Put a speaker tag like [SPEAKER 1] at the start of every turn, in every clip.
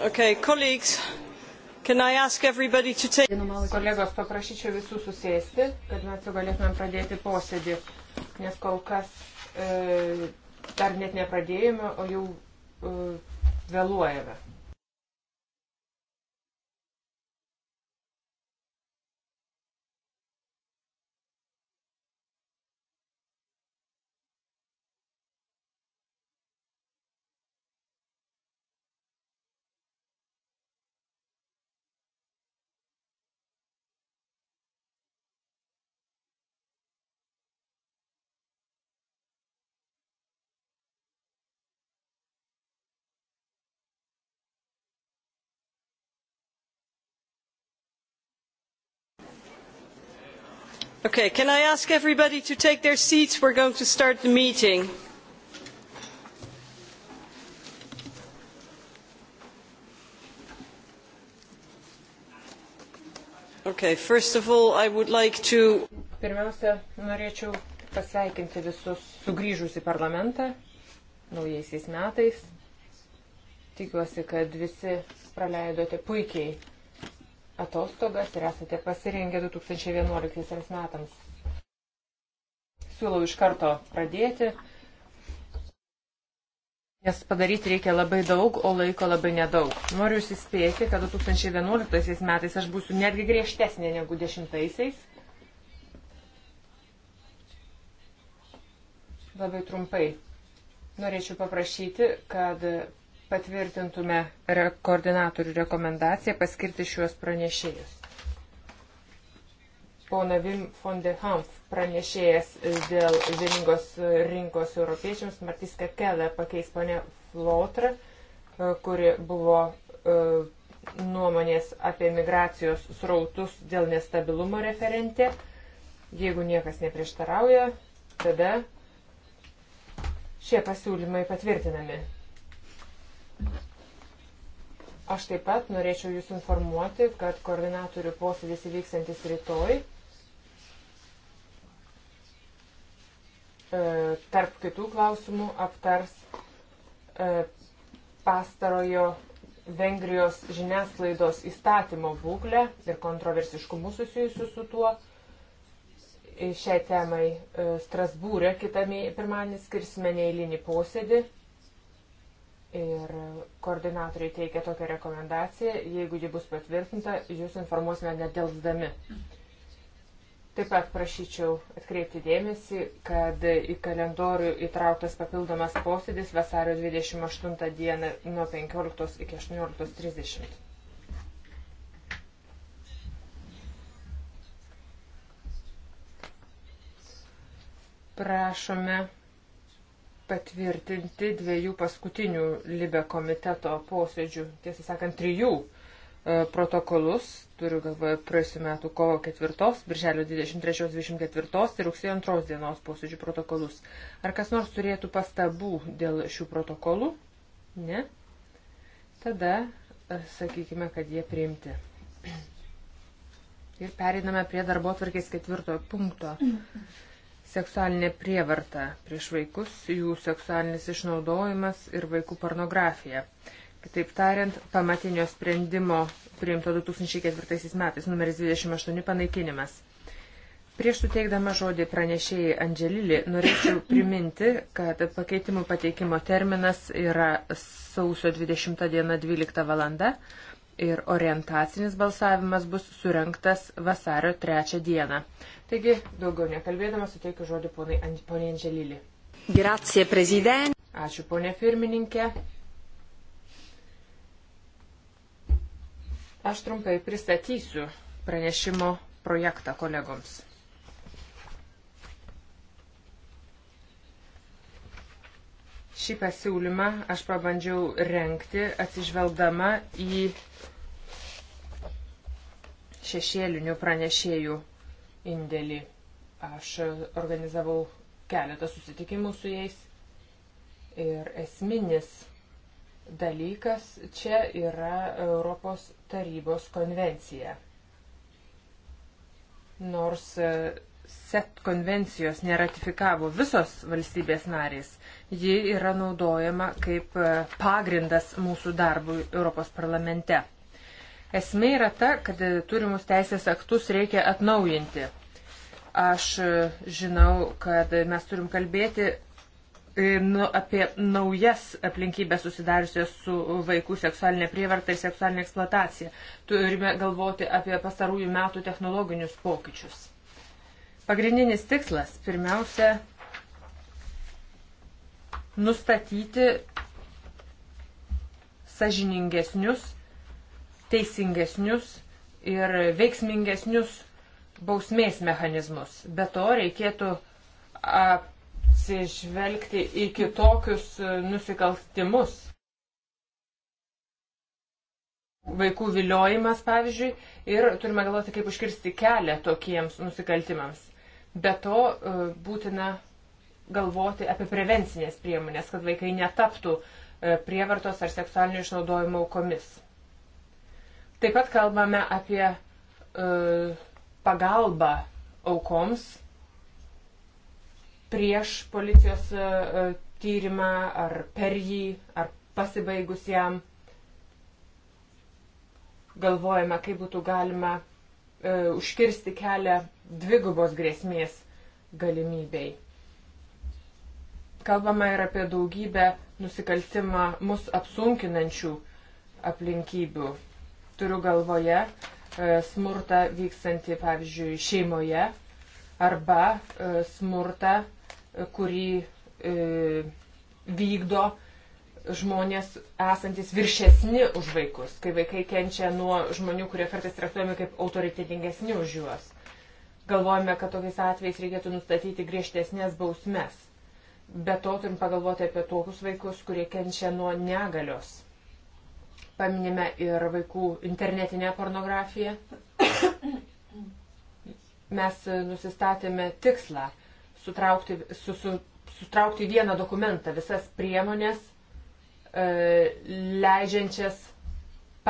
[SPEAKER 1] Okay, colleagues, can I ask everybody to take... Kolegos, paprašyčiau visų susėsti, kad mes jau galėtumėm pradėti posėdį, nes kol kas e, dar net nepradėjome, o jau e, vėluojame.
[SPEAKER 2] Okay, can I ask everybody to take their seats?
[SPEAKER 3] We're going to start the meeting. Okay, first of all, I would like to...
[SPEAKER 1] Pirmiausia, norėčiau pasveikinti visus sugrįžus į parlamentą naujaisiais metais. Tikiuosi, kad visi praleidote puikiai atostogas ir esate pasirengę 2011 metams. Siūlau iš karto pradėti, nes padaryti reikia labai daug, o laiko labai nedaug. Noriu jūs įspėti, kad 2011 metais aš būsiu netgi griežtesnė negu 10-aisiais. Labai trumpai. Norėčiau paprašyti, kad patvirtintume re koordinatorių rekomendaciją paskirti šiuos pranešėjus. Pona Vim von de Hanf pranešėjas dėl vieningos rinkos europiečiams, Martiska Kele pakeis ponę Flotrą, e, kuri buvo e, nuomonės apie migracijos srautus dėl nestabilumo referentė. Jeigu niekas neprieštarauja, tada šie pasiūlymai patvirtinami. Aš taip pat norėčiau Jūs informuoti, kad koordinatorių posėdis įvyksantis rytoj e, tarp kitų klausimų aptars e, pastarojo Vengrijos žiniasklaidos įstatymo būklę ir kontroversiškumus susijusiu su tuo. Šiai temai e, Strasbūrė kitą pirmadienį skirsime neįlinį posėdį. Ir koordinatoriai teikia tokią rekomendaciją, jeigu ji bus patvirtinta, jūs informuosime nedelsdami. Taip pat prašyčiau atkreipti dėmesį, kad į kalendorių įtrauktas papildomas posėdis vasario 28 dieną nuo 15 iki 18.30. Prašome patvirtinti dviejų paskutinių Libe komiteto posėdžių, tiesą sakant, trijų e, protokolus, turiu galvoje praėjusiu metu kovo 4, birželio 23-24 ir rugsėjo 2 dienos posėdžių protokolus. Ar kas nors turėtų pastabų dėl šių protokolų? Ne? Tada e, sakykime, kad jie priimti. Ir pereiname prie darbo tvarkės ketvirtojo punkto. seksualinė prievarta prieš vaikus, jų seksualinis išnaudojimas ir vaikų pornografija. Kitaip tariant, pamatinio sprendimo priimto 2004 metais numeris 28 panaikinimas. Prieš suteikdama žodį pranešėjai Andželili, norėčiau priminti, kad pakeitimų pateikimo terminas yra sausio 20 diena 12 valanda ir orientacinis balsavimas bus surinktas vasario 3 dieną. Taigi, daugiau nekalbėdama, suteikiu žodį poniai Andželylį.
[SPEAKER 4] Grazie, prezident.
[SPEAKER 1] Ačiū, ponė pirmininkė. Aš trumpai pristatysiu pranešimo projektą kolegoms. Šį pasiūlymą aš pabandžiau renkti atsižvelgdama į šešėlinių pranešėjų indėlį. Aš organizavau keletą susitikimų su jais ir esminis dalykas čia yra Europos tarybos konvencija. Nors set konvencijos neratifikavo visos valstybės narės, ji yra naudojama kaip pagrindas mūsų darbui Europos parlamente. Esmė yra ta, kad turimus teisės aktus reikia atnaujinti. Aš žinau, kad mes turim kalbėti e, nu, apie naujas aplinkybės susidariusias su vaikų seksualinė prievarta ir seksualinė eksploatacija. Turime galvoti apie pastarųjų metų technologinius pokyčius. Pagrindinis tikslas - pirmiausia, nustatyti sažiningesnius, teisingesnius ir veiksmingesnius bausmės mechanizmus. Be to reikėtų atsižvelgti į kitokius e, nusikaltimus. Vaikų viliojimas, pavyzdžiui, ir turime galvoti, kaip užkirsti kelią tokiems nusikaltimams. Be to e, būtina galvoti apie prevencinės priemonės, kad vaikai netaptų e, prievartos ar seksualinio išnaudojimo aukomis. Taip pat kalbame apie uh, pagalbą aukoms prieš policijos e, e, tyrimą ar per jį, ar pasibaigus jam. Galvojame, kaip būtų galima e, užkirsti kelią dvigubos grėsmės galimybei. Kalbama ir apie daugybę nusikaltimą mus apsunkinančių aplinkybių. Turiu galvoje E, smurtą vykstantį, pavyzdžiui, šeimoje arba e, smurtą, e, kurį vykdo žmonės esantis viršesni už vaikus, kai vaikai kenčia nuo žmonių, kurie kartais traktuojami kaip autoritetingesni už juos. Galvojame, kad tokiais atvejais reikėtų nustatyti griežtesnės bausmes. Be to turim pagalvoti apie tokius vaikus, kurie kenčia nuo negalios Paminime ir vaikų internetinę pornografiją. Mes nusistatėme tikslą sutraukti, su, su, sutraukti vieną dokumentą visas priemonės, e, leidžiančias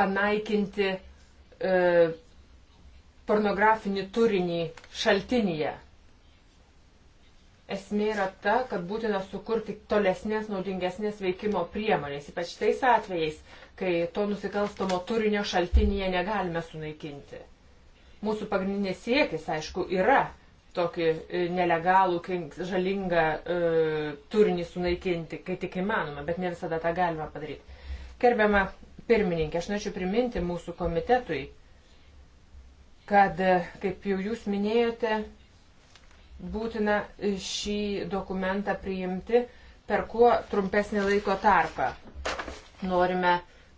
[SPEAKER 1] panaikinti e, pornografinį turinį šaltinyje. Esmė yra ta, kad būtina sukurti tolesnės naudingesnės veikimo priemonės, ypač tais atvejais, kai to nusikalstamo turinio šaltinėje negalime sunaikinti. Mūsų pagrindinės siekis, aišku, yra tokį e, nelegalų, žalingą e, turinį sunaikinti, kai tik įmanoma, bet ne visada tą galima padaryti. Gerbiama pirmininkė, aš norėčiau priminti mūsų komitetui, kad, e, kaip jau jūs minėjote, būtina šį dokumentą priimti per kuo trumpesnį laiko tarpą. Norime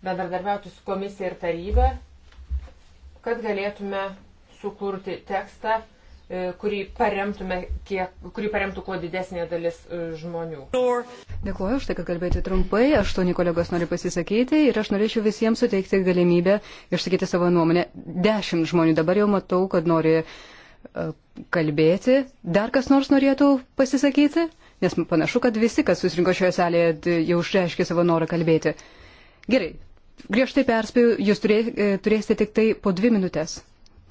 [SPEAKER 1] bendradarbiauti su komisija ir taryba, kad galėtume sukurti tekstą, e, kurį, kiek, kurį paremtų kuo didesnė dalis e, žmonių.
[SPEAKER 4] Dėkuoju už tai, kad kalbėjote trumpai. Aštuoni kolegos nori pasisakyti ir aš norėčiau visiems suteikti galimybę išsakyti savo nuomonę. Dešimt žmonių dabar jau matau, kad nori uh, kalbėti. Dar kas nors norėtų pasisakyti? Nes panašu, kad visi, kas susirinko šioje salėje, jau išreiškė savo norą kalbėti. Gerai, griežtai perspėju, jūs turė, e, turėsite tik tai po dvi minutės.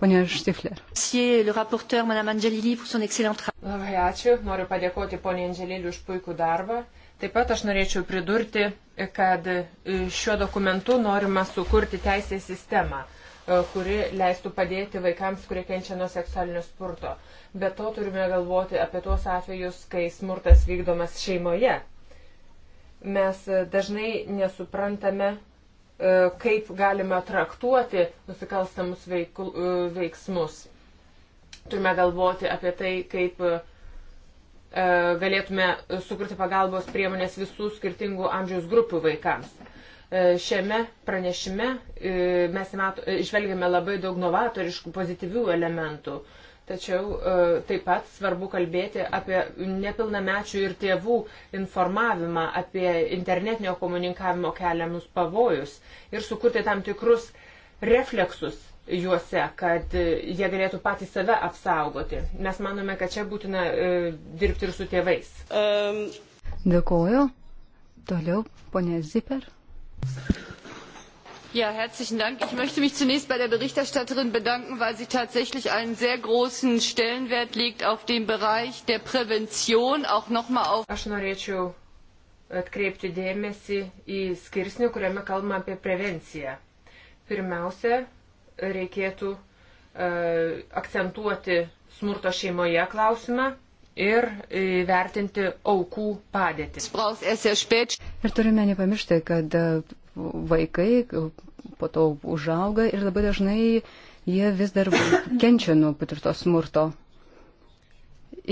[SPEAKER 4] Pone Štifler.
[SPEAKER 1] Labai ačiū, noriu padėkoti ponė Andželėlį už puikų darbą. Taip pat aš norėčiau pridurti, kad e, šiuo dokumentu norima sukurti teisės sistemą. E, kuri leistų padėti vaikams, kurie kenčia nuo seksualinio spurto. Be to turime galvoti apie tuos atvejus, kai smurtas vykdomas šeimoje. Mes e, dažnai nesuprantame, e, kaip galime traktuoti nusikalstamus veiksmus. Turime galvoti apie tai, kaip galėtume sukurti pagalbos priemonės visų skirtingų amžiaus grupių vaikams. E, šiame pranešime e, mes mato, išvelgiame e, labai daug novatoriškų pozityvių elementų. Tačiau taip pat svarbu kalbėti apie nepilnamečių ir tėvų informavimą apie internetinio komunikavimo keliamus pavojus ir sukurti tam tikrus refleksus juose, kad jie galėtų patys save apsaugoti. Mes manome, kad čia būtina dirbti ir su tėvais. Um.
[SPEAKER 4] Dėkuoju. Toliau, ponė Ziper.
[SPEAKER 2] Ja, herzlichen Dank. Ich möchte mich zunächst bei der Berichterstatterin bedanken, weil sie tatsächlich einen sehr großen Stellenwert legt auf den Bereich der Prävention, auch
[SPEAKER 1] nochmal auf. Aš norėčiau atkreipti dėmesį į skirsnį, kuriame kalbama apie prevenciją. Pirmiausia, reikėtų uh, akcentuoti smurto šeimoje klausimą, ir vertinti aukų padėtį. Ir
[SPEAKER 4] turime nepamiršti, kad vaikai po to užauga ir labai dažnai jie vis dar kenčia nuo patirto smurto.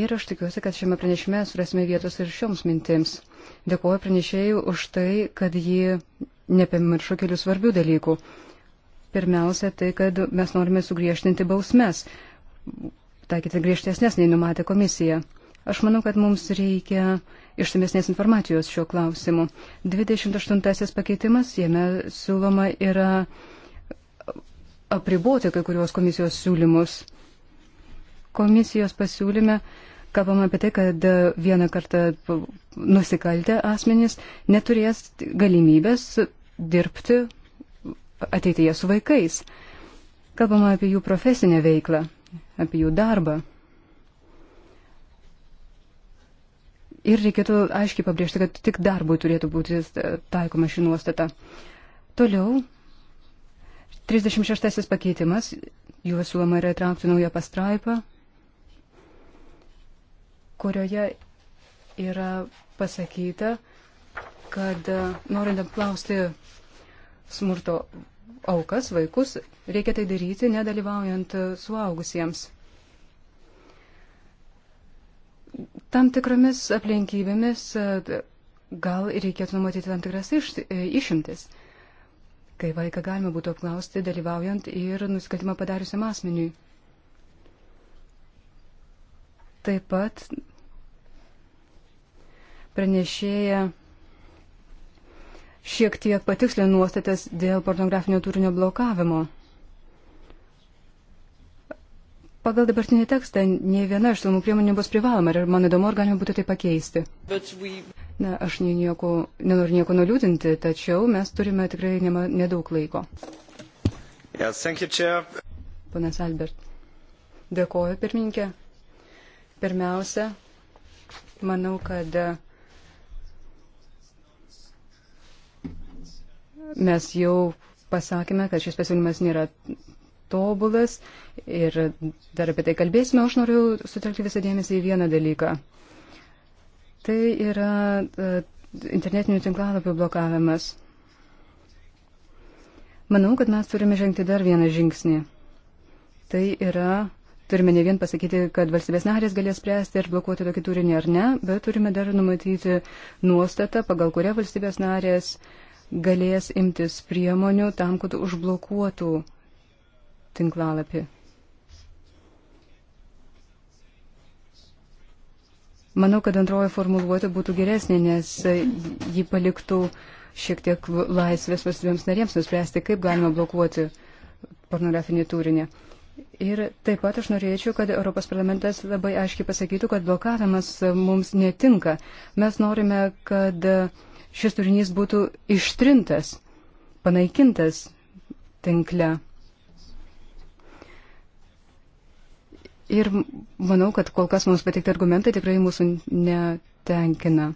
[SPEAKER 4] Ir aš tikiuosi, kad šiame pranešime surasime vietos ir šioms mintims. Dėkuoju pranešėjai už tai, kad ji nepamiršo kelių svarbių dalykų. Pirmiausia, tai, kad mes norime sugriežtinti bausmes, taikyti griežtesnės nei numatė komisija. Aš manau, kad mums reikia išsamesnės informacijos šiuo klausimu. 28 pakeitimas, jame siūloma yra apriboti kai kuriuos komisijos siūlymus. Komisijos pasiūlyme kalbama apie tai, kad vieną kartą nusikaltę asmenys neturės galimybės dirbti ateityje su vaikais. Kalbama apie jų profesinę veiklą, apie jų darbą. Ir reikėtų aiškiai pabrėžti, kad tik darbui turėtų būti e, taikoma ši nuostata. Toliau, 36 pakeitimas, juo siūloma yra įtraukti naują pastraipą, kurioje yra pasakyta, kad e, norint apklausti smurto aukas, vaikus, reikia tai daryti, nedalyvaujant e, suaugusiems. Tam tikromis aplinkybėmis e, gal reikėtų numatyti tam tikras iš, e, išimtis, kai vaiką galima būtų apklausti dalyvaujant ir nusikaltimą padariusiam asmeniui. Taip pat pranešėja šiek tiek patikslė nuostatas dėl pornografinio turinio blokavimo. Pagal dabartinį tekstą ne viena iš siūlomų priemonių bus privaloma ir man įdomu, ar galima būtų tai pakeisti. We... Na, aš nieko, nenoriu nieko nuliūdinti, tačiau mes turime tikrai nema, nedaug laiko.
[SPEAKER 2] Yes, you,
[SPEAKER 4] Panas Albert. Dėkoju, pirmininkė. Pirmiausia, manau, kad mes jau pasakėme, kad šis pasiūlymas nėra tobulas ir dar apie tai kalbėsime, aš noriu sutelkti visą dėmesį į vieną dalyką. Tai yra e, internetinių tinklalapių blokavimas. Manau, kad mes turime žengti dar vieną žingsnį. Tai yra Turime ne vien pasakyti, kad valstybės narės galės spręsti ir blokuoti tokį turinį ar ne, bet turime dar numatyti nuostatą, pagal kurią valstybės narės galės imtis priemonių tam, kad užblokuotų tinklalapį. Manau, kad antroji formuluotė būtų geresnė, nes ji paliktų šiek tiek laisvės valstybėms narėms nuspręsti, kaip galima blokuoti pornografinį turinį. Ir taip pat aš norėčiau, kad Europos parlamentas labai aiškiai pasakytų, kad blokavimas mums netinka. Mes norime, kad šis turinys būtų ištrintas, panaikintas tinkle. Ir manau, kad kol kas mums pateikti argumentai tikrai mūsų netenkina.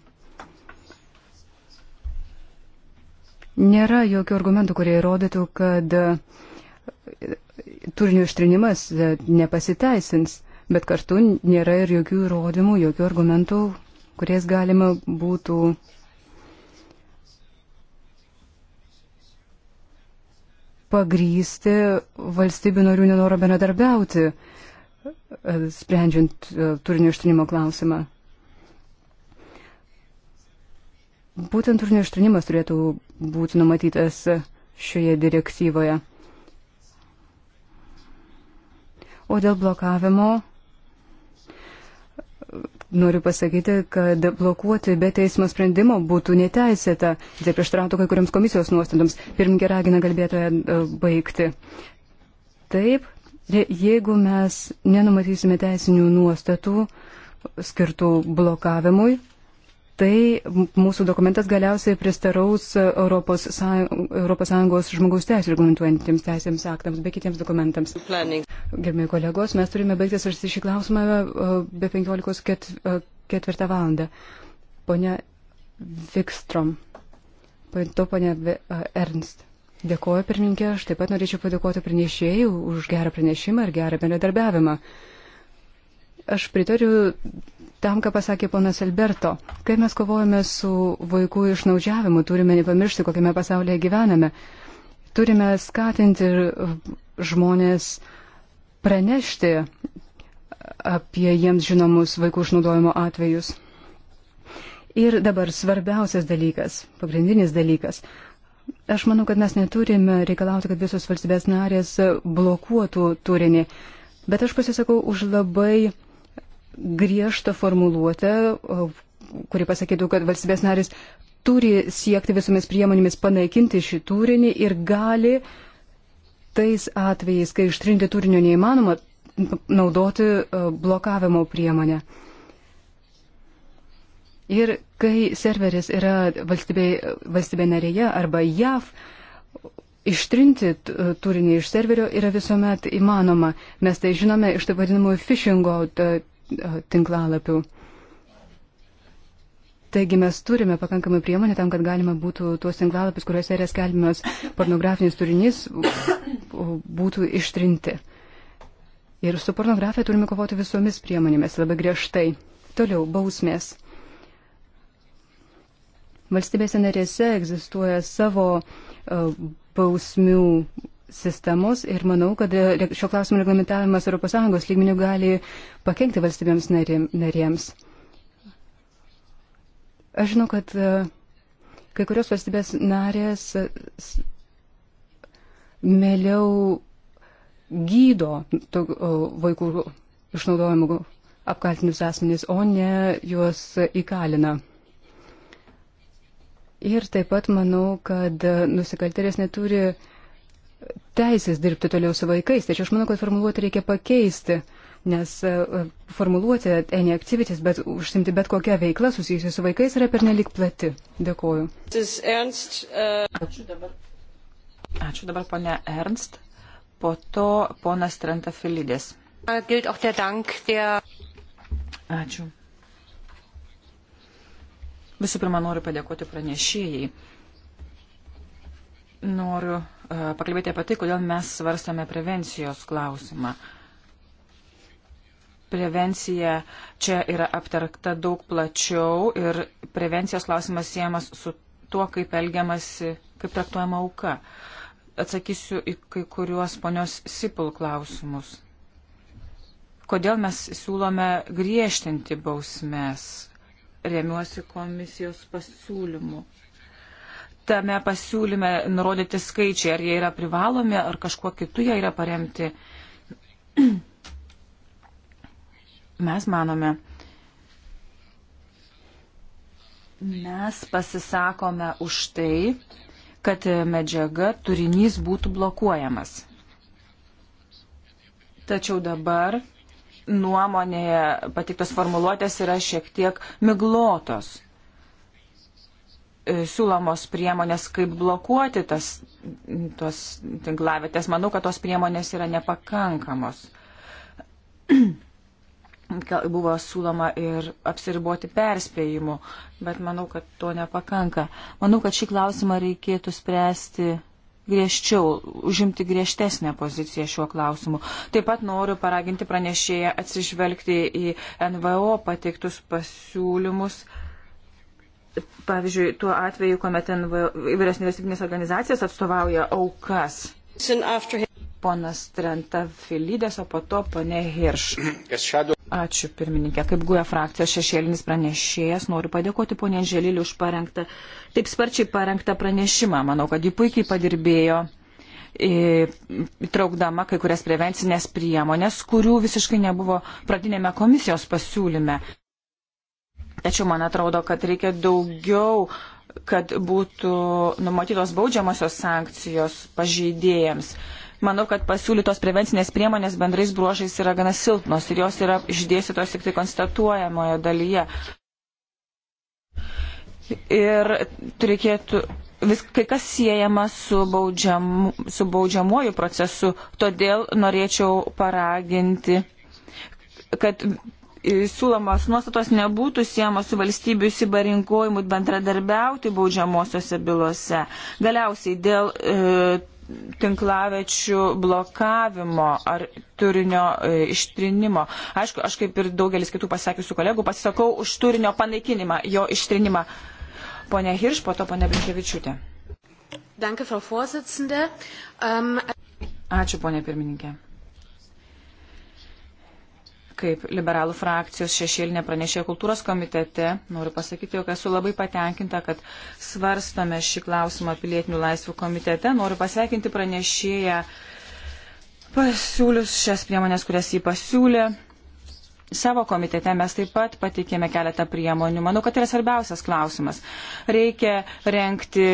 [SPEAKER 4] Nėra jokių argumentų, kurie įrodytų, kad e, turinio ištrinimas e, nepasiteisins, bet kartu nėra ir jokių įrodymų, jokių argumentų, kuriais galima būtų pagrysti valstybių norių nenorą bendradarbiauti sprendžiant e, turinio ištrinimo klausimą. Būtent turinio ištrinimas turėtų būti numatytas šioje direktyvoje. O dėl blokavimo noriu pasakyti, kad blokuoti be teismo sprendimo būtų neteisėta. Tai prieštarautų kai kuriams komisijos nuostatoms. Pirmininkė ragina kalbėtoje baigti. Taip, Jeigu mes nenumatysime teisinių nuostatų skirtų blokavimui, tai mūsų dokumentas galiausiai pristaraus Europos, Europos Sąjungos žmogaus teisų reglamentuojantiems teisėms aktams bei kitiems dokumentams. Gerbėjai kolegos, mes turime baigti svarstyti šį klausimą e, be 15 ket, e, ketvirtą valandą. Pone Vikstrom, to pone e, Ernst. Dėkoju, pirmininkė. Aš taip pat norėčiau padėkoti pranešėjai už gerą pranešimą ir gerą bendradarbiavimą. Aš pritariu tam, ką pasakė ponas Alberto. Kai mes kovojame su vaikų išnaužiavimu, turime nepamiršti, kokiame pasaulyje gyvename. Turime skatinti žmonės pranešti apie jiems žinomus vaikų išnaudojimo atvejus. Ir dabar svarbiausias dalykas, pagrindinis dalykas. Aš manau, kad mes neturime reikalauti, kad visos valstybės narės blokuotų turinį, bet aš pasisakau už labai griežtą formuluotę, kuri pasakytų, kad valstybės narės turi siekti visomis priemonėmis panaikinti šį turinį ir gali tais atvejais, kai ištrinti turinio neįmanoma, naudoti e, blokavimo priemonę. Ir kai serveris yra valstybė, valstybė narėje arba JAV, ištrinti turinį iš serverio yra visuomet įmanoma. Mes tai žinome iš taip vadinamųjų phishingo tinklalapių. Taigi mes turime pakankamai priemonę tam, kad galima būtų tuos tinklalapius, kuriuose yra skelbimas pornografinis turinys, būtų ištrinti. Ir su pornografija turime kovoti visomis priemonėmis labai griežtai. Toliau, bausmės. Valstybėse narėse egzistuoja savo e, bausmių sistemos ir manau, kad e, šio klausimo reglamentavimas ES lygmenių gali pakengti valstybėms narėms. Aš žinau, kad e, kai kurios valstybės narės mėliau gydo vaikų išnaudojimų apkaltinius asmenys, o ne juos įkalina. Ir taip pat manau, kad nusikaltėlės neturi teisės dirbti toliau su vaikais. Tačiau aš manau, kad formuluotę reikia pakeisti, nes e, formuluotė any activities, bet užsimti bet kokią veiklą susijusią su vaikais yra pernelik plati. Dėkoju.
[SPEAKER 3] Ernst, uh... Ačiū dabar.
[SPEAKER 4] Ačiū dabar,
[SPEAKER 5] ponia Ernst. Po to ponas Trentafilidės. Ačiū. Visų pirma, noriu padėkoti pranešėjai. Noriu e, pakalbėti apie tai, kodėl mes svarstame prevencijos klausimą. Prevencija čia yra aptarkta daug plačiau ir prevencijos klausimas siejamas su tuo, kaip elgiamasi, kaip traktuojama auka. Atsakysiu į kai kuriuos ponios Sipul klausimus. Kodėl mes siūlome griežtinti bausmes remiuosi komisijos pasiūlymu. Tame pasiūlyme nurodyti skaičiai, ar jie yra privalomi, ar kažkuo kitu jie yra paremti. Mes manome, mes pasisakome už tai, kad medžiaga turinys būtų blokuojamas. Tačiau dabar nuomonėje patiktos formuluotės yra šiek tiek miglotos. E, siūlomos priemonės, kaip blokuoti tas, tos tinklavietės, manau, kad tos priemonės yra nepakankamos. Buvo siūloma ir apsiriboti perspėjimu, bet manau, kad to nepakanka. Manau, kad šį klausimą reikėtų spręsti griežčiau, užimti griežtesnę poziciją šiuo klausimu. Taip pat noriu paraginti pranešėją atsižvelgti į NVO pateiktus pasiūlymus. Pavyzdžiui, tuo atveju, kuomet įvairios nevyriausybinės organizacijas atstovauja aukas. Ponas Trenta Filidės, o po to ponė Hirš. Ačiū pirmininkė. Kaip guja frakcijos šešėlinis pranešėjas, noriu padėkoti ponė Želilį už parengtą, taip sparčiai parengtą pranešimą. Manau, kad ji puikiai padirbėjo įtraukdama kai kurias prevencinės priemonės, kurių visiškai nebuvo pradinėme komisijos pasiūlyme. Tačiau man atrodo, kad reikia daugiau, kad būtų numatytos baudžiamosios sankcijos pažeidėjams. Uh, Manau, kad pasiūlytos prevencinės priemonės bendrais bruožais yra gana silpnos ir jos yra išdėstytos tik tai konstatuojamojo dalyje. Ir reikėtų vis kai kas siejama su, baudžiam, su baudžiamuoju procesu, todėl norėčiau paraginti, kad e, siūlomos nuostatos nebūtų siejamos su valstybių įsibarinkojimu bendradarbiauti baudžiamosiose bylose. Galiausiai dėl e, tinklavečių blokavimo ar turinio e, ištrinimo. Aišku, aš kaip ir daugelis kitų pasakiusių kolegų pasisakau už turinio panaikinimą, jo ištrinimą. Pone Hirš, po to pone Blinkevičiūtė.
[SPEAKER 1] Danke, Frau Vorsitzende. Um...
[SPEAKER 5] Ačiū, ponė pirmininkė kaip liberalų frakcijos šešėlinė pranešė kultūros komitete, noriu pasakyti, jog esu labai patenkinta, kad svarstome šį klausimą pilietinių laisvių komitete. Noriu pasveikinti pranešėją pasiūlius šias priemonės, kurias jį pasiūlė. Savo komitete mes taip pat patikėme keletą priemonių. Manau, kad tai yra svarbiausias klausimas. Reikia renkti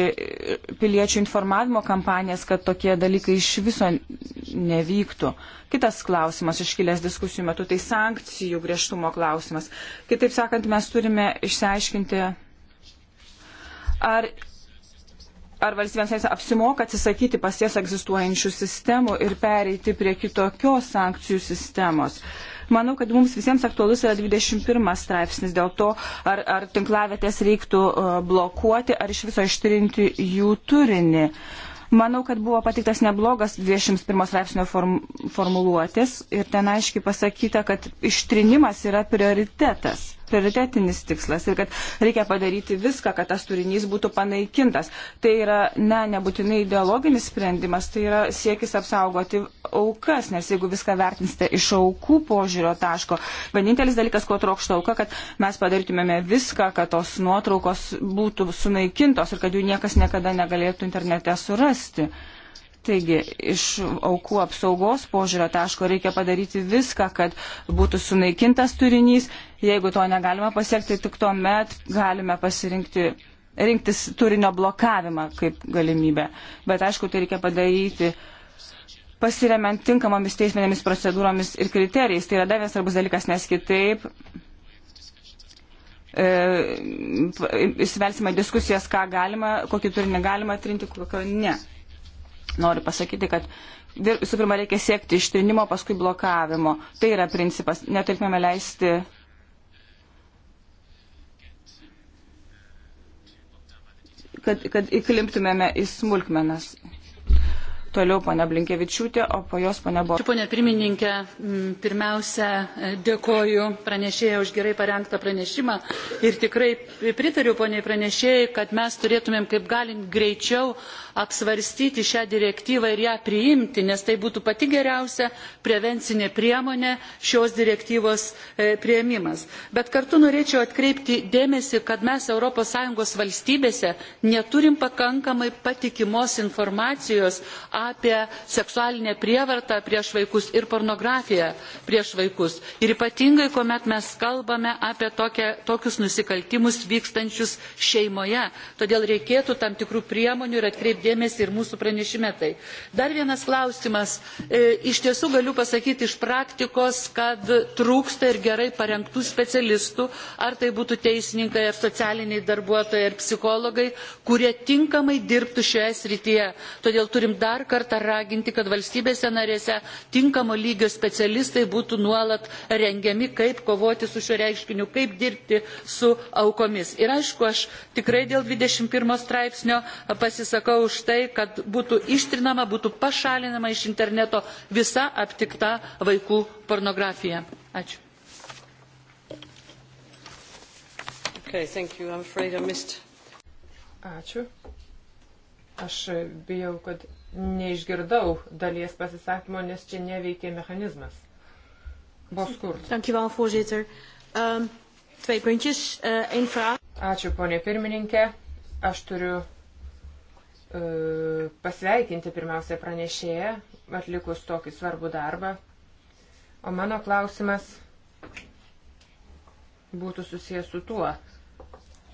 [SPEAKER 5] piliečių informavimo kampanijas, kad tokie dalykai iš viso nevyktų. Kitas klausimas iškilęs diskusijų metu - tai sankcijų griežtumo klausimas. Kitaip sakant, mes turime išsiaiškinti, ar ar valstybėms apsimoka atsisakyti pas jas egzistuojančių sistemų ir pereiti prie kitokios sankcijų sistemos. Uh, Manau, kad mums visiems aktualus yra 21 straipsnis dėl to, ar, ar tinklavietės reiktų e, blokuoti, ar iš viso ištrinti jų turinį. Manau, kad buvo patiktas neblogas 21 straipsnio form, formuluotis ir ten aiškiai pasakyta, kad ištrinimas yra prioritetas prioritetinis tikslas ir kad reikia padaryti viską, kad tas turinys būtų panaikintas. Tai yra ne, nebūtinai ideologinis sprendimas, tai yra siekis apsaugoti aukas, nes jeigu viską vertinsite iš aukų požiūrio taško, vienintelis dalykas, ko trokšta auka, kad mes padarytumėme viską, kad tos nuotraukos būtų sunaikintos ir kad jų niekas niekada negalėtų internete surasti. Taigi, iš aukų apsaugos požiūrio taško reikia padaryti viską, kad būtų sunaikintas turinys. Jeigu to negalima pasiekti, tik tuomet galime pasirinkti rinktis turinio blokavimą kaip galimybę. Bet aišku, tai reikia padaryti pasiremiant tinkamomis teisminėmis procedūromis ir kriterijais. Tai yra dar vienas svarbus dalykas, nes kitaip e, įsivelsime diskusijas, ką galima, kokį turinį galima trinti, kokio ne. Noriu pasakyti, kad visų pirma reikia siekti ištrinimo, paskui blokavimo. Tai yra principas. Neturėtume leisti. Kad, kad įklimptumėme į smulkmenas.
[SPEAKER 2] Toliau ponia Blinkevičiūtė, o po jos ponia Borė. Pone pirmininkė, mm, pirmiausia, dėkoju pranešėjai už gerai parengtą pranešimą ir tikrai pritariu poniai pranešėjai, kad mes turėtumėm kaip galint greičiau apsvarstyti šią direktyvą ir ją priimti, nes tai būtų pati geriausia prevencinė priemonė šios direktyvos e, prieimimas. Bet kartu norėčiau atkreipti dėmesį, kad mes ES valstybėse neturim pakankamai patikimos informacijos apie seksualinę prievartą prieš vaikus ir pornografiją prieš vaikus. Ir ypatingai, kuomet mes kalbame apie tokia, tokius nusikaltimus vykstančius šeimoje. Todėl reikėtų tam tikrų priemonių ir atkreipti dėmesį ir mūsų pranešime tai. Dar vienas klausimas. E, iš tiesų galiu pasakyti iš praktikos, kad trūksta ir gerai parengtų specialistų, ar tai būtų teisininkai, ar socialiniai darbuotojai, ar psichologai, kurie tinkamai dirbtų šioje srityje. Todėl turim dar kartą raginti, kad valstybėse narėse tinkamo lygio specialistai būtų nuolat rengiami, kaip kovoti su šiuo reiškiniu, kaip dirbti su aukomis. Ir aišku, aš tikrai dėl 21 straipsnio pasisakau už tai, kad būtų ištrinama, būtų pašalinama iš interneto visa aptikta vaikų pornografija. Ačiū.
[SPEAKER 3] Okay, thank you. I'm afraid I missed.
[SPEAKER 1] Ačiū. Aš bijau, kad neišgirdau dalies pasisakymo, nes čia neveikia mechanizmas. Boskurt. Dankjewel, voorzitter. Um, twee puntjes. Uh, één vraag. Ačiū, ponė pirmininkė. Aš turiu E, pasveikinti pirmiausia pranešėją, atlikus tokį svarbų darbą. O mano klausimas būtų susijęs su tuo.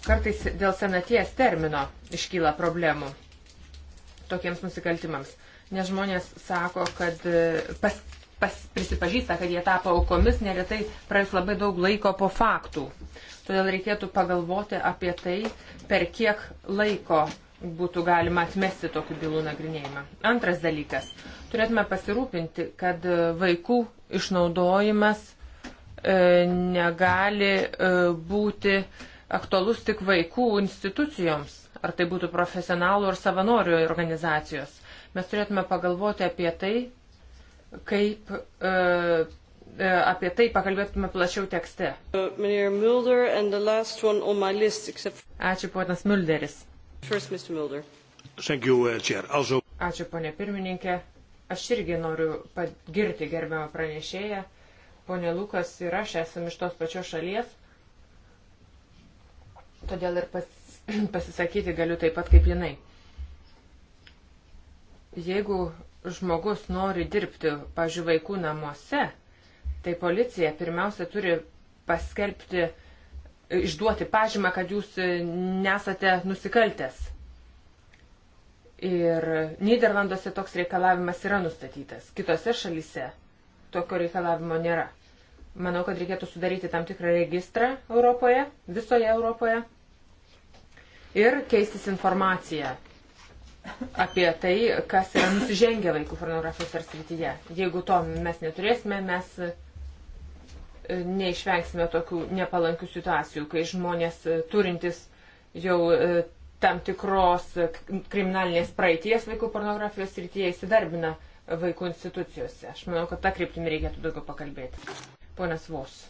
[SPEAKER 1] Kartais dėl senaties termino iškyla problemų tokiems nusikaltimams, nes žmonės sako, kad e, pas, pas, prisipažįsta, kad jie tapo aukomis, neretai praeis labai daug laiko po faktų. Todėl reikėtų pagalvoti apie tai, per kiek laiko būtų galima atmesti tokių bylų nagrinėjimą. Antras dalykas. Turėtume pasirūpinti, kad e, vaikų išnaudojimas e, negali e, būti aktualus tik vaikų institucijoms, ar tai būtų profesionalų ar savanorių organizacijos. Mes turėtume pagalvoti apie tai, kaip apie tai pakalbėtume plačiau tekste. Uh, Ačiū, ponas Mulderis. First,
[SPEAKER 3] Thank you, uh, Chair. Also...
[SPEAKER 1] Ačiū, ponė pirmininkė. Aš irgi noriu pagirti gerbiamą pranešėją. Pone Lukas ir aš esame iš tos pačios šalies, todėl ir pas, pasisakyti galiu taip pat kaip jinai. Jeigu žmogus nori dirbti, pažiūrėjau, vaikų namuose, tai policija pirmiausia turi paskelbti išduoti pažymą, kad jūs nesate nusikaltęs. Ir Niderlanduose toks reikalavimas yra nustatytas. Kitose šalyse tokio reikalavimo nėra. Manau, kad reikėtų sudaryti tam tikrą registrą Europoje, visoje Europoje ir keistis informaciją apie tai, kas yra nusižengę vaikų pornografijos ar srityje. Jeigu to mes neturėsime, mes neišvengsime tokių nepalankių situacijų, kai žmonės e, turintis jau e, tam tikros e, kriminalinės praeities vaikų pornografijos srityje įsidarbina vaikų institucijose. Aš manau, kad tą kryptimį reikėtų daugiau pakalbėti. Ponas Vos.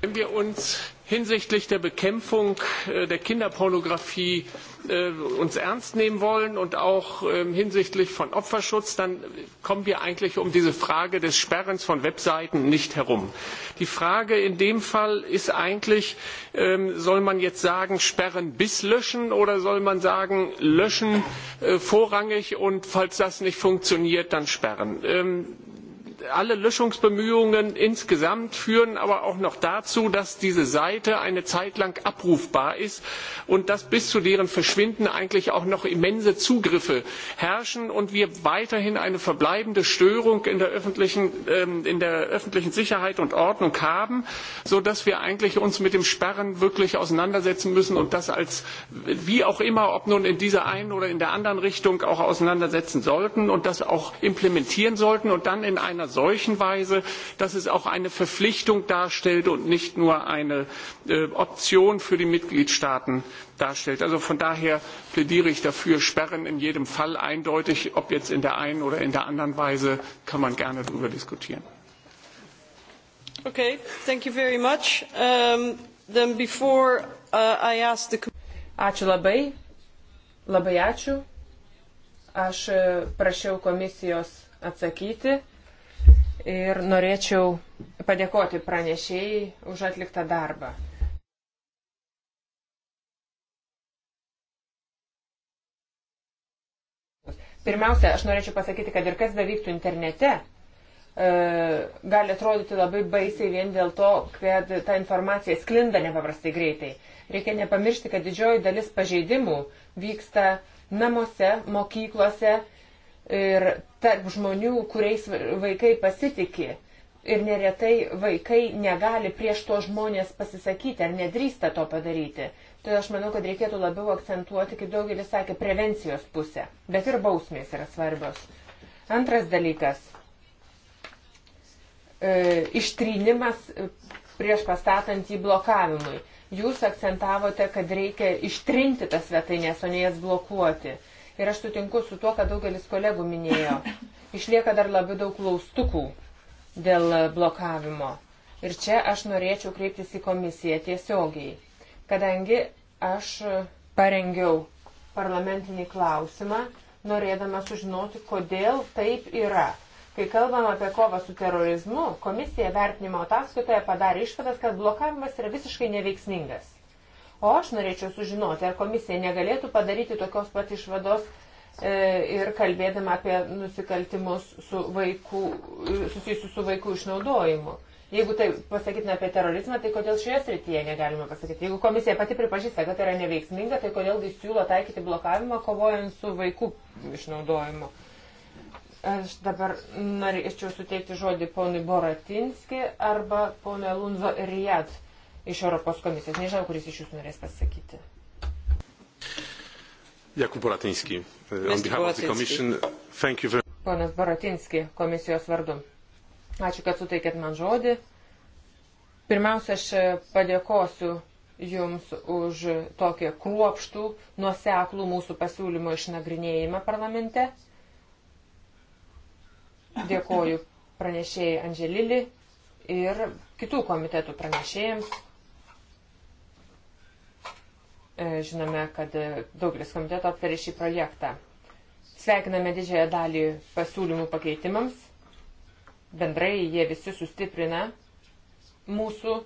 [SPEAKER 3] Wenn wir uns hinsichtlich der Bekämpfung äh, der Kinderpornografie äh, uns ernst nehmen wollen und auch ähm, hinsichtlich von Opferschutz, dann kommen wir eigentlich um diese Frage des Sperrens von Webseiten nicht herum. Die Frage in dem Fall ist eigentlich, ähm, soll man jetzt sagen, sperren bis löschen oder soll man sagen, löschen äh, vorrangig und falls das nicht funktioniert, dann sperren? Ähm, alle Löschungsbemühungen insgesamt führen aber auch noch dazu, dass diese Seite eine Zeit lang abrufbar ist und dass bis zu deren Verschwinden eigentlich auch noch immense Zugriffe herrschen und wir weiterhin eine verbleibende Störung in der öffentlichen, ähm, in der öffentlichen Sicherheit und Ordnung haben, sodass wir eigentlich uns mit dem Sperren wirklich auseinandersetzen müssen und das als wie auch immer, ob nun in dieser einen oder in der anderen Richtung auch auseinandersetzen sollten und das auch implementieren sollten und dann in einer einer solchen Weise, dass es auch eine Verpflichtung darstellt und nicht nur eine äh, Option für die Mitgliedstaaten darstellt. Also von daher plädiere ich dafür, Sperren in jedem Fall eindeutig, ob jetzt in der einen oder in der anderen Weise, kann man gerne darüber diskutieren. Okay, thank you very much. Um, then before
[SPEAKER 1] uh, I ask the Ačiū labai. Labai ačiū. Aš uh, prašiau komisijos atsakyti ir norėčiau padėkoti pranešėjai už atliktą darbą. Pirmiausia, aš norėčiau pasakyti, kad ir kas bevyktų internete, e, gali atrodyti labai baisiai vien dėl to, kad ta informacija sklinda nepaprastai greitai. Reikia nepamiršti, kad didžioji dalis pažeidimų vyksta namuose, mokyklose ir tarp žmonių, kuriais vaikai pasitikė. Ir neretai vaikai negali prieš to žmonės pasisakyti ar nedrįsta to padaryti. Todėl aš manau, kad reikėtų labiau akcentuoti, kaip daugelis sakė, prevencijos pusę. Bet ir bausmės yra svarbios. Antras dalykas e, ištrynimas prieš pastatant jį blokavimui. Jūs akcentavote, kad reikia ištrinti tas svetainės, o ne jas blokuoti. Ir aš sutinku su tuo, kad daugelis kolegų minėjo. Išlieka dar labai daug klaustukų dėl blokavimo. Ir čia aš norėčiau kreiptis į komisiją tiesiogiai, kadangi aš parengiau parlamentinį klausimą, norėdama sužinoti, kodėl taip yra. Kai kalbam apie kovą su terorizmu, komisija vertinimo ataskaitoje padarė išvadas, kad blokavimas yra visiškai neveiksmingas. O aš norėčiau sužinoti, ar komisija negalėtų padaryti tokios pat išvados e, ir kalbėdama apie nusikaltimus su vaikų, e, susijusius su vaikų išnaudojimu. Jeigu tai pasakytume apie terorizmą, tai kodėl šioje srityje negalima pasakyti? Jeigu komisija pati pripažįsta, kad tai yra neveiksminga, tai kodėlgi siūlo taikyti blokavimą kovojant su vaikų išnaudojimu? Aš dabar norėčiau suteikti žodį ponui Boratinski arba ponui Lunzo Rijad iš Europos komisijos. Nežinau, kuris iš jūsų norės pasakyti.
[SPEAKER 2] Jakub Boratinski, on behalf of the Commission, thank you very much.
[SPEAKER 1] Ponas Boratinski, komisijos vardu. Ačiū, kad suteikėt man žodį. Pirmiausia, aš padėkosiu Jums už tokį kruopštų, nuoseklų mūsų pasiūlymo išnagrinėjimą parlamente. Dėkoju pranešėjai Andželili ir kitų komitetų pranešėjams. E, žinome, kad daugelis komiteto aptarė šį projektą. Sveikiname didžiąją dalį pasiūlymų pakeitimams. Bendrai jie visi sustiprina mūsų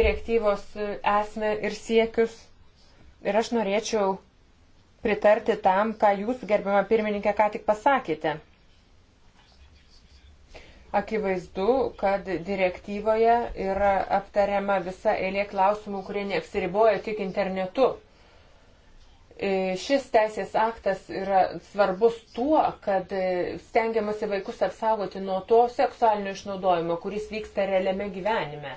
[SPEAKER 1] direktyvos esmę ir siekius. Ir aš norėčiau pritarti tam, ką jūs, gerbima pirmininkė, ką tik pasakėte. Akivaizdu, kad direktyvoje yra aptariama visa eilė klausimų, kurie neapsiriboja tik internetu. E, šis teisės aktas yra svarbus tuo, kad stengiamasi vaikus apsaugoti nuo to seksualinio išnaudojimo, kuris vyksta realiame gyvenime.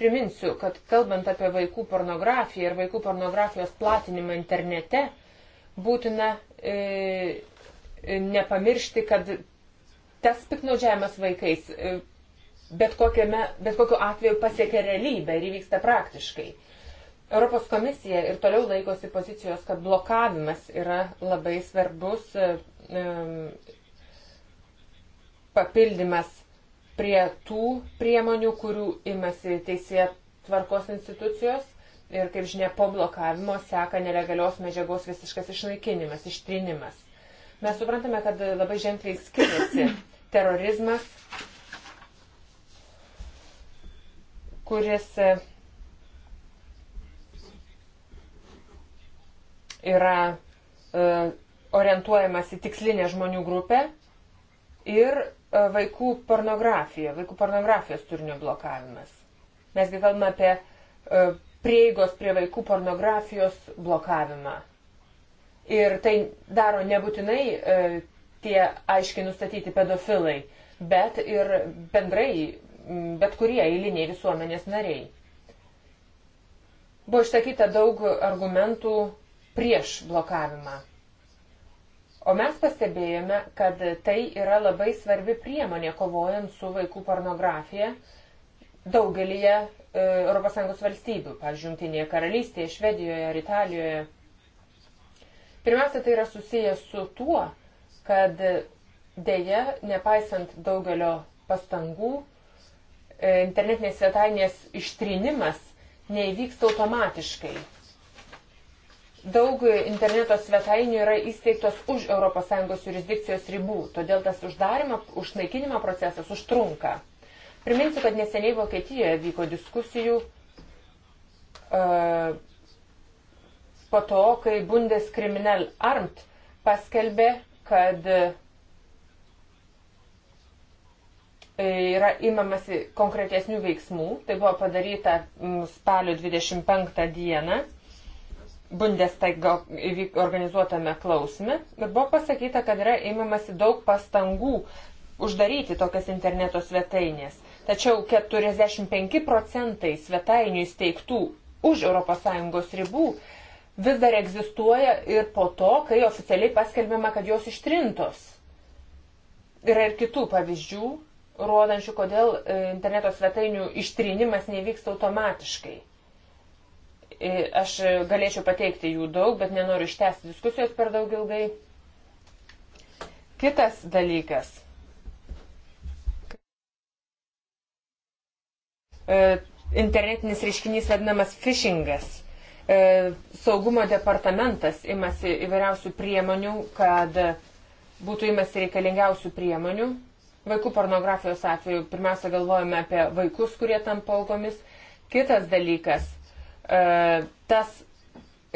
[SPEAKER 1] Priminsiu, kad kalbant apie vaikų pornografiją ir vaikų pornografijos platinimą internete, būtina e, nepamiršti, kad tas piknaudžiavimas vaikais e, bet, kokiame, bet kokiu atveju pasiekia realybę ir įvyksta praktiškai. Europos komisija ir toliau laikosi pozicijos, kad blokavimas yra labai svarbus um, papildymas prie tų priemonių, kurių imasi teisėje tvarkos institucijos. Ir kaip žinia, po blokavimo seka nelegalios medžiagos visiškas išnaikinimas, ištrinimas. Mes suprantame, kad labai ženkliai skiriasi terorizmas, kuris e, yra e, orientuojamas į tikslinę žmonių grupę ir e, vaikų pornografija, vaikų pornografijos turinio blokavimas. Mesgi kalbame apie prieigos prie vaikų pornografijos blokavimą. Ir tai daro nebūtinai tie aiškiai nustatyti pedofilai, bet ir bendrai, bet kurie eiliniai visuomenės nariai. Buvo išsakyta daug argumentų prieš blokavimą. O mes pastebėjome, kad tai yra labai svarbi priemonė kovojant su vaikų pornografija daugelį ES valstybių, pavyzdžiui, Junktinėje karalystėje, Švedijoje ar Italijoje. Pirmiausia, tai yra susijęs su tuo, kad dėja, nepaisant daugelio pastangų, e, internetinės svetainės ištrinimas neįvyksta automatiškai. Daug interneto svetainių yra įsteigtos už ES jurisdikcijos ribų, todėl tas uždarimo, užnaikinimo procesas užtrunka. Priminsiu, kad neseniai Vokietijoje vyko diskusijų uh, po to, kai Bundeskriminal Armt paskelbė kad e, yra imamasi konkretesnių veiksmų. Tai buvo padaryta mm, spalio 25 dieną Bundestago organizuotame klausime ir buvo pasakyta, kad yra imamasi daug pastangų uždaryti tokias interneto svetainės. Tačiau 45 procentai svetainių įsteigtų už ES ribų vis dar egzistuoja ir po to, kai oficialiai paskelbėma, kad jos ištrintos. Yra ir kitų pavyzdžių, rodančių, kodėl e, interneto svetainių ištrinimas nevyksta automatiškai. E, aš e, galėčiau pateikti jų daug, bet nenoriu ištęsti diskusijos per daug ilgai. Kitas dalykas. Internetinis reiškinys vadinamas phishingas. E, saugumo departamentas imasi įvairiausių priemonių, kad būtų imasi reikalingiausių priemonių. Vaikų pornografijos atveju pirmiausia galvojame apie vaikus, kurie tampa aukomis. Kitas dalykas, e, tas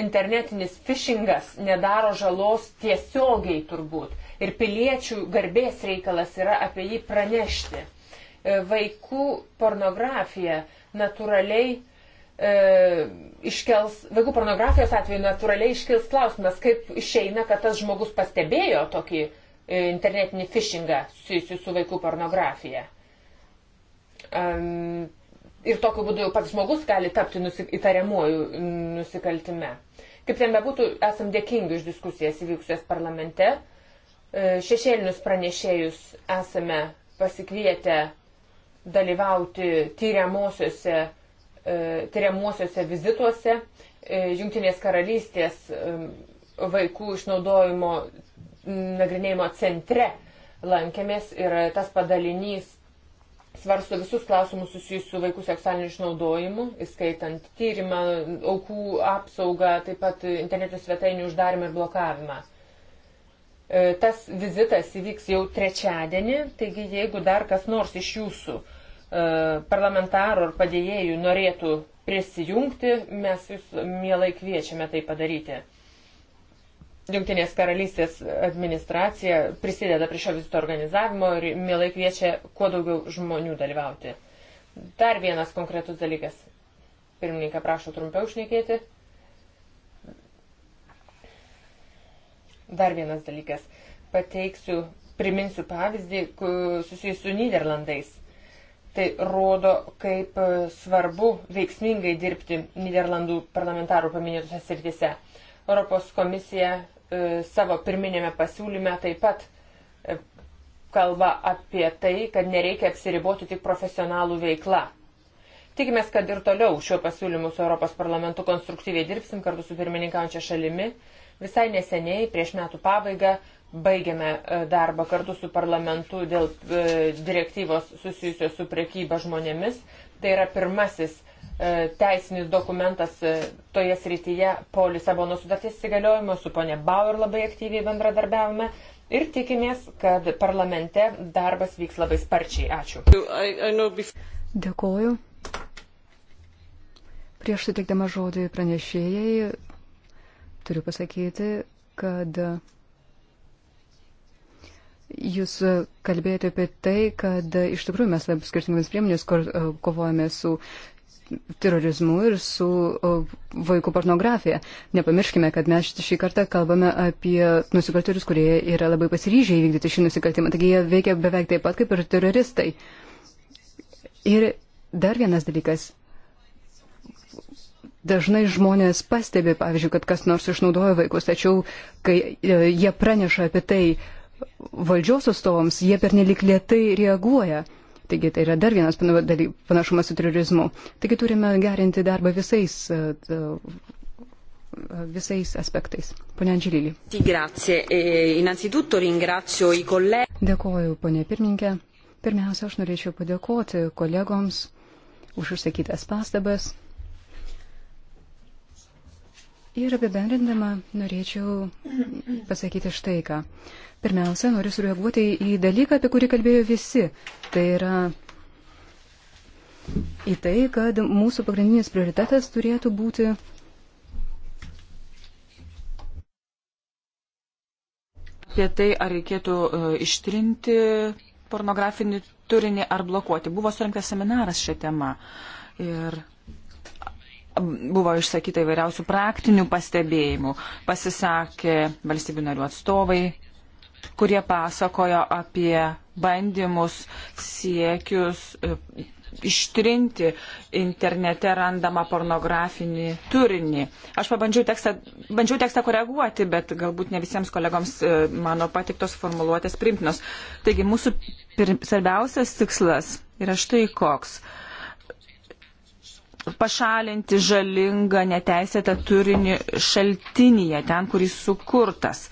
[SPEAKER 1] internetinis phishingas nedaro žalos tiesiogiai turbūt. Ir piliečių garbės reikalas yra apie jį pranešti. E, vaikų pornografija natūraliai E, iškels, vaikų pornografijos atveju natūraliai iškils klausimas, kaip išeina, kad tas žmogus pastebėjo tokį e, internetinį phishingą susijusiu su vaikų pornografija. Um, ir tokiu būdu jau pats žmogus gali tapti nusi, įtariamuoju nusikaltime. Kaip ten bebūtų, esam dėkingi už diskusijas įvykusias parlamente. E, šešėlinius pranešėjus esame pasikvietę dalyvauti tyriamosiose uh, E, tyriamuosiuose vizituose e, Junktinės karalystės e, vaikų išnaudojimo nagrinėjimo centre lankėmės ir tas padalinys svarsto visus klausimus susijusius su vaikų seksualiniu išnaudojimu, įskaitant tyrimą, aukų apsaugą, taip pat interneto svetainių uždarimą ir blokavimą. Tas vizitas įvyks jau trečiadienį, taigi jeigu dar kas nors iš jūsų uh, E, parlamentarų ar padėjėjų norėtų prisijungti, mes jūs mielai kviečiame tai padaryti. Junktinės karalystės administracija prisideda prie šio vizito organizavimo ir mielai kviečia kuo daugiau žmonių dalyvauti. Dar vienas konkretus dalykas. Pirmininką prašau trumpiau užnekėti. Dar vienas dalykas. Pateiksiu, priminsiu pavyzdį susijusiu su Niderlandais Tai rodo, kaip e, svarbu veiksmingai dirbti Niderlandų parlamentarų paminėtose srityse. Europos komisija e, savo pirminėme pasiūlyme taip pat e, kalba apie tai, kad nereikia apsiriboti tik profesionalų veikla. Tikimės, kad ir toliau šiuo pasiūlymu su Europos parlamentu konstruktyviai dirbsim kartu su pirmininkaujančia šalimi. Visai neseniai, prieš metų pabaigą, Baigiame e, darbą kartu su parlamentu dėl e, direktyvos susijusios su priekyba žmonėmis. Tai yra pirmasis e, teisinis dokumentas toje srityje po Lisabono sudarties įsigaliojimo su ponė Bauer labai aktyviai bendradarbiavome ir tikimės, kad parlamente darbas vyks labai sparčiai. Ačiū.
[SPEAKER 4] Dėkoju. Prieš sutikdama žodį pranešėjai turiu pasakyti, kad Jūs e, kalbėjote apie tai, kad e, iš tikrųjų mes labai skirtingomis priemonės e, kovojame su terorizmu ir su vaikų pornografija. Nepamirškime, kad mes šį kartą kalbame apie nusikaltėlius, kurie yra labai pasiryžę įvykdyti šį nusikaltimą. Taigi jie veikia beveik taip pat kaip ir teroristai. Ir dar vienas dalykas. Dažnai žmonės pastebi, pavyzdžiui, kad kas nors išnaudoja vaikus, tačiau kai jie praneša apie tai, uh, valdžios atstovams, jie pernelik lietai reaguoja. Taigi tai yra dar vienas panašumas su terorizmu. Taigi turime gerinti darbą visais, e, visais aspektais. Pone Andželylį. E, Dėkoju, ponė pirmininkė. Pirmiausia, aš norėčiau padėkoti kolegoms už užsakytas pastabas. Ir apibendrindama norėčiau pasakyti štai ką. Pirmiausia, noriu sureaguoti į dalyką, apie kurį kalbėjo visi. Tai yra į tai, kad mūsų pagrindinis prioritetas turėtų būti
[SPEAKER 2] apie tai,
[SPEAKER 5] ar reikėtų e, ištrinti pornografinį turinį ar blokuoti. Buvo surinktas seminaras šią temą ir buvo išsakyta įvairiausių praktinių pastebėjimų. Pasisakė valstybių narių atstovai, kurie pasakojo apie bandymus, siekius e, ištrinti internete randamą pornografinį turinį. Aš pabandžiau tekstą, bandžiau tekstą koreguoti, bet galbūt ne visiems kolegoms e, mano patiktos formuluotės primtinos. Taigi mūsų pir, svarbiausias tikslas yra štai koks. Uh, pašalinti žalingą neteisėtą turinį šaltinyje, ten, kuris sukurtas.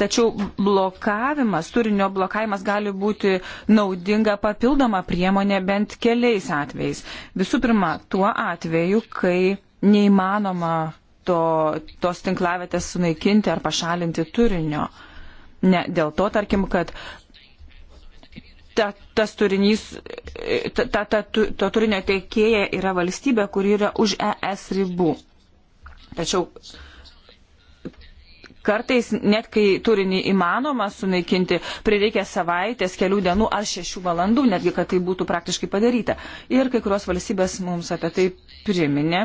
[SPEAKER 5] Tačiau blokavimas, turinio blokavimas gali būti naudinga papildoma priemonė bent keliais atvejais. Visų pirma, tuo atveju, kai neįmanoma to, tos tinklavietės sunaikinti ar pašalinti turinio. Ne, dėl to, tarkim, kad ta, tas turinys, ta, ta, ta, to turinio teikėja yra valstybė, kuri yra už ES ribų. Tačiau kartais, net kai turinį įmanoma sunaikinti, prireikia savaitės, kelių dienų ar šešių valandų, netgi kad tai būtų praktiškai padaryta. Ir kai kurios valstybės mums apie tai priminė.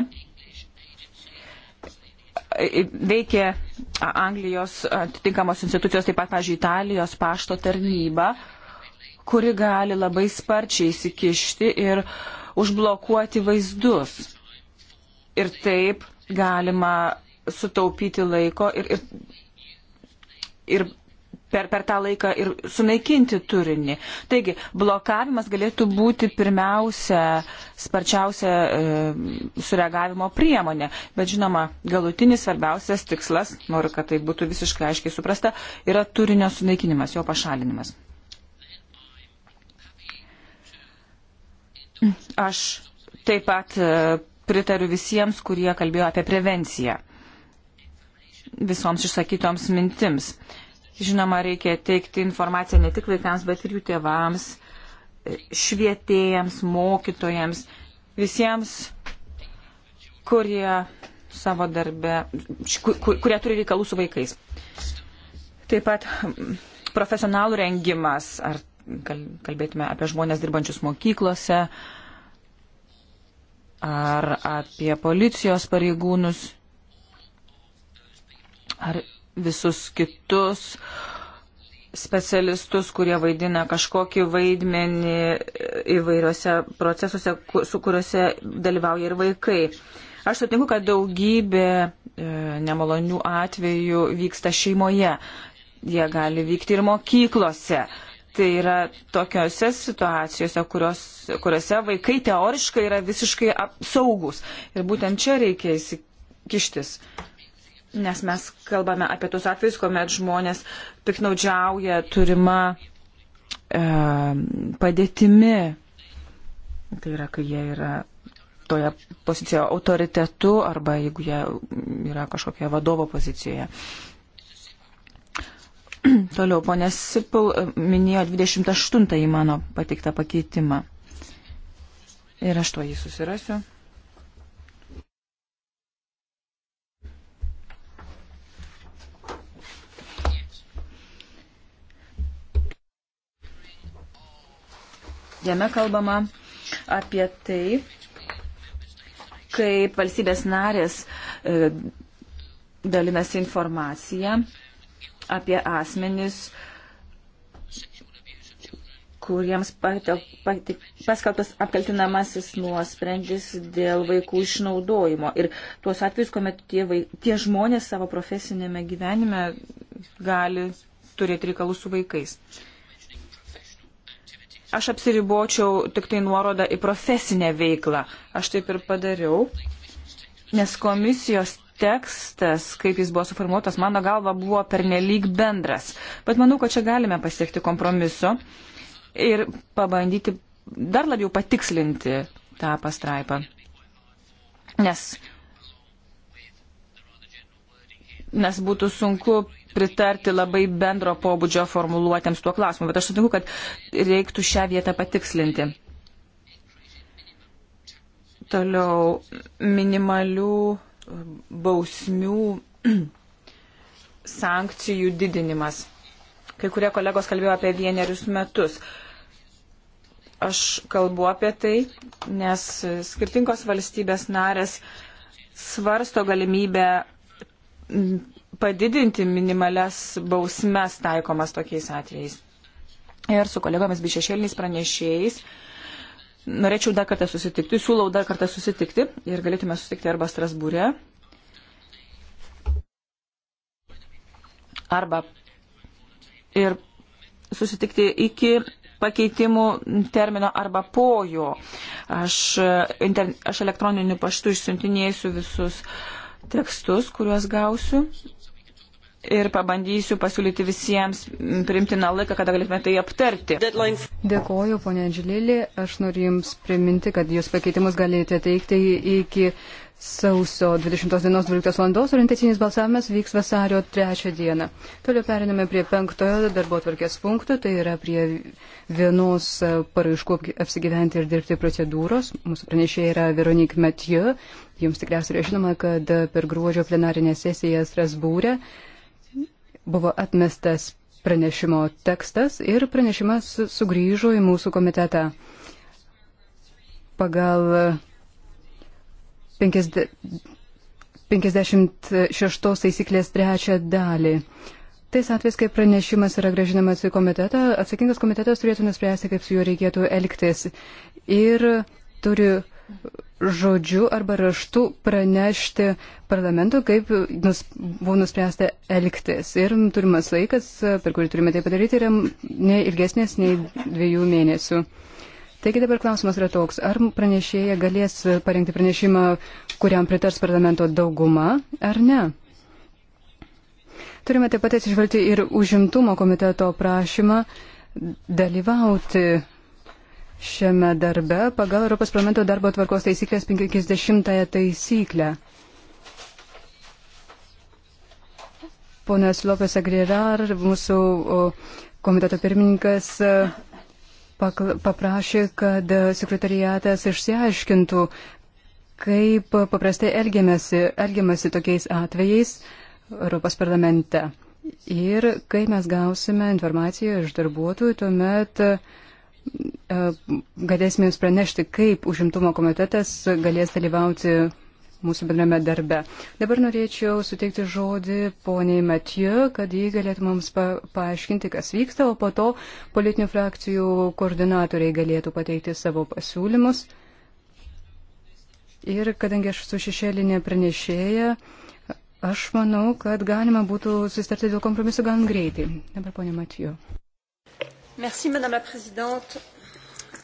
[SPEAKER 5] Veikia Anglijos atitinkamos institucijos, taip pat, pažiūrėjau, Italijos pašto tarnyba, kuri gali labai sparčiai įsikišti ir užblokuoti vaizdus. Ir taip galima sutaupyti laiko ir, ir, ir per, per tą laiką ir sunaikinti turinį. Taigi, blokavimas galėtų būti pirmiausia, sparčiausia e, sureagavimo priemonė. Bet žinoma, galutinis svarbiausias tikslas, noriu, kad tai būtų visiškai aiškiai suprasta, yra turinio sunaikinimas, jo pašalinimas. Aš taip pat e, pritariu visiems, kurie kalbėjo apie prevenciją visoms išsakytoms mintims. Žinoma, reikia teikti informaciją ne tik vaikams, bet ir jų tėvams, e, švietėjams, mokytojams, visiems, kurie savo darbe, kurie turi reikalų su vaikais. Taip pat profesionalų rengimas, ar kalbėtume apie žmonės dirbančius mokyklose ar apie policijos pareigūnus ar visus kitus specialistus, kurie vaidina kažkokį vaidmenį įvairiuose procesuose, su kuriuose dalyvauja ir vaikai. Aš sutinku, kad daugybė e, nemalonių atvejų vyksta šeimoje. Jie gali vykti ir mokyklose. Tai yra tokiose situacijose, kurios, kuriuose vaikai teoriškai yra visiškai saugus. Ir būtent čia reikia įsikištis. Nes mes kalbame apie tos atvejus, kuomet žmonės piknaudžiauja turima e, padėtimi. Tai yra, kai jie yra toje pozicijoje autoritetu arba jeigu jie yra kažkokioje vadovo pozicijoje. E, Toliau, ponė Sipil e, minėjo 28-ąjį mano patiktą pakeitimą. Ir aš to jį susirasiu. Jame kalbama apie tai, kaip valstybės narės e, dalinasi informaciją apie asmenis, kuriems paskaltas apkaltinamasis nuosprendis dėl vaikų išnaudojimo. Ir tuos atvejus, kuomet tie, vaik, tie žmonės savo profesinėme gyvenime gali turėti reikalų su vaikais. Aš apsiribočiau tik tai nuorodą į profesinę veiklą. Aš taip ir padariau, nes komisijos tekstas, kaip jis buvo suformuotas, mano galva buvo pernelyg bendras. Bet manau, kad čia galime pasiekti kompromiso ir pabandyti dar labiau patikslinti tą pastraipą. Nes, nes būtų sunku pritarti labai bendro pobūdžio formuluotėms tuo klausimu, bet aš sutinku, kad reiktų šią vietą patikslinti. Toliau minimalių bausmių sankcijų didinimas. Kai kurie kolegos kalbėjo apie vienerius metus. Aš kalbu apie tai, nes skirtingos valstybės narės svarsto galimybę padidinti minimales bausmes taikomas tokiais atvejais. Ir su kolegomis bei šešėliniais pranešėjais uh, norėčiau dar kartą susitikti, siūlau dar kartą susitikti ir galėtume susitikti arba Strasbūre, arba ir susitikti iki pakeitimų termino arba po jo. Aš, inter, aš elektroniniu paštu išsiuntinėsiu visus tekstus,
[SPEAKER 4] kuriuos gausiu
[SPEAKER 5] ir pabandysiu pasiūlyti visiems primtiną laiką, kada galėtume tai aptarti.
[SPEAKER 4] Dėkoju, ponė Džilėlė. Aš noriu Jums priminti, kad Jūs pakeitimus galite teikti iki sausio 20 dienos 12 valandos. Orientacinis balsavimas vyks vasario 3 dieną. Toliau periname prie penktojo darbo tvarkės punktų, tai yra prie vienos paraiškų apsigyventi ir dirbti procedūros. Mūsų pranešėja yra Veronik Mathieu. Jums tikriausiai yra žinoma, kad per gruodžio plenarinę sesiją Strasbūrę e buvo atmestas pranešimo tekstas ir pranešimas sugrįžo į mūsų komitetą. Pagal 56 taisyklės trečią dalį. Tais atvejais, kai pranešimas yra gražinamas į komitetą, atsakingas komitetas turėtų nuspręsti, kaip su juo reikėtų elgtis. Ir turi žodžiu arba raštu pranešti parlamentu, kaip nus, buvo nuspręsta elgtis. Ir turimas laikas, per kurį turime tai padaryti, yra ne ilgesnės nei dviejų mėnesių. Taigi dabar klausimas yra toks, ar pranešėja galės parengti pranešimą, kuriam pritars parlamento dauguma, ar ne? Turime taip pat atsižvelgti ir užimtumo komiteto prašymą dalyvauti šiame darbe pagal Europos parlamento darbo tvarkos taisyklės 50 taisyklę. Ponas Lopes Agrirar, mūsų komiteto pirmininkas, paprašė, kad sekretariatas išsiaiškintų, kaip paprastai elgiamasi, elgiamasi tokiais atvejais Europos parlamente. Ir kai mes gausime informaciją iš darbuotojų, tuomet uh, E, galėsime Jums pranešti, kaip užimtumo komitetas galės dalyvauti mūsų bendrame darbe. Dabar norėčiau suteikti žodį poniai Matiju, kad jį galėtų mums pa paaiškinti, kas vyksta, o po to politinių frakcijų koordinatoriai galėtų pateikti savo pasiūlymus. Ir kadangi aš su šešėlinė pranešėja, aš manau, kad galima būtų susitarti dėl kompromiso gan greitai. Dabar ponia Matiju.
[SPEAKER 1] Merci, Madame la Présidente.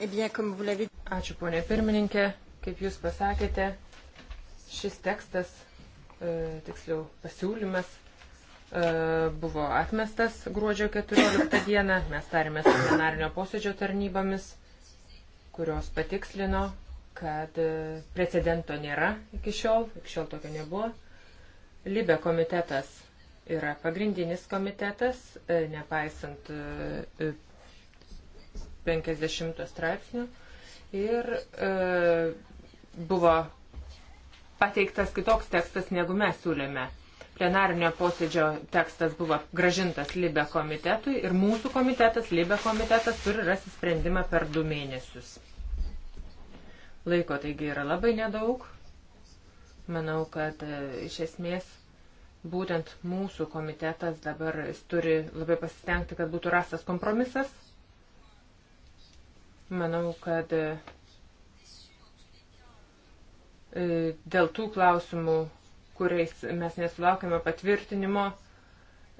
[SPEAKER 1] Eh bien, comme vous l'avez. Ačiū, ponė pirmininkė. Kaip Jūs pasakėte, šis tekstas, e, tiksliau pasiūlymas, e, buvo atmestas gruodžio 14 dieną. Mes tarėme su plenarinio posėdžio tarnybomis, kurios patikslino, kad e, precedento nėra iki šiol, iki šiol tokio nebuvo. Libė komitetas yra pagrindinis komitetas, e, nepaisant e, 50 straipsnių ir e, buvo pateiktas kitoks tekstas, negu mes siūlėme. Plenarinio posėdžio tekstas buvo gražintas Libe komitetui ir mūsų komitetas, Libe komitetas, turi rasti sprendimą per du mėnesius. Laiko taigi yra labai nedaug. Manau, kad e, iš esmės būtent mūsų komitetas dabar turi labai pasistengti, kad būtų rastas kompromisas Manau, kad e, e, dėl tų klausimų, kuriais mes nesulaukime patvirtinimo,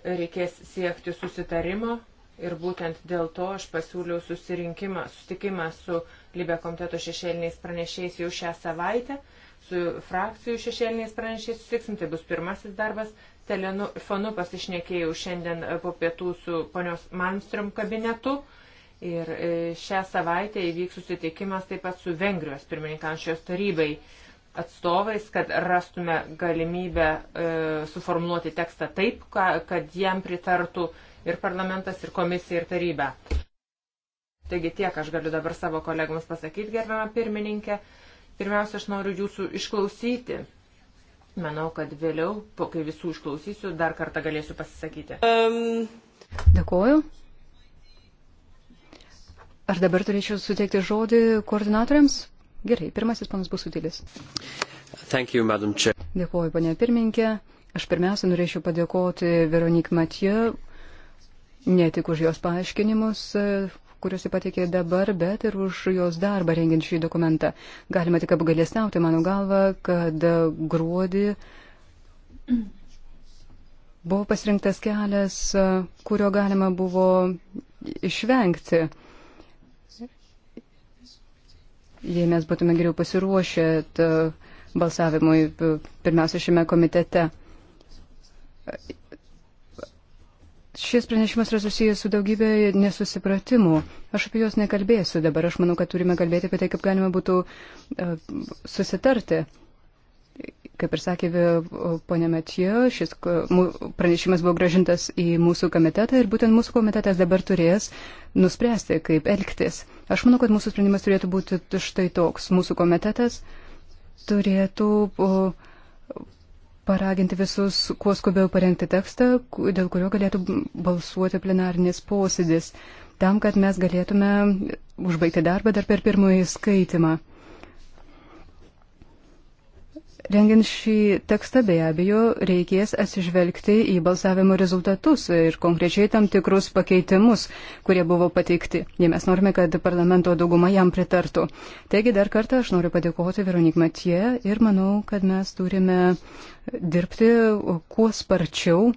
[SPEAKER 1] reikės siekti susitarimo ir būtent dėl to aš pasiūliau susirinkimą, susitikimą su Libė komiteto šešėliniais pranešėjais jau šią savaitę, su frakcijų šešėliniais pranešėjais susiksim, tai bus pirmasis darbas. Telefonu pasišnekėjau šiandien po pietų su ponios Manstrom kabinetu Ir e, šią savaitę įvyks susitikimas taip pat su Vengrijos pirmininkančios tarybai atstovais, kad rastume galimybę e, suformuoluoti tekstą taip, ka, kad jam pritartų ir parlamentas, ir komisija, ir taryba. Taigi tiek aš galiu dabar savo kolegams pasakyti, gerbiamą pirmininkę. Pirmiausia, aš noriu jūsų išklausyti. Manau, kad vėliau, po kai visų išklausysiu, dar kartą galėsiu pasisakyti. Um.
[SPEAKER 4] Dėkuoju. Ar dabar turėčiau suteikti žodį koordinatoriams? Gerai, pirmasis panas bus sutilis.
[SPEAKER 2] Dėkuoju,
[SPEAKER 4] ponė pirmininkė. Aš pirmiausia norėčiau padėkoti Veronik Matijo ne tik už jos paaiškinimus, kuriuos ji pateikė dabar, bet ir už jos darbą rengiant šį dokumentą. Galima tik apgalėsnauti, mano galva, kad gruodį buvo pasirinktas kelias, kurio galima buvo išvengti jei mes būtume geriau pasiruošę balsavimui, pirmiausia, šiame komitete. Šis pranešimas yra susijęs su daugybė nesusipratimų. Aš apie juos nekalbėsiu dabar. Aš manau, kad turime kalbėti apie tai, kaip galima būtų e, susitarti. Kaip ir sakė ponė Metijo, šis pranešimas buvo gražintas į mūsų komitetą ir būtent mūsų komitetas dabar turės nuspręsti, kaip elgtis. Aš manau, kad mūsų sprendimas turėtų būti štai toks. Mūsų komitetas turėtų paraginti visus, kuo skubiau parengti tekstą, dėl kurio galėtų balsuoti plenarinis posėdis, tam, kad mes galėtume užbaigti darbą dar per pirmąjį skaitimą. Rengiant šį tekstą be abejo reikės atsižvelgti į balsavimo rezultatus ir konkrečiai tam tikrus pakeitimus, kurie buvo pateikti, jei mes norime, kad parlamento dauguma jam pritartų. Taigi dar kartą aš noriu padėkoti Veronik Matie ir manau, kad mes turime dirbti kuo sparčiau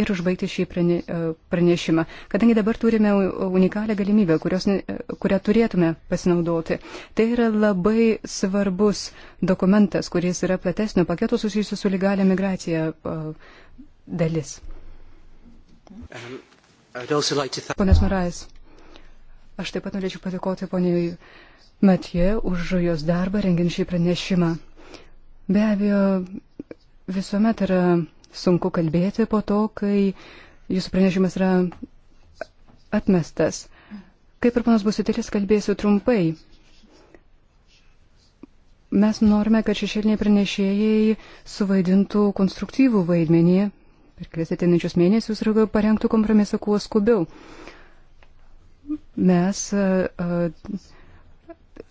[SPEAKER 4] ir užbaigti šį e, pranešimą, kadangi dabar turime unikalią galimybę, kurios, e, kurią turėtume pasinaudoti. Tai yra labai svarbus dokumentas, kuris yra platesnio paketo susijusio su legalia migracija e, dalis.
[SPEAKER 2] Um, Ponas
[SPEAKER 4] Marais, aš taip pat norėčiau padėkoti poniai Matije už jos darbą rengiant šį pranešimą. Be abejo, visuomet yra sunku kalbėti po to, kai jūsų pranešimas yra atmestas. Kaip ir panas Busitėlis, kalbėsiu trumpai. Mes norime, kad šešėliniai pranešėjai suvaidintų konstruktyvų vaidmenį per kelias ateinančius mėnesius ir parengtų kompromisą kuo skubiau. Mes uh,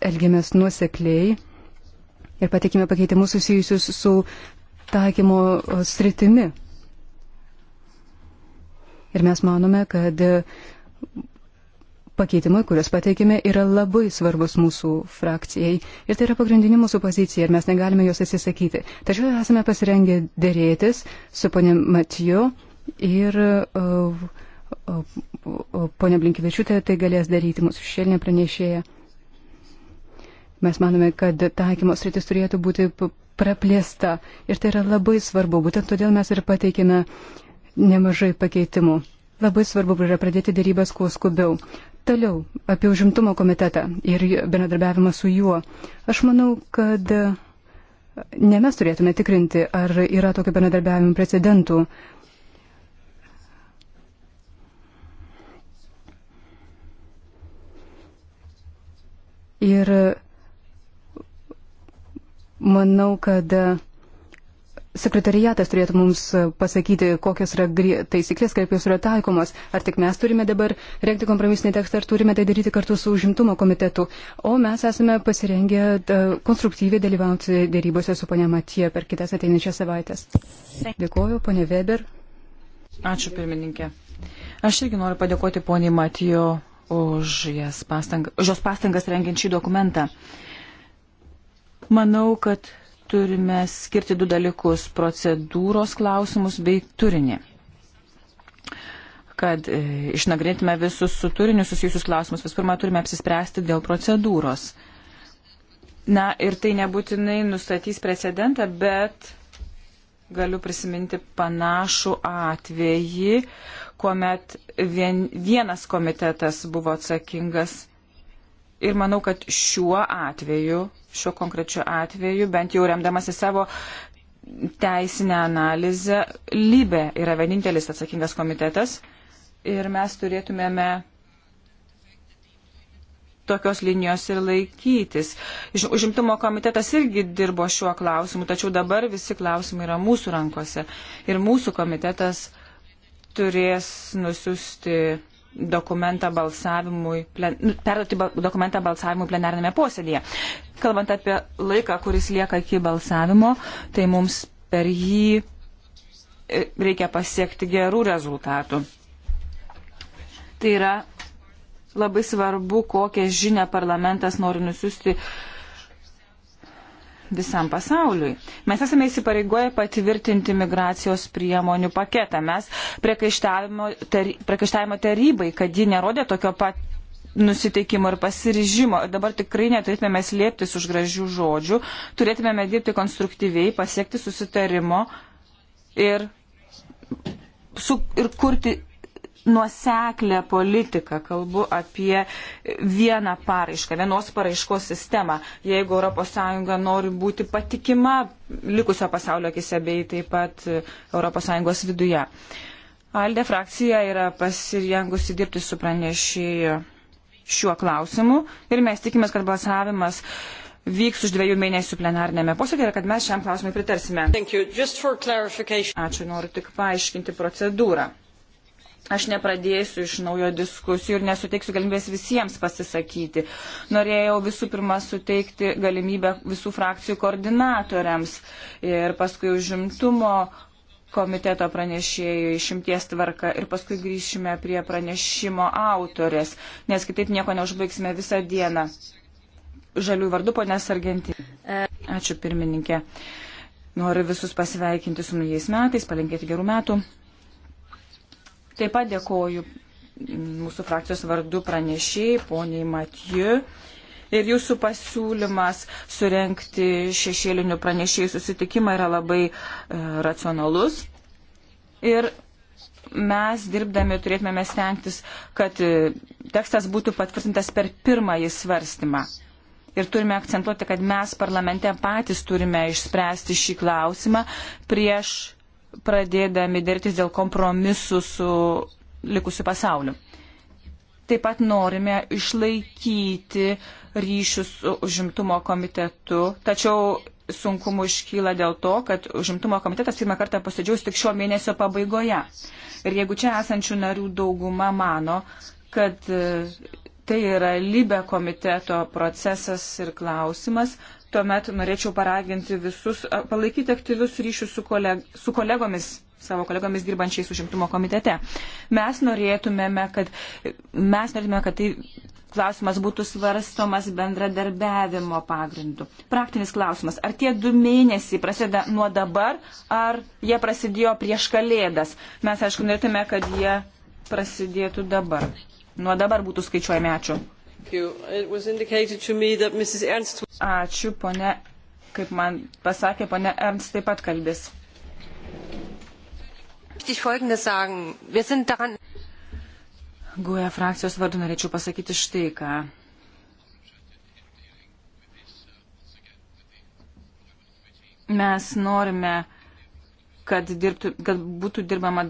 [SPEAKER 4] elgiamės nuosekliai ir patikime pakeitimus susijusius su taikymo sritimi. Ir mes manome, kad pakeitimai, kuriuos pateikime, yra labai svarbus mūsų frakcijai. Ir tai yra pagrindinė mūsų pozicija ir mes negalime jos atsisakyti. Tačiau esame pasirengę dėrėtis su ponė Matijo ir uh, uh, uh, ponė Blinkivičiūtė tai galės daryti mūsų šėlinė pranešėja. Mes manome, kad taikymo sritis turėtų būti praplėsta. Ir tai yra labai svarbu. Būtent todėl mes ir pateikėme nemažai pakeitimų. Labai svarbu yra pradėti dėrybas kuo skubiau. Toliau apie užimtumo komitetą ir bendradarbiavimą su juo. Aš manau, kad ne mes turėtume tikrinti, ar yra tokio bendradarbiavimo precedentų. Ir Manau, kad e, sekretariatas turėtų mums e, pasakyti, kokios yra taisyklės, kaip jos yra taikomos. Ar tik mes turime dabar renkti kompromisinį tekstą, ar turime tai daryti kartu su užimtumo komitetu. O mes esame pasirengę e, konstruktyviai dalyvauti dėrybose su ponia Matija per kitas ateinančias savaitės. Dėkuoju, ponia Weber.
[SPEAKER 5] Ačiū, pirmininkė. Aš irgi noriu padėkoti poniai Matijo už, pastang, už jos pastangas rengiant šį dokumentą. Uh, Manau, kad turime skirti du dalykus - procedūros klausimus bei turinį kad e, išnagrinėtume visus su turiniu susijusius klausimus. Vis pirma, turime apsispręsti dėl procedūros. Na ir tai nebūtinai nustatys precedentą, bet galiu prisiminti panašų atvejį, kuomet vien, vienas komitetas buvo atsakingas Ir manau, kad šiuo atveju, šiuo konkrečiu atveju, bent jau remdamasi savo teisinę analizę, Libė yra vienintelis atsakingas komitetas ir mes turėtumėme tokios linijos ir laikytis. Užimtumo komitetas irgi dirbo šiuo klausimu, tačiau dabar visi klausimai yra mūsų rankose. Ir mūsų komitetas turės nusiųsti dokumentą balsavimui, plen, nu, perduoti ba, dokumentą balsavimui plenarinėme posėdėje. Kalbant apie laiką, kuris lieka iki balsavimo, tai mums per jį e, reikia pasiekti gerų rezultatų. Tai yra labai svarbu, kokią žinę parlamentas nori nusiųsti uh, visam pasauliui. Mes esame įsipareigoję patvirtinti migracijos priemonių paketą. Mes priekaištavimo tary, tarybai, kad ji nerodė tokio pat nusiteikimo ir pasiryžimo. Ir dabar tikrai neturėtume slėptis už gražių žodžių, turėtume dirbti konstruktyviai, pasiekti susitarimo ir, su, ir kurti nuoseklę politiką, kalbu apie vieną paraišką, vienos paraiškos sistemą. Jeigu ES nori būti patikima likusio pasaulio akise bei taip pat ES viduje. Alde frakcija yra pasirengusi dirbti su pranešėju šiuo klausimu ir mes tikimės, kad balsavimas vyks už dviejų mėnesių plenarnėme posėdėje ir kad mes šiam klausimui pritarsime. Ačiū, noriu tik paaiškinti procedūrą. Aš nepradėsiu iš naujo diskusijų ir nesuteiksiu galimybės visiems pasisakyti. Norėjau visų pirma suteikti galimybę visų frakcijų koordinatoriams ir paskui užimtumo komiteto pranešėjų išimties tvarka ir paskui grįšime prie pranešimo autorės, nes kitaip nieko neužbaigsime visą dieną. Žalių vardu, ponės Argentė. Ačiū pirmininkė. Noriu visus pasveikinti su naujais metais, palinkėti gerų metų. Taip pat dėkoju mūsų frakcijos vardu pranešėjai, poniai Matiju. Ir jūsų pasiūlymas surenkti šešėlinių pranešėjų susitikimą yra labai e, racionalus. Ir mes dirbdami turėtume stengtis, kad e, tekstas būtų patvirtintas per pirmąjį svarstymą. Ir turime akcentuoti, kad mes parlamente patys turime išspręsti šį klausimą prieš pradėdami dėrtis dėl kompromisų su likusiu pasauliu. Taip pat norime išlaikyti ryšius su užimtumo komitetu, tačiau sunkumų iškyla dėl to, kad užimtumo komitetas pirmą kartą posėdžiaus tik šio mėnesio pabaigoje. Ir jeigu čia esančių narių dauguma mano, kad e, tai yra libe komiteto procesas ir klausimas, Tuomet norėčiau paraginti visus palaikyti aktyvius ryšius su, koleg su kolegomis savo kolegomis dirbančiais užimtumo komitete. Mes norėtumėme, kad, mes norėtume, kad tai klausimas būtų svarstomas bendradarbiavimo pagrindu. Praktinis klausimas, ar tie du mėnesiai prasideda nuo dabar, ar jie prasidėjo prieš kalėdas? Mes, aišku, norėtume, kad jie prasidėtų dabar. Nuo dabar būtų skaičiuojami. Ačiū. Ačiū, ponė, kaip man pasakė, ponė Ernst taip pat kalbės. GUE frakcijos vardu norėčiau pasakyti štai ką. Mes norime, kad, dirbtų, kad būtų dirbama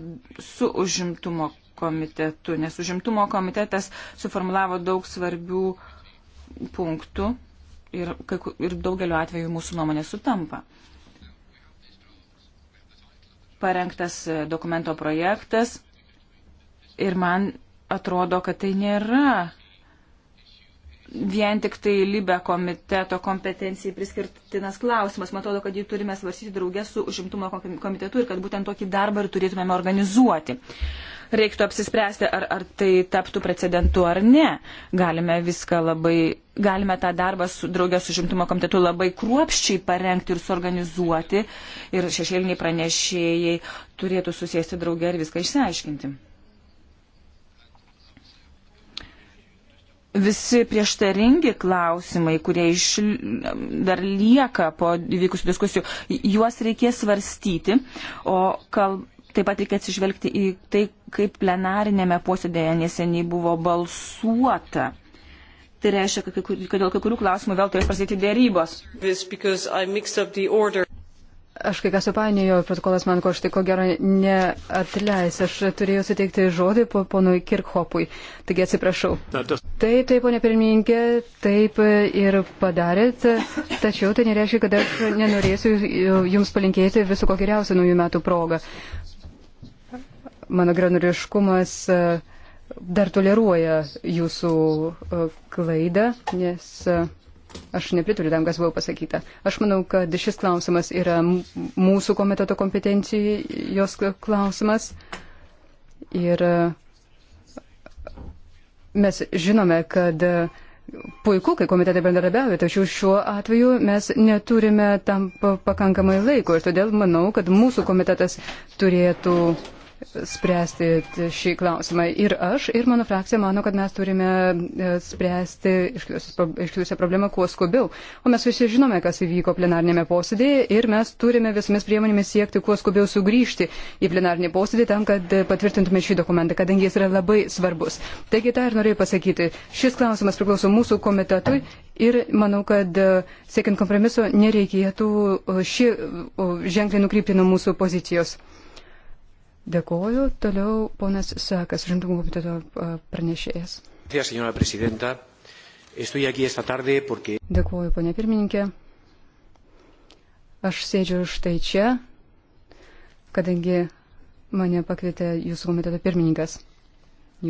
[SPEAKER 5] su užimtumo komitetu, nes užimtumo komitetas suformulavo daug svarbių punktų ir, ir daugeliu atveju mūsų nuomonė sutampa. Parengtas dokumento projektas ir man atrodo, kad tai nėra vien tik tai libe komiteto kompetencijai priskirtinas klausimas. Man atrodo, kad jį turime svarstyti draugės su užimtumo komitetu ir kad būtent tokį darbą ir turėtumėme organizuoti. Uh, reiktų apsispręsti, ar, ar tai taptų precedentu ar ne. Galime viską labai, galime tą darbą su draugės užimtumo komitetu labai kruopščiai parengti ir suorganizuoti ir šešėliniai pranešėjai turėtų susėsti draugę ir viską išsiaiškinti. Visi prieštaringi klausimai, kurie iš, dar lieka po vykusių diskusijų, juos reikės svarstyti, o kalbant taip pat reikia atsižvelgti į tai, kaip plenarinėme posėdėje neseniai buvo balsuota. Tai reiškia, kad dėl kai kurių klausimų vėl turės prasidėti dėrybos.
[SPEAKER 4] Aš kai ką supainioju, protokolas man ko aš tai ko gero neatleis. Aš turėjau suteikti žodį po ponui Kirkhopui. Taigi atsiprašau. Taip, taip, ponė pirmininkė, taip ir padarėt. Tačiau tai nereiškia, kad aš nenorėsiu jums palinkėti viso ko geriausio naujų metų progą mano granuriškumas e, dar toleruoja jūsų e, klaidą, nes e, aš neprituriu tam, kas buvo pasakyta. Aš manau, kad šis klausimas yra mūsų komiteto kompetencijos klausimas. Ir mes žinome, kad puiku, kai komitetai bendradarbiauja, tačiau šiuo atveju mes neturime tam pakankamai laiko ir todėl manau, kad mūsų komitetas turėtų spręsti šį klausimą. Ir aš, ir mano frakcija mano, kad mes turime e, spręsti iškilusią problemą kuo skubiau. O mes visi žinome, kas įvyko plenarnėme posėdėje ir mes turime visomis priemonėmis siekti kuo skubiau sugrįžti į plenarnį posėdį tam, kad patvirtintume šį dokumentą, kadangi jis yra labai svarbus. Taigi tą ir norėjau pasakyti. Šis klausimas priklauso mūsų komitetui ir manau, kad e, siekiant kompromiso nereikėtų šį ženkliai nukrypti nuo mūsų pozicijos. Dėkoju. Toliau ponas Sakas, žimtumo komiteto pranešėjas. Dėkoju, ponė pirmininkė. Aš sėdžiu štai čia, kadangi mane pakvietė jūsų komiteto pirmininkas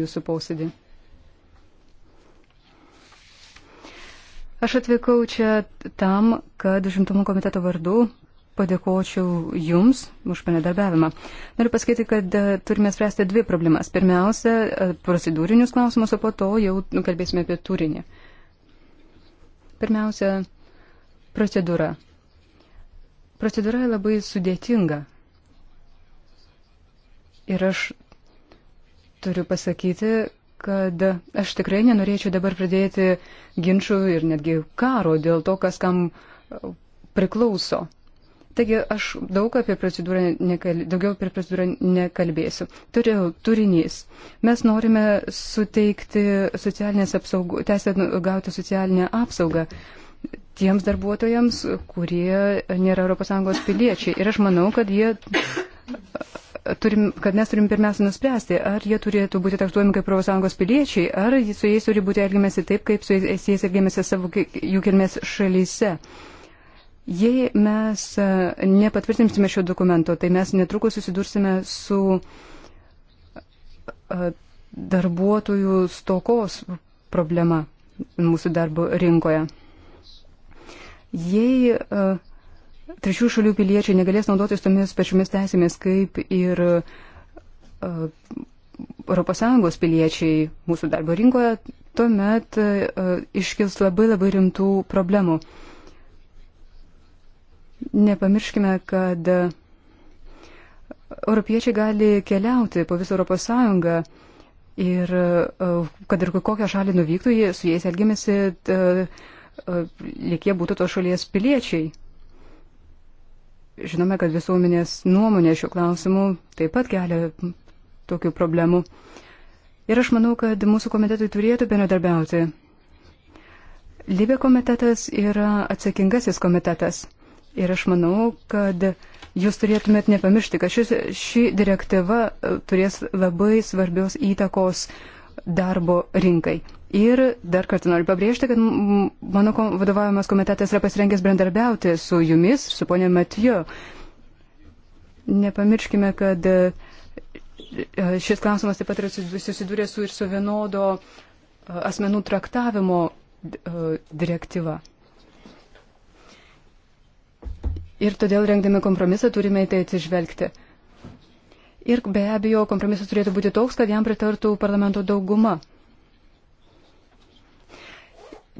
[SPEAKER 4] jūsų posėdį. Aš atvykau čia tam, kad žimtumo komiteto vardu padėkočiau Jums už panedarbiavimą. Noriu pasakyti, kad e, turime spręsti dvi problemas. Pirmiausia, e, procedūrinius klausimus, o po to jau kalbėsime apie turinį. Pirmiausia, procedūra. Procedūra labai sudėtinga. Ir aš turiu pasakyti, kad aš tikrai nenorėčiau dabar pradėti ginčių ir netgi karo dėl to, kas kam priklauso. Taigi aš daug apie procedūrą, nekal... daugiau apie procedūrą nekalbėsiu. Turiu turinys. Mes norime suteikti socialinės apsaugos, teisę gauti socialinę apsaugą tiems darbuotojams, kurie nėra ES piliečiai. Ir aš manau, kad jie. Turim, kad mes turim pirmiausia nuspręsti, ar jie turėtų būti traktuojami kaip ES piliečiai, ar su jais turi būti elgiamasi taip, kaip su jais elgiamasi savo jų kilmės šalyse. Uh, Jei mes e, nepatvirtinsime šio dokumento, tai mes netrukus susidursime su e, darbuotojų stokos problema mūsų darbo rinkoje. Jei e, trečių šalių piliečiai negalės naudotis tomis pačiomis teisėmis kaip ir ES piliečiai mūsų darbo rinkoje, tuomet iškils labai labai rimtų problemų. Nepamirškime, kad europiečiai gali keliauti po visą Europos Sąjungą ir e, kad ir kokią šalį nuvyktų, jie, su jais elgiamėsi, e, likie būtų tos šalies piliečiai. Žinome, kad visuomenės nuomonė šiuo klausimu taip pat kelia tokių problemų. Ir aš manau, kad mūsų komitetai turėtų bendradarbiauti. Libė komitetas yra atsakingasis komitetas. Ir aš manau, kad jūs turėtumėt nepamiršti, kad šis, ši direktyva e, turės labai svarbios įtakos darbo rinkai. Ir dar kartą noriu pabrėžti, kad mano vadovavimas komitetas yra pasirengęs bendarbiauti su jumis, su ponė Matijo. Nepamirškime, kad e, e, šis klausimas taip pat yra susidūrė su ir su vienodo asmenų traktavimo direktyva. Ir todėl rengdami kompromisą turime į tai atsižvelgti. Ir be abejo, kompromisas turėtų būti toks, kad jam pritartų parlamento dauguma.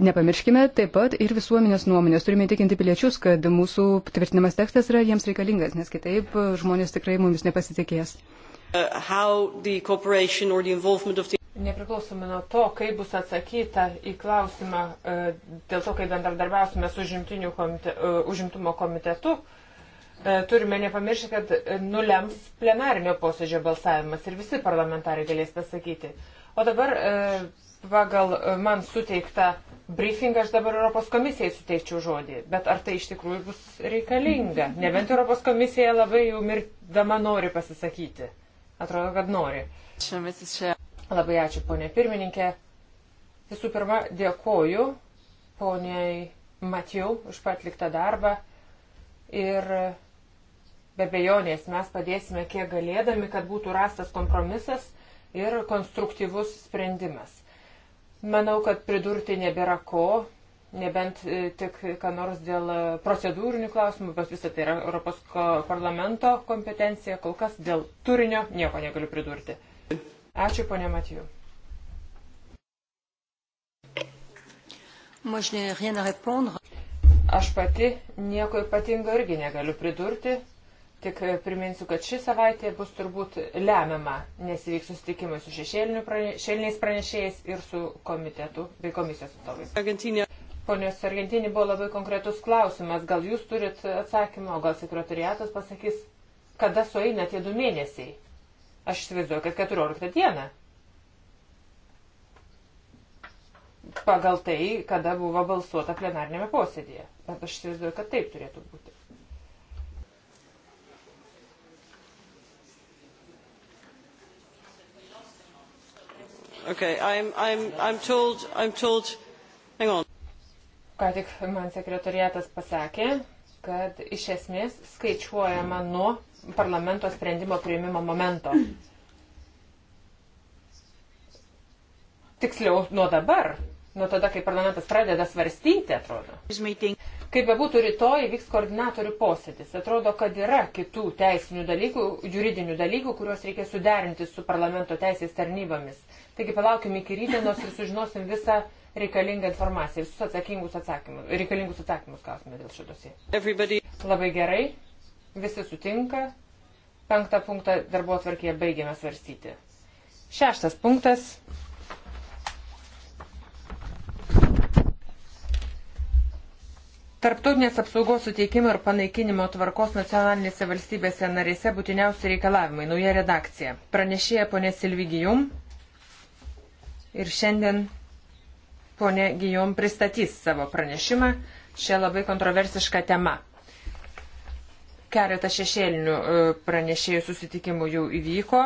[SPEAKER 4] Nepamirškime taip pat ir visuomenės nuomonės. Turime įtikinti piliečius, kad mūsų tvirtinamas tekstas yra jiems reikalingas, nes kitaip žmonės tikrai mumis nepasitikės.
[SPEAKER 1] Uh, the... Nepriklausomai nuo to, kaip bus atsakyta į klausimą e, dėl to, kaip bendradarbiausime su komite, e, užimtumo komitetu, e, turime nepamiršti, kad nulems plenarinio posėdžio balsavimas ir visi parlamentarai galės pasakyti. O dabar pagal man suteiktą briefingą aš dabar Europos komisijai suteikčiau žodį. Bet ar tai iš tikrųjų bus reikalinga? Nebent Europos komisija labai jau mirdama nori pasisakyti. Atrodo, kad nori. Čia mes čia. Labai ačiū, ponė pirmininkė. Visų pirma, dėkoju poniai Matijau už patliktą darbą ir be bejonės mes padėsime kiek galėdami, kad būtų rastas kompromisas ir konstruktyvus sprendimas. Manau, kad pridurti nebėra ko, nebent e, tik ką nors dėl procedūrinių klausimų, bet visą tai yra Europos parlamento kompetencija, kol kas dėl turinio nieko negaliu pridurti. Ačiū, ponė Matijų. Aš pati nieko ypatingo irgi negaliu pridurti, tik e, priminsiu, kad ši savaitė bus turbūt lemiama, nes įvyks susitikimai su šešėliniais pranešėjais ir su komitetu bei komisijos atstovais. Ponios Argentinį buvo labai konkretus klausimas, gal jūs turit atsakymą, o gal sekretariatas pasakys, kada sueina tie du mėnesiai Aš įsivaizduoju, kad 14 dieną. Pagal tai, kada buvo balsuota plenarnėme posėdėje. Bet aš įsivaizduoju, kad taip turėtų būti.
[SPEAKER 3] Okay, I'm, I'm, I'm told, I'm told, hang on.
[SPEAKER 1] Ką tik man sekretariatas pasakė, kad iš esmės skaičiuojama nuo parlamento sprendimo prieimimo momento. Tiksliau, nuo dabar, nuo tada, kai parlamentas pradeda svarstyti, atrodo. Kaip bebūtų, rytoj vyks koordinatorių posėdis. Atrodo, kad yra kitų teisinių dalykų, juridinių dalykų, kuriuos reikia suderinti su parlamento teisės tarnybomis. Taigi palaukime iki rytdienos ir sužinosim visą reikalingą informaciją, visus atsakingus atsakymus, reikalingus atsakymus gausime dėl šitos. Labai gerai. Visi sutinka. Penktą punktą darbo atvarkėje baigėme svarstyti. Šeštas punktas. Tarptautinės apsaugos suteikimo ir panaikinimo tvarkos nacionalinėse valstybėse narėse būtiniausi reikalavimai. Nauja redakcija. Pranešėja ponė Silvigijum. Ir šiandien ponė Gijum pristatys savo pranešimą šią labai kontroversišką temą. Keletą šešėlinių e, pranešėjų susitikimų jau įvyko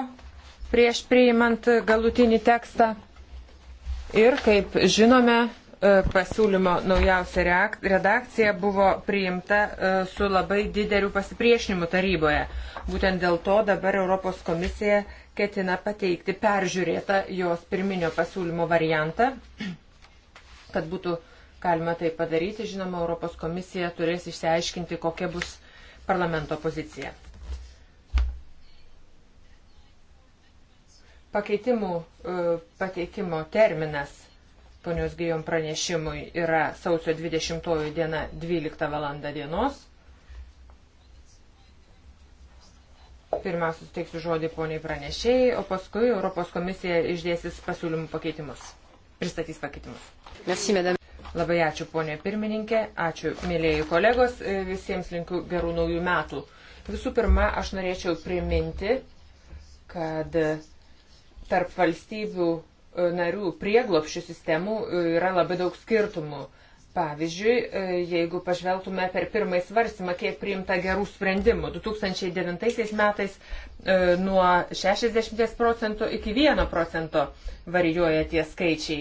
[SPEAKER 1] prieš priimant galutinį tekstą. Ir, kaip žinome, e, pasiūlymo naujausia redakcija buvo priimta e, su labai dideliu pasipriešinimu taryboje. Būtent dėl to dabar Europos komisija ketina pateikti peržiūrėtą jos pirminio pasiūlymo variantą, kad būtų galima tai padaryti. Žinoma, Europos komisija turės išsiaiškinti, kokia bus parlamento poziciją. Pakeitimų e, pateikimo terminas ponios Gijom pranešimui yra sausio 20 diena 12 val. dienos. Pirmiausia, suteiksiu žodį poniai pranešėjai, o paskui Europos komisija išdėsis pasiūlymų pakeitimus. Pristatys pakeitimus. Merci, madame. Labai ačiū, ponė pirmininkė, ačiū, mėlėjai kolegos, e, visiems linkiu gerų naujų metų. Visų pirma, aš norėčiau priminti, kad tarp valstybių e, narių prieglopšių sistemų e, yra labai daug skirtumų. Pavyzdžiui, jeigu pažvelgtume per pirmąjį svarstymą, kiek priimta gerų sprendimų. 2009 metais nuo 60 procentų iki 1 procento varijuoja tie skaičiai.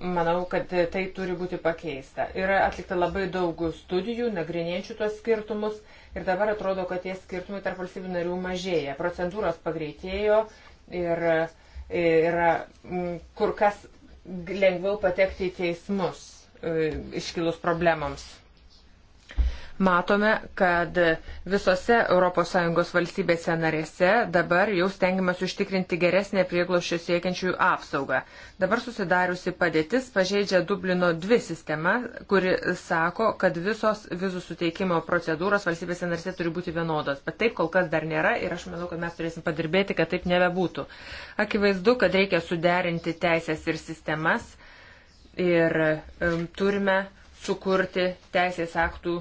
[SPEAKER 1] Manau, kad tai turi būti pakeista. Yra atlikta labai daug studijų, nagrinėjančių tuos skirtumus ir dabar atrodo, kad tie skirtumai tarp valstybių narių mažėja. Procedūros pagreitėjo ir yra mm, kur kas lengviau patekti į teismus e, iškilus problemams matome, kad visose ES valstybėse narėse dabar jau stengiamas užtikrinti geresnę prieglošio siekiančiųjų apsaugą. Dabar susidariusi padėtis pažeidžia Dublino 2 sistemą, kuri sako, kad visos vizų suteikimo procedūros valstybėse narėse turi būti vienodos. Bet taip kol kas dar nėra ir aš manau, kad mes turėsim padirbėti, kad taip nebebūtų. Akivaizdu, kad reikia suderinti teisės ir sistemas ir um, turime sukurti teisės aktų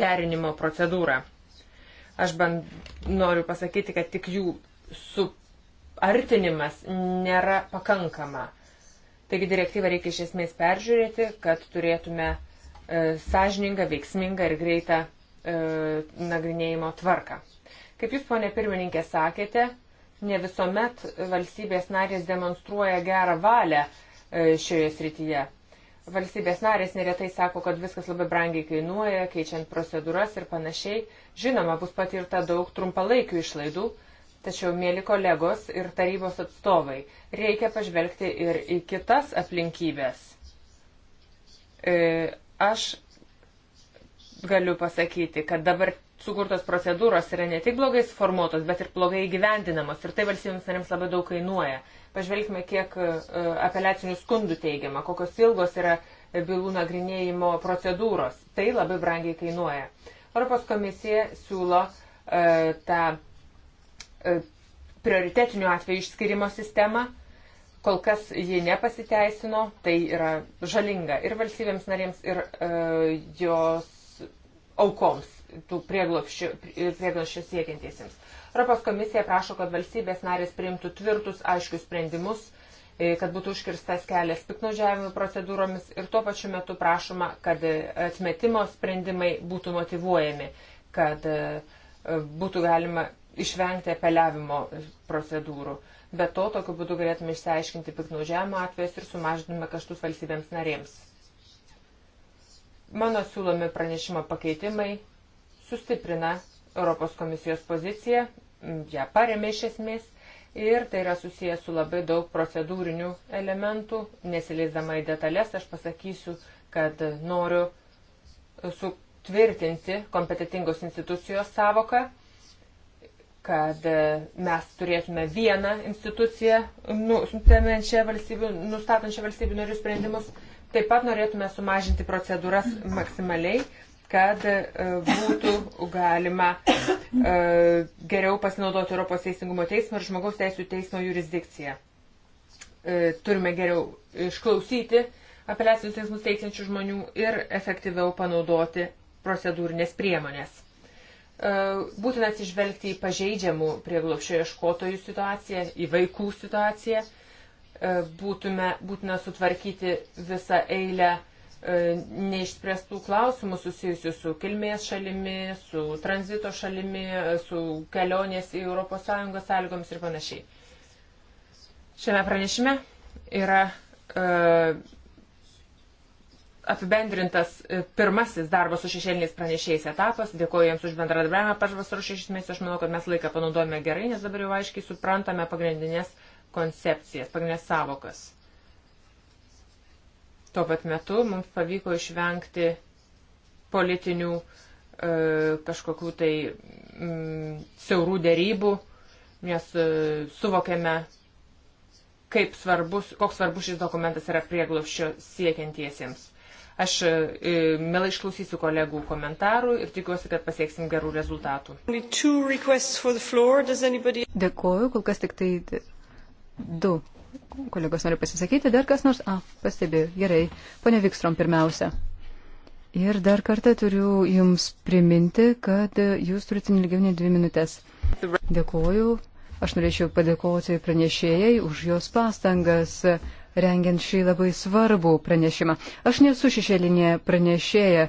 [SPEAKER 1] derinimo procedūrą. Aš band noriu pasakyti, kad tik jų suartinimas nėra pakankama. Taigi direktyvą reikia iš esmės peržiūrėti, kad turėtume e, sąžiningą, veiksmingą ir greitą e, nagrinėjimo tvarką. Kaip jūs, ponė pirmininkė, sakėte, ne visuomet valstybės narės demonstruoja gerą valią e, šioje srityje. Valstybės narės neretai sako, kad viskas labai brangiai kainuoja, keičiant procedūras ir panašiai. Žinoma, bus patirta daug trumpalaikių išlaidų, tačiau, mėly kolegos ir tarybos atstovai, reikia pažvelgti ir į kitas aplinkybės. E, aš galiu pasakyti, kad dabar sukurtos procedūros yra ne tik blogai suformuotos, bet ir blogai įgyvendinamos ir tai valstybėms narėms labai daug kainuoja. Pažvelgime, kiek e, apeliacinių skundų teigiama, kokios ilgos yra bylų nagrinėjimo procedūros. Tai labai brangiai kainuoja. Europos komisija siūlo e, tą e, prioritetinių atvejų išskirimo sistemą. Kol kas ji nepasiteisino, tai yra žalinga ir valstybėms narėms, ir e, jos aukoms, tų prieglopščių siekiantiesiems. Europos komisija prašo, kad valstybės narės priimtų tvirtus, aiškius sprendimus, e, kad būtų užkirstas kelias piknaudžiavimo procedūromis ir tuo pačiu metu prašoma, kad atmetimo sprendimai būtų motivuojami, kad e, būtų galima išvengti apeliavimo procedūrų. Be to, tokiu būdu galėtume išsiaiškinti piknaudžiavimo atvejus ir sumažintume kaštus valstybėms narėms. Mano siūlomi pranešimo pakeitimai sustiprina Europos komisijos poziciją ją paremė iš esmės ir tai yra susijęs su labai daug procedūrinių elementų. Nesileisdama į detalės, aš pasakysiu, kad noriu sutvirtinti kompetitingos institucijos savoką kad mes turėtume vieną instituciją nu, valstybių, nustatančią valstybių narių sprendimus. Taip pat norėtume sumažinti procedūras maksimaliai kad e, būtų galima e, geriau pasinaudoti Europos Teisingumo teismo ir žmogaus teisų teismo jurisdikciją. E, turime geriau išklausyti apeliacinius teismus teikiančių žmonių ir efektyviau panaudoti procedūrinės priemonės. Būtina atsižvelgti į pažeidžiamų prieglopšio ieškotojų situaciją, į vaikų situaciją. Būtume, būtina sutvarkyti visą eilę uh, E, neišspręstų klausimų susijusių su kilmės šalimi, su tranzito šalimi, e, su kelionės į ES sąlygomis ir panašiai. Šiame pranešime yra e, apibendrintas e, pirmasis darbas su šešėliniais pranešėjais etapas. Dėkuoju jiems už bendradarbiavimą per vasarų šešis mėnesius. Aš manau, kad mes laiką panaudojame gerai, nes dabar jau aiškiai suprantame pagrindinės koncepcijas, pagrindinės savokas. Tuo pat metu mums pavyko išvengti politinių e, kažkokių tai m, mm, siaurų dėrybų, nes e, suvokėme, kaip svarbus, koks svarbus šis dokumentas yra prieglopščio siekiantiesiems. Aš e, mielai išklausysiu kolegų komentarų ir tikiuosi, kad pasieksim gerų rezultatų.
[SPEAKER 4] Dėkuoju, kol kas tik tai du kolegos nori pasisakyti, dar kas nors, a, pastebėjau, gerai, ponia Vikstrom pirmiausia. Ir dar kartą turiu Jums priminti, kad Jūs turite nelgiau nei dvi minutės. Dėkuoju. Aš norėčiau padėkoti pranešėjai už jos pastangas, rengiant šį labai svarbų pranešimą. Aš nesu šešėlinė pranešėja,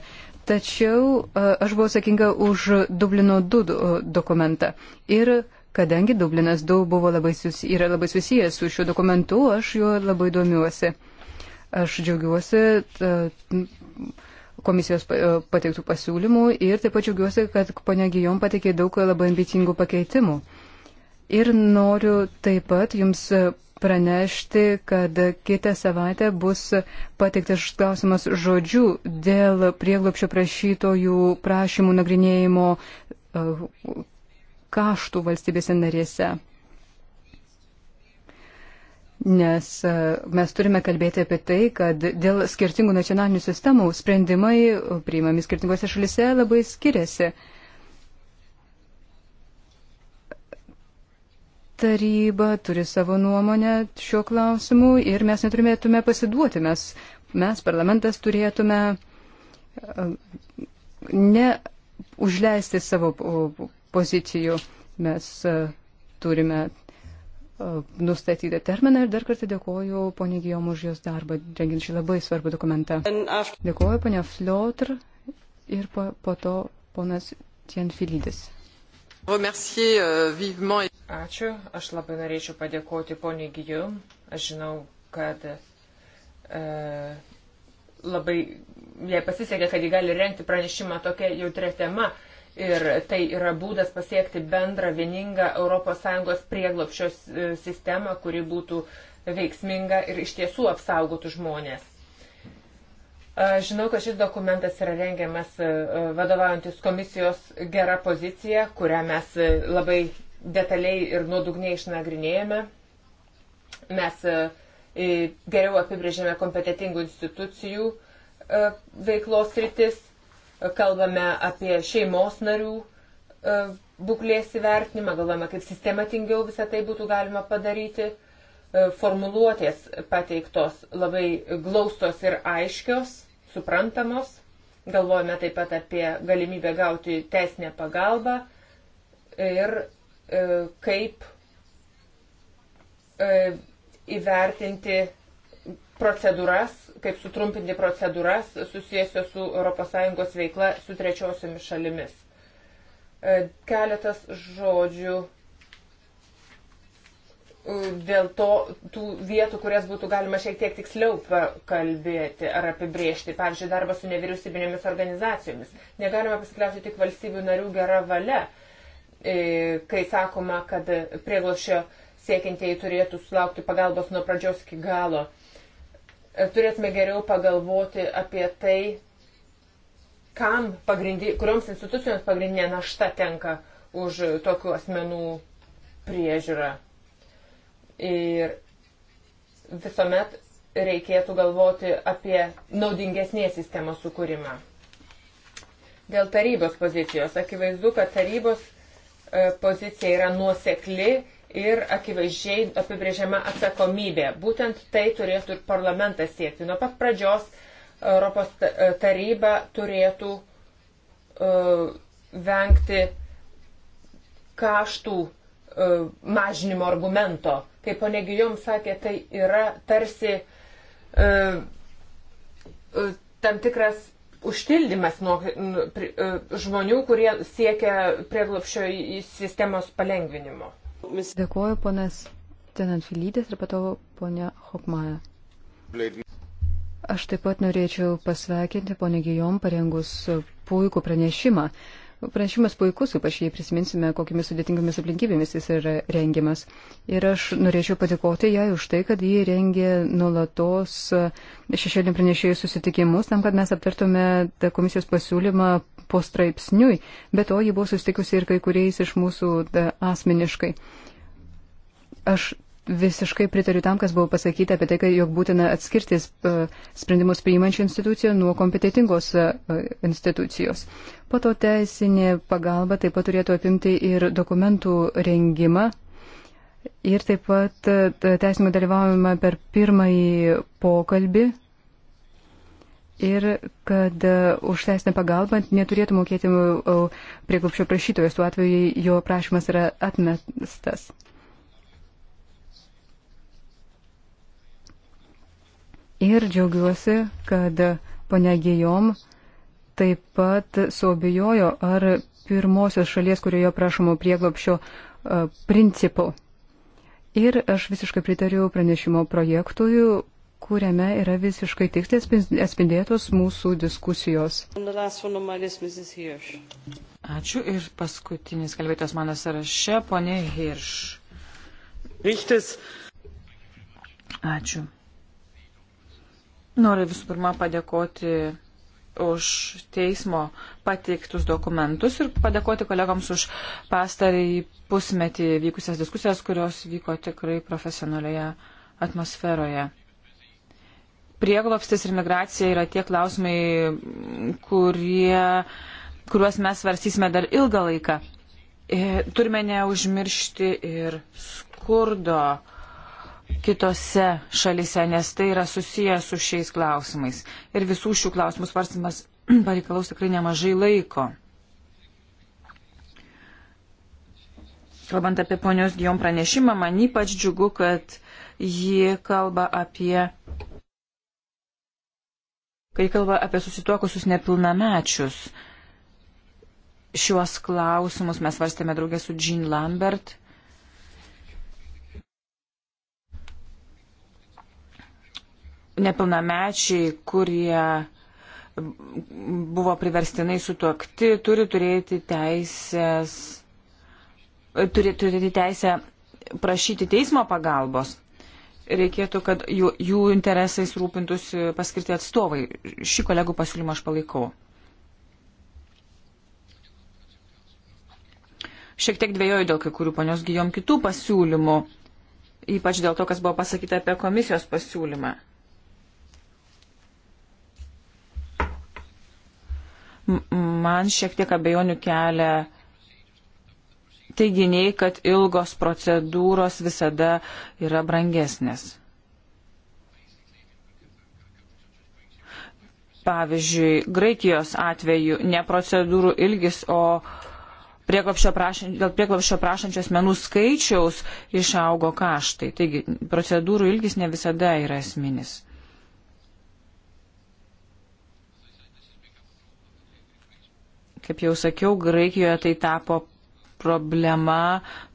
[SPEAKER 4] tačiau aš buvau sakinga už Dublino 2 dokumentą. Ir Kadangi Dublinas 2 buvo labai susi, yra labai susijęs su šiuo dokumentu, aš juo labai domiuosi. Aš džiaugiuosi ta, komisijos pateiktų pasiūlymų ir taip pat džiaugiuosi, kad ponia Gijom pateikė daug labai ambicingų pakeitimų. Ir noriu taip pat jums pranešti, kad kitą savaitę bus pateiktas klausimas žodžių dėl prieglopšio prašytojų prašymų nagrinėjimo uh, kaštų valstybėse narėse. Nes e, mes turime kalbėti apie tai, kad dėl skirtingų nacionalinių sistemų sprendimai e, priimami skirtingose šalise labai skiriasi. Taryba turi savo nuomonę šiuo klausimu ir mes neturėtume pasiduoti. Mes, mes parlamentas, turėtume e, ne užleisti savo pozicijų. Mes e, turime e, nustatytą terminą ir dar kartą dėkoju poniai Gijom už jos darbą, rengiant šį labai svarbų dokumentą. Dėkoju ponia Fliotr ir po, po to ponas Tienfilydis.
[SPEAKER 3] E,
[SPEAKER 1] Ačiū, aš labai norėčiau padėkoti poniai Gijom. Aš žinau, kad e, labai jai pasisekė, kad ji gali renkti pranešimą tokia jautria tema, ir tai yra būdas pasiekti bendrą vieningą ES prieglopščio e, sistemą, kuri būtų veiksminga ir iš tiesų apsaugotų žmonės. Žinau, kad šis dokumentas yra rengiamas e, e, vadovaujantis komisijos gera pozicija, kurią mes labai detaliai ir nuodugniai išnagrinėjome. Mes geriau apibrėžėme kompetitingų institucijų veiklos rytis kalbame apie šeimos narių e, būklės įvertinimą, galvojame, kaip sistematingiau visą tai būtų galima padaryti. E, formuluotės pateiktos labai glaustos ir aiškios, suprantamos. Galvojame taip pat apie galimybę gauti teisinę pagalbą ir e, kaip įvertinti procedūras kaip sutrumpinti procedūras susijusios su ES veikla su trečiosiomis šalimis. E, keletas žodžių e, dėl to, tų vietų, kurias būtų galima šiek tiek tiksliau kalbėti ar apibriežti, pavyzdžiui, darbą su nevyriausybinėmis organizacijomis. Negalima pasikliauti tik valstybių narių gera valia, e, kai sakoma, kad prieglošio siekintieji turėtų sulaukti pagalbos nuo pradžios iki galo turėtume geriau pagalvoti apie tai, kam pagrindi, kurioms institucijoms pagrindinė našta tenka už tokių asmenų priežiūrą. Ir visuomet reikėtų galvoti apie naudingesnės sistemos sukūrimą. Dėl tarybos pozicijos. Akivaizdu, kad tarybos e, pozicija yra nuosekli ir akivaizdžiai apibrėžiama atsakomybė. Būtent tai turėtų ir parlamentas siekti. Nuo pat pradžios e, Europos e, taryba turėtų uh, vengti kaštų uh, mažinimo argumento. Kaip ponegijom sakė, tai yra tarsi uh, tam tikras užtildymas nuo žmonių, kurie siekia prieglopščio sistemos palengvinimo.
[SPEAKER 4] Dėkuoju, ponas Tenantfilytės ir pato ponia Hopmaja. Aš taip pat norėčiau pasveikinti ponę Gijom parengus puikų pranešimą. Pranešimas puikus, ypač jei prisiminsime, kokiamis sudėtingomis aplinkybėmis jis yra rengiamas. Ir aš norėčiau padėkoti jai už tai, kad jį rengė nulatos šešėlinių pranešėjų susitikimus, tam, kad mes aptartume komisijos pasiūlymą postraipsniui, bet o ji buvo sustikusi ir kai kuriais iš mūsų asmeniškai. Aš visiškai pritariu tam, kas buvo pasakyta apie tai, kad jog būtina atskirti e, sprendimus priimančią instituciją nuo kompetitingos e, e, institucijos. Po to teisinė pagalba taip pat turėtų apimti ir dokumentų rengimą. Ir taip pat teisinimą dalyvaujama per pirmąjį pokalbį ir kad e, už teisinę pagalbą neturėtų mokėti e, prieglupščio prašytojas, tuo atveju jo prašymas yra atmestas. Ir džiaugiuosi, kad ponia Gijom taip pat suobijojo ar pirmosios šalies, kurioje prašomo prieglopšio e, principų. Ir aš visiškai pritariu pranešimo projektui, kuriame yra visiškai tiksliai atspindėtos mūsų diskusijos.
[SPEAKER 5] Ačiū ir paskutinis kalbėtas mano sąraše, ponė Hirš. Ryštis. Ačiū. Noriu visų pirma padėkoti už teismo pateiktus dokumentus ir padėkoti kolegams už pastarį pusmetį vykusias diskusijas, kurios vyko tikrai profesionalioje atmosferoje prieglopstis ir migracija yra tie klausimai, kurie, kuriuos mes svarstysime dar ilgą laiką. E, turime neužmiršti ir skurdo kitose šalise, nes tai yra susijęs su šiais klausimais. Ir visų šių klausimų svarstymas pareikalaus tikrai nemažai laiko. Kalbant apie ponios Gijom pranešimą, man ypač džiugu, kad ji kalba apie kai kalba apie susituokusius nepilnamečius. Šiuos klausimus mes varstėme draugę su Jean Lambert. Nepilnamečiai, kurie buvo priverstinai sutuokti, turi turėti teisės, turi turėti teisę prašyti teismo pagalbos reikėtų, kad jų, jų interesais rūpintųsi paskirti atstovai. Šį kolegų pasiūlymą aš palaikau. Šiek tiek dvėjoju dėl kai kurių ponios gyjom kitų pasiūlymų, ypač dėl to, kas buvo pasakyta apie komisijos pasiūlymą. Man šiek tiek abejonių kelia teiginiai, kad ilgos procedūros visada yra brangesnės. Pavyzdžiui, Graikijos atveju ne procedūrų ilgis, o prieklapšio prašan, dėl prieklapšio prašančių asmenų skaičiaus išaugo kaštai. Taigi, procedūrų ilgis ne visada yra esminis. Kaip jau sakiau, Graikijoje tai tapo problema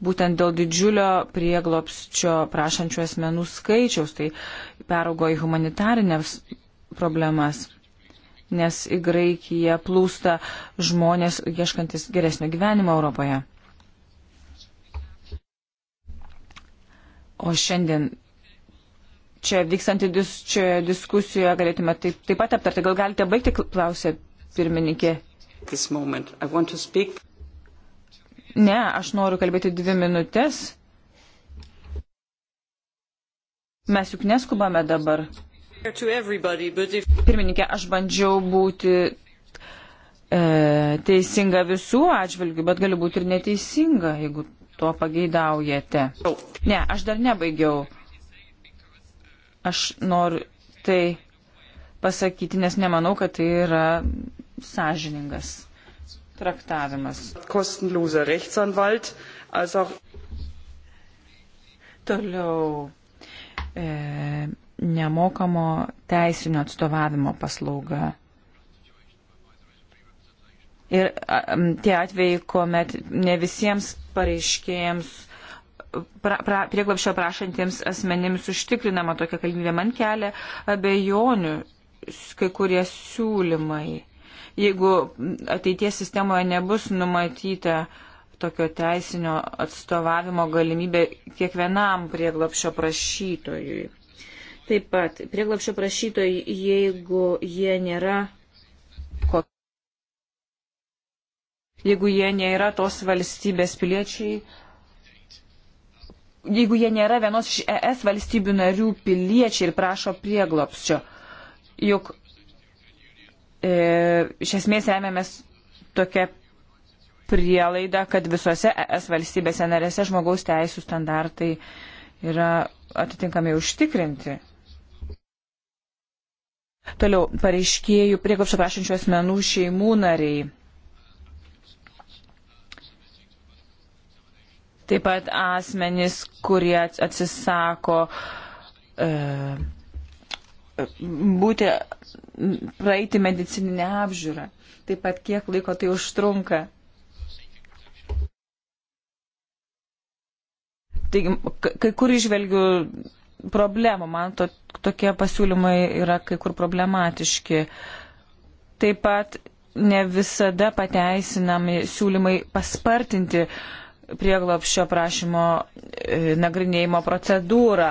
[SPEAKER 5] būtent dėl didžiulio prieglopsčio prašančių asmenų skaičiaus, tai peraugo į humanitarinės problemas, nes į Graikiją plūsta žmonės ieškantis geresnio gyvenimo Europoje. O šiandien čia vykstantį dis, čia diskusiją galėtume taip, taip pat aptarti. Gal galite baigti, klausė pirmininkė.
[SPEAKER 4] Speak...
[SPEAKER 5] Ne, aš noriu kalbėti dvi minutės. Mes juk neskubame dabar. Pirmininkė, aš bandžiau būti e, teisinga visų atžvilgių, bet galiu būti ir neteisinga, jeigu to pageidaujate. Ne, aš dar nebaigiau. Aš noriu tai pasakyti, nes nemanau, kad tai yra sąžiningas traktavimas. Kostenloser Rechtsanwalt, als auch. Toliau. E, nemokamo teisinio atstovavimo paslauga. Ir a, tie atvejai, kuomet ne visiems pareiškėjams pra, pra, prieglapšio prašantiems asmenims užtikrinama tokia galimybė, man kelia abejonių kai kurie siūlymai jeigu ateities sistemoje nebus numatyta tokio teisinio atstovavimo galimybė kiekvienam prieglapšio prašytojui. Taip pat, prieglapšio prašytojai, jeigu jie nėra jeigu jie nėra tos valstybės piliečiai, jeigu jie nėra vienos iš ES valstybių narių piliečiai ir prašo prieglopsčio. Juk E, iš esmės remiamės tokia prielaida, kad visose ES valstybėse narėse žmogaus teisų standartai yra atitinkami užtikrinti. Toliau, pareiškėjų prieglobšio prašančių asmenų šeimų nariai. Taip pat asmenys, kurie atsisako e, būti, praeiti medicininę apžiūrą. Taip pat kiek laiko tai užtrunka. Taigi, kai kur išvelgiu problemų, man to, tokie pasiūlymai yra kai kur problematiški. Taip pat ne visada pateisinami siūlymai paspartinti uh, prieglopščio prašymo e, nagrinėjimo procedūrą.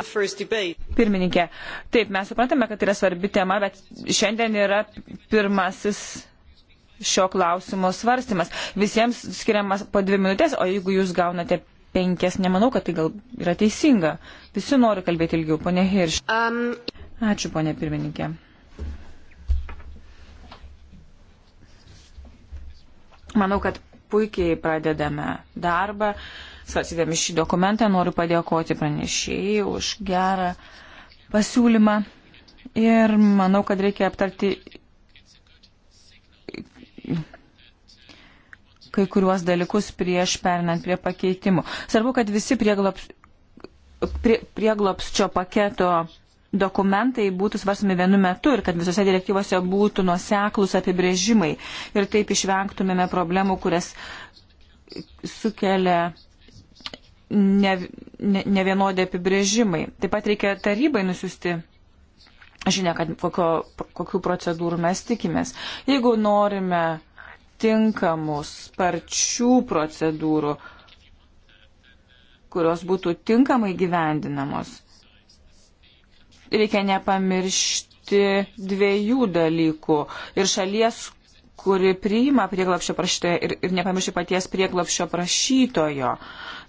[SPEAKER 5] Pirmininkė, taip, mes suprantame, kad yra svarbi tema, bet šiandien yra pirmasis šio klausimo svarstymas. Visiems skiriamas po dvi minutės, o jeigu jūs gaunate penkias, nemanau, kad tai gal yra teisinga. Visi nori kalbėti ilgiau, ponė Hirš. Um... Ačiū, ponė pirmininkė. Manau, kad puikiai pradedame darbą. Svarsydami šį dokumentą noriu padėkoti pranešėjai už gerą pasiūlymą ir manau, kad reikia aptarti kai kuriuos dalykus prieš perinant prie pakeitimų. Svarbu, kad visi prieglopščio prie, prie paketo dokumentai būtų svarstami vienu metu ir kad visose direktyvose būtų nuoseklus apibrėžimai ir taip išvengtumėme problemų, kurias sukelia ne, ne, ne vienodė apibrėžimai. Taip pat reikia tarybai nusiųsti žinia, kad kokio, kokių procedūrų mes tikimės. Jeigu norime tinkamų, sparčių procedūrų, kurios būtų tinkamai gyvendinamos, reikia nepamiršti dviejų dalykų ir šalies, kuri priima prieglapšio prašytoją ir, ir nepamiršti paties prieglapšio prašytojo.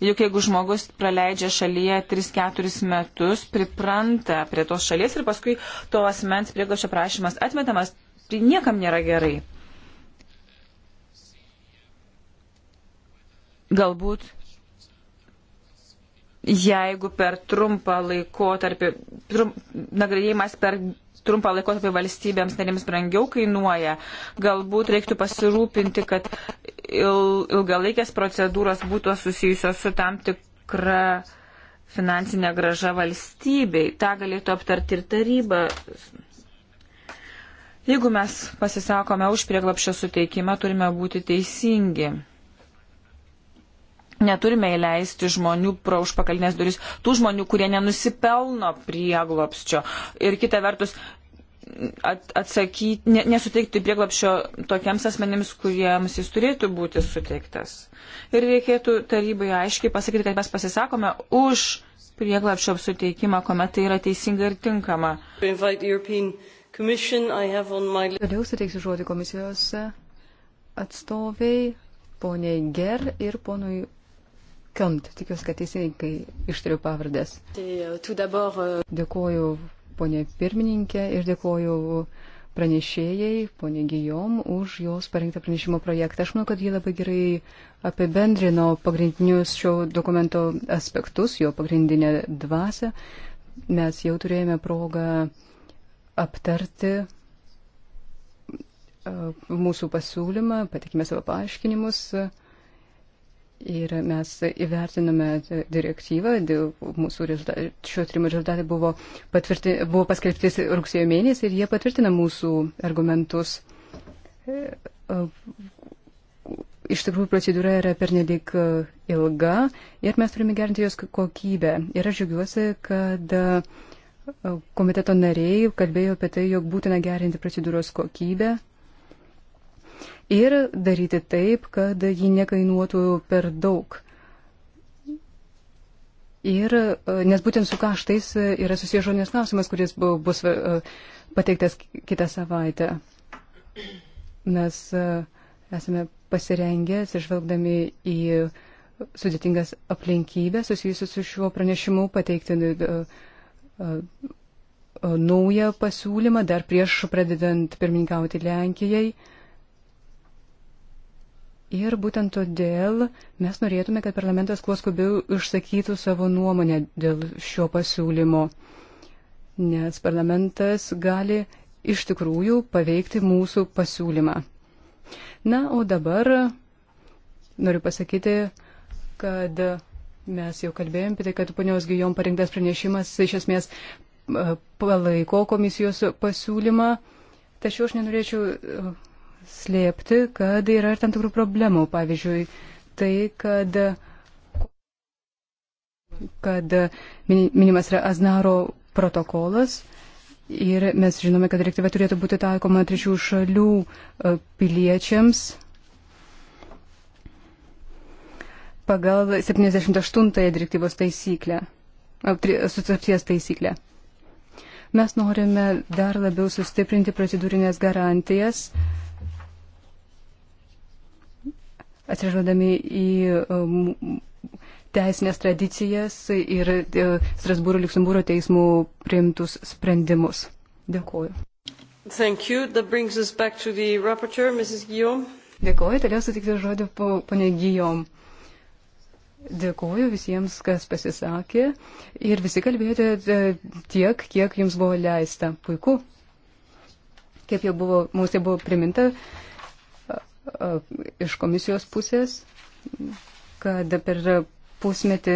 [SPEAKER 5] Juk jeigu žmogus praleidžia šalyje 3-4 metus, pripranta prie tos šalies ir paskui to asmens prieglapšio prašymas atmetamas, tai niekam nėra gerai. Galbūt jeigu per trumpą laikotarpį, trum, nagrinėjimas per trumpą laikotarpį valstybėms narėms brangiau kainuoja, galbūt reiktų pasirūpinti, kad il, ilgalaikės procedūros būtų susijusios su tam tikra finansinė graža valstybei. Ta galėtų aptarti ir taryba. Jeigu mes pasisakome už prieglapšio suteikimą, turime būti teisingi neturime įleisti žmonių pro užpakalinės duris, tų žmonių, kurie nenusipelno prieglopščio. Ir kita vertus, at, atsakyti, ne, nesuteikti prieglopščio tokiems asmenims, kuriems jis turėtų būti suteiktas. Ir reikėtų tarybai aiškiai pasakyti, kad mes pasisakome už prieglopščio suteikimą, kuomet tai yra teisinga ir tinkama.
[SPEAKER 4] Toliau suteiksiu žodį komisijos atstoviai, poniai Ger ir ponui Kant, tikiuosi, kad teisingai ištariu pavardės. Tai, e, e, dėkoju ponė pirmininkė ir dėkoju pranešėjai, ponė Gijom, už jos parengtą pranešimo projektą. Aš manau, kad ji labai gerai apibendrino pagrindinius šio dokumento aspektus, jo pagrindinę dvasę. Mes jau turėjome progą aptarti e, mūsų pasiūlymą, patikime savo paaiškinimus. Ir mes įvertinome direktyvą, mūsų šio tyrimo rezultatai buvo, buvo paskelbti rugsėjo mėnesį ir jie patvirtina mūsų argumentus. E, iš tikrųjų, procedūra yra pernedik e, ilga ir mes turime gerinti jos kokybę. Ir aš žiūriuosi, kad e, komiteto nariai kalbėjo apie tai, jog būtina gerinti procedūros kokybę ir daryti taip, kad ji nekainuotų per daug. Ir e, nes būtent su kaštais e, yra susijęs žodinės klausimas, kuris bus e, pateiktas kitą savaitę. Mes esame pasirengę, išvelgdami į sudėtingas aplinkybės susijusius su šiuo pranešimu, pateikti naują pasiūlymą dar prieš pradedant pirmininkauti Lenkijai. Ir būtent todėl mes norėtume, kad parlamentas kuo skubiau išsakytų savo nuomonę dėl šio pasiūlymo, nes parlamentas gali iš tikrųjų paveikti mūsų pasiūlymą. Na, o dabar noriu pasakyti, kad mes jau kalbėjom apie tai, kad ponios Gijom parinktas pranešimas iš esmės e, palaiko komisijos pasiūlymą, tačiau aš nenorėčiau e, slėpti, kad yra ir tam tikrų problemų. Pavyzdžiui, tai, kad, kad minimas yra Aznaro protokolas ir mes žinome, kad direktyva turėtų būti taikoma trečių šalių e, piliečiams pagal 78 direktyvos taisyklę, e, sutarties taisyklę mes norime dar labiau sustiprinti procedūrinės garantijas atsižvelgdami į um, teisinės tradicijas ir e, Strasbūro Liksembūro teismų priimtus sprendimus. Dėkuoju. Rapporteur, Dėkuoju, toliau sutiksiu žodį ponė Gijom. Dėkuoju visiems, kas pasisakė ir visi kalbėjote e, tiek, kiek jums buvo leista. Puiku. Kaip jau buvo, mums jau buvo priminta, iš komisijos pusės, kad per pusmetį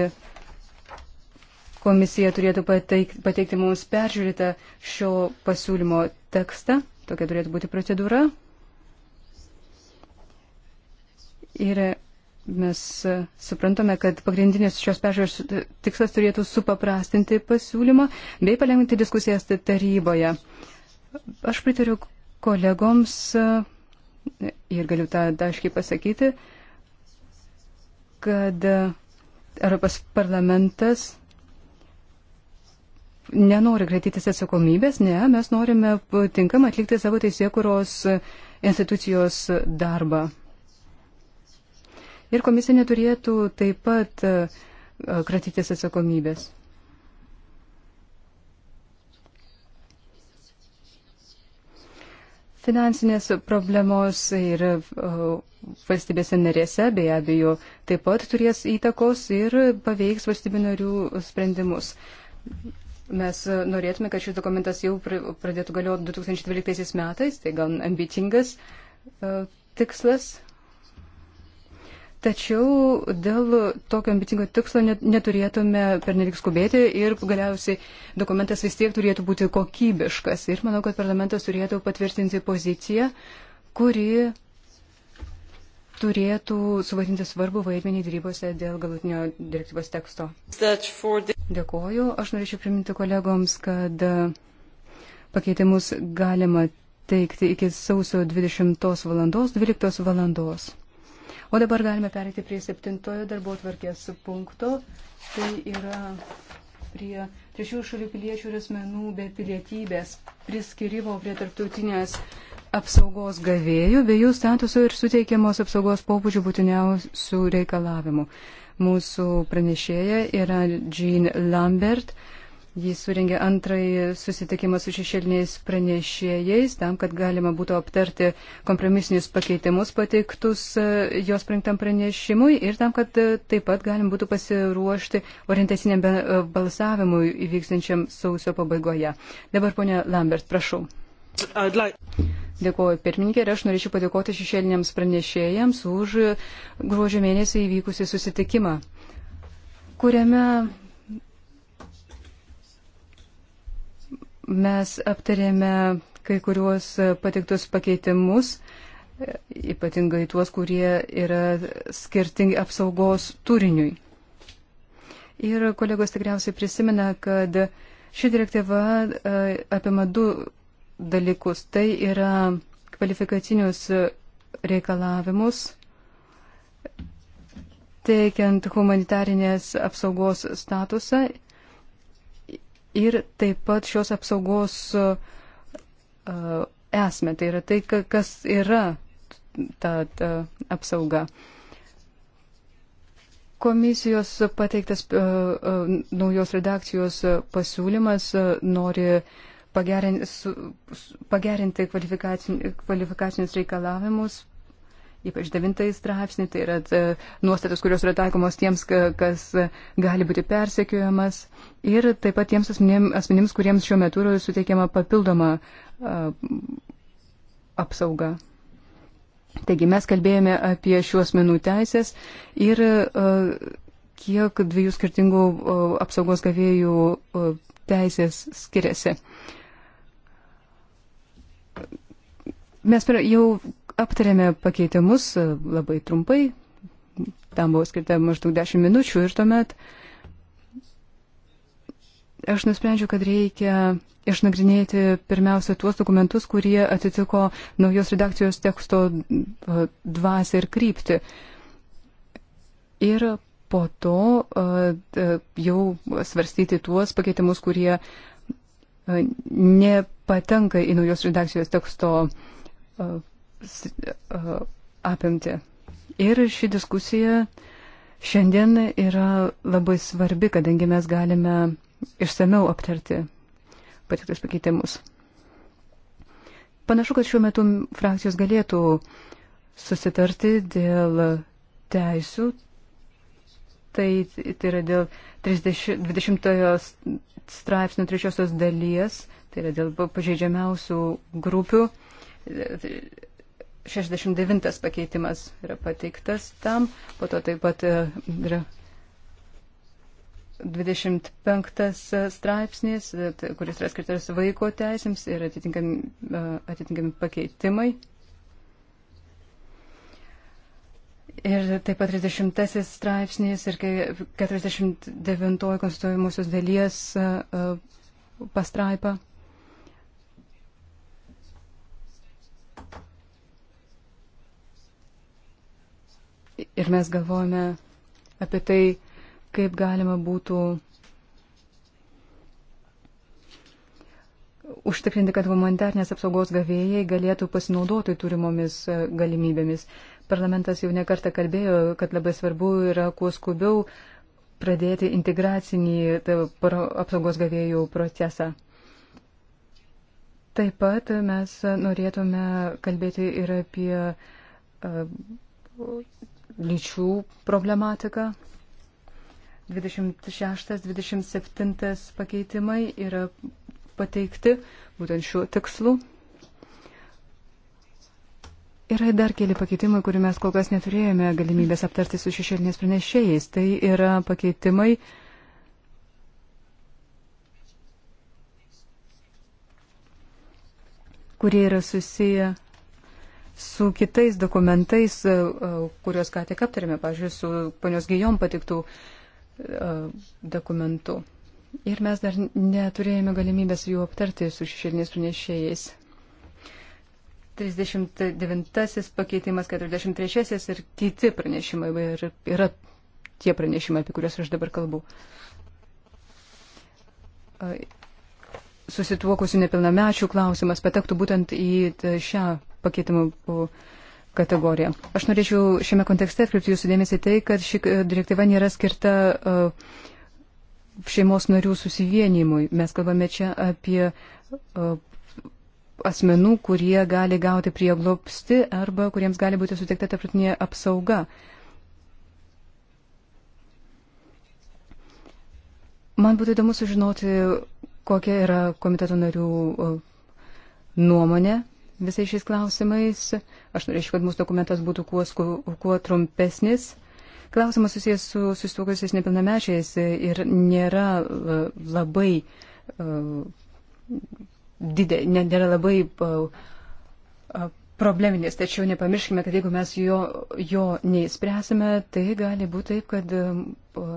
[SPEAKER 4] komisija turėtų pateikti, pateikti mums peržiūrėtą šio pasiūlymo tekstą. Tokia turėtų būti procedūra. Ir mes suprantame, kad pagrindinis šios peržiūros tikslas turėtų supaprastinti pasiūlymą bei palengvinti diskusijas taryboje. Aš pritariu kolegoms ir galiu tą aiškiai pasakyti, kad Europos parlamentas nenori kratytis atsakomybės, ne, mes norime tinkamai atlikti savo teisėkuros institucijos darbą. Ir komisija neturėtų taip pat kratytis e, atsakomybės. Finansinės problemos ir e, valstybėse narėse be abejo taip pat turės įtakos ir paveiks valstybių narių sprendimus. Mes norėtume, kad šis dokumentas jau pradėtų galioti 2012 metais, tai gan ambicingas e, tikslas. Tačiau dėl tokio ambicingo tikslo neturėtume pernelik skubėti ir galiausiai dokumentas vis tiek turėtų būti kokybiškas. Ir manau, kad parlamentas turėtų patvirtinti poziciją, kuri turėtų suvaidinti svarbu vaidmenį dėrybose dėl galutinio direktyvos teksto. Dėkoju. Aš norėčiau priminti kolegoms, kad pakeitimus galima teikti iki sausio 20 valandos, 12 valandos. O dabar galime perėti prie septintojo darbo tvarkės punkto. Tai yra prie trečių šalių piliečių ir asmenų be pilietybės priskirimo prie tarptautinės apsaugos gavėjų, bei jų statuso ir suteikiamos apsaugos pobūdžių būtiniausių reikalavimų. Mūsų pranešėja yra Jean Lambert. Jis suringė antrąjį susitikimą su šešėliniais pranešėjais, tam, kad galima būtų aptarti kompromisinius pakeitimus pateiktus e, jos prinktam pranešimui ir tam, kad e, taip pat galim būtų pasiruošti orientaciniam e, balsavimui įvyksančiam sausio pabaigoje. Dabar, ponia Lambert, prašau. Dėkuoju pirmininkė ir aš norėčiau padėkoti šešėliniams pranešėjams už gruožio mėnesį įvykusi susitikimą, kuriame mes aptarėme kai kuriuos patiktus pakeitimus, ypatingai tuos, kurie yra skirtingi apsaugos turiniui. Ir kolegos tikriausiai prisimena, kad ši direktyva e, apima du dalykus. Tai yra kvalifikacinius reikalavimus teikiant humanitarinės apsaugos statusą ir taip pat šios apsaugos e, esmę, tai yra tai, kas yra ta, ta apsauga. Komisijos pateiktas uh, naujos redakcijos pasiūlymas uh, nori pagerinti, su, pagerinti kvalifikacinius reikalavimus ypač devintąjį straipsnį, tai yra e, nuostatos, kurios yra taikomos tiems, kas e, gali būti persekiojamas ir taip pat tiems asmenims, kuriems šiuo metu yra suteikiama papildoma e, apsauga. Taigi mes kalbėjome apie šiuos menų teisės ir kiek dviejų skirtingų apsaugos gavėjų teisės skiriasi. Mes jau aptarėme pakeitimus e, labai trumpai, tam buvo skirta maždaug 10 minučių ir tuomet aš nusprendžiau, kad reikia išnagrinėti pirmiausia tuos dokumentus, kurie atitiko naujos redakcijos teksto e, dvasę ir kryptį. Ir po to e, jau svarstyti tuos pakeitimus, kurie nepatenka į naujos redakcijos teksto apimti. Ir ši diskusija šiandien yra labai svarbi, kadangi mes galime išsameu aptarti patiktus pakeitimus. Panašu, kad šiuo metu frakcijos galėtų susitarti dėl teisų, tai, tai yra dėl 30, 20 straipsnių trečiosios dalies, tai yra dėl pažeidžiamiausių grupių 69 pakeitimas yra pateiktas tam, po to taip pat e, yra 25 e, straipsnis, e, kuris yra skirtas vaiko teisėms ir atitinkami, atitinkami pakeitimai. Ir taip pat 30 straipsnis ir 49 konstituojamosios dalies pastraipa. Ir mes galvojame apie tai, kaip galima būtų užtikrinti, kad humanitarnės apsaugos gavėjai galėtų pasinaudoti turimomis e, galimybėmis. Parlamentas jau nekartą kalbėjo, kad labai svarbu yra kuo skubiau pradėti integracinį e, apsaugos gavėjų procesą. Taip pat mes norėtume kalbėti ir apie e, lyčių problematika. 26-27 pakeitimai yra pateikti būtent šiuo tikslu. Yra dar keli pakeitimai, kurių mes kol kas neturėjome galimybės aptarti su šešėlinės pranešėjais. Tai yra pakeitimai, kurie yra susiję su kitais dokumentais, e, e, kuriuos ką tik aptarėme, pažiūrėjau, su ponios Gijom patiktų e, dokumentų. Ir mes dar neturėjome galimybės jų aptarti su šešėliniais pranešėjais. 39 pakeitimas, 43 ir kiti pranešimai ir yra tie pranešimai, apie kuriuos aš dabar kalbu. Susituokusių nepilnamečių klausimas patektų būtent į šią pakeitimų kategoriją. Aš norėčiau šiame kontekste atkreipti jūsų dėmesį tai, kad ši e, direktyva nėra skirta e, šeimos narių susivienimui. Mes kalbame čia apie e, asmenų, kurie gali gauti prieglopsti arba kuriems gali būti suteikta tarptautinė apsauga. Man būtų įdomu sužinoti, kokia yra komiteto narių nuomonė visais šiais klausimais. Aš norėčiau, kad mūsų dokumentas būtų kuo, kuo trumpesnis. Klausimas susijęs su susituokusiais nepilnamečiais ir nėra e, labai, uh, e, didė, nėra labai uh, e, probleminis, tačiau nepamirškime, kad jeigu mes jo, jo neįspręsime, tai gali būti taip, kad uh,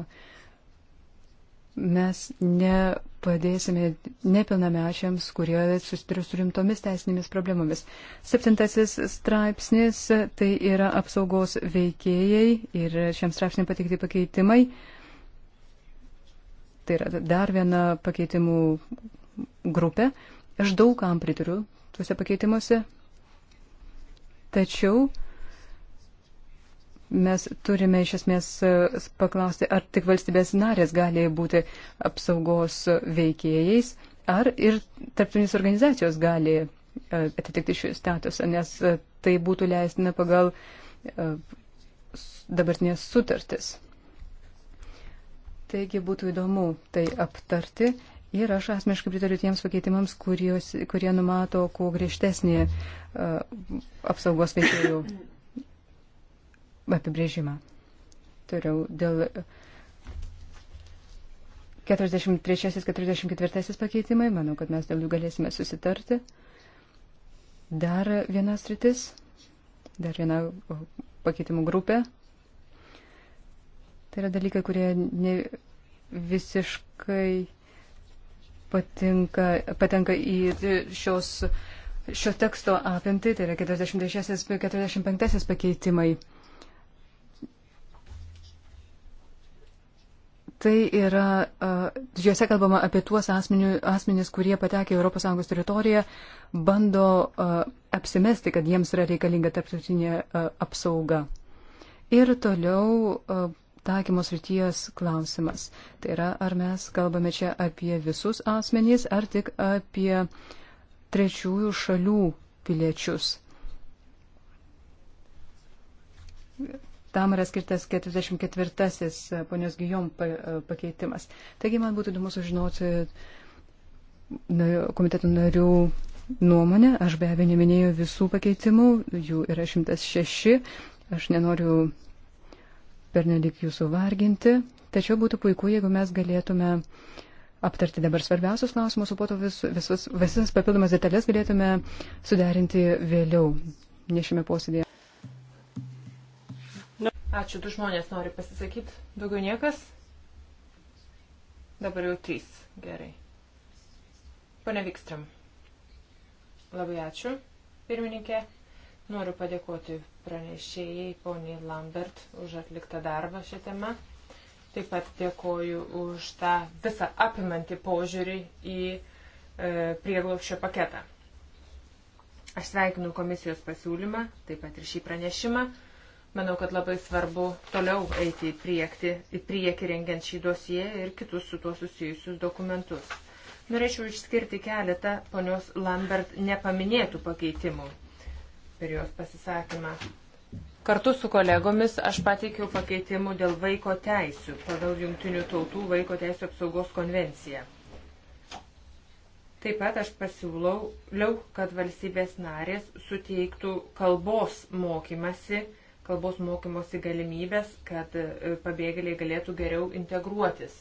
[SPEAKER 4] mes nepadėsime nepilnamečiams, kurie susiduria su rimtomis teisinėmis problemomis. Septintasis straipsnis tai yra apsaugos veikėjai ir šiam straipsniui pateikti pakeitimai. Tai yra dar viena pakeitimų grupė. Aš daugam pritariu tuose pakeitimuose. Tačiau mes turime iš esmės e, paklausti, ar tik valstybės narės gali būti apsaugos veikėjais, ar ir tarptautinės organizacijos gali e, atitikti šį statusą, nes e, tai būtų leistina pagal dabartinės sutartis. Taigi būtų įdomu tai aptarti ir aš asmeniškai pritariu tiems pakeitimams, kurios, kurie numato kuo griežtesnį uh, apsaugos veikėjų apibrėžimą. Turiu dėl 43-44 pakeitimai, manau, kad mes dėl jų galėsime susitarti. Dar vienas rytis, dar viena pakeitimų grupė. Tai yra dalykai, kurie ne visiškai patinka, patenka į šios, šio teksto apimtį, tai yra 46-45 pakeitimai. Tai yra, juose kalbama apie tuos asmenys, kurie patekė į ES teritoriją, bando apsimesti, kad jiems yra reikalinga tarptautinė apsauga. Ir toliau taikymos ryties klausimas. Tai yra, ar mes kalbame čia apie visus asmenys, ar tik apie trečiųjų šalių piliečius. Tam yra skirtas 44-asis e, ponios Gijom e, pakeitimas. Taigi man būtų įdomu sužinoti komiteto narių nuomonę. Aš be abejo neminėjau visų pakeitimų, jų yra 106. Aš nenoriu pernelik jūsų varginti. Tačiau būtų puiku, jeigu mes galėtume aptarti dabar svarbiausius klausimus, o po to vis, visus, visas papildomas detalės galėtume suderinti vėliau. Nešime posėdėje.
[SPEAKER 1] Ačiū, du žmonės nori pasisakyti. Daugiau niekas? Dabar jau trys. Gerai. Pane Vikstram. Labai ačiū, pirmininkė. Noriu padėkoti pranešėjai poniai Lambert už atliktą darbą šią temą. Taip pat dėkoju už tą visą apimantį požiūrį į e, prieglaušio paketą. Aš sveikinu komisijos pasiūlymą, taip pat ir šį pranešimą. Manau, kad labai svarbu toliau eiti į priekį, į priekį rengiant šį dosiją ir kitus su tuo susijusius dokumentus. Norėčiau išskirti keletą ponios Lambert nepaminėtų pakeitimų per jos pasisakymą. Kartu su kolegomis aš pateikiau pakeitimų dėl vaiko teisių pagal Junktinių tautų vaiko teisų apsaugos konvenciją. Taip pat aš pasiūlau, liau, kad valstybės narės suteiktų kalbos mokymasi kalbos mokymosi galimybės, kad e, pabėgėliai galėtų geriau integruotis.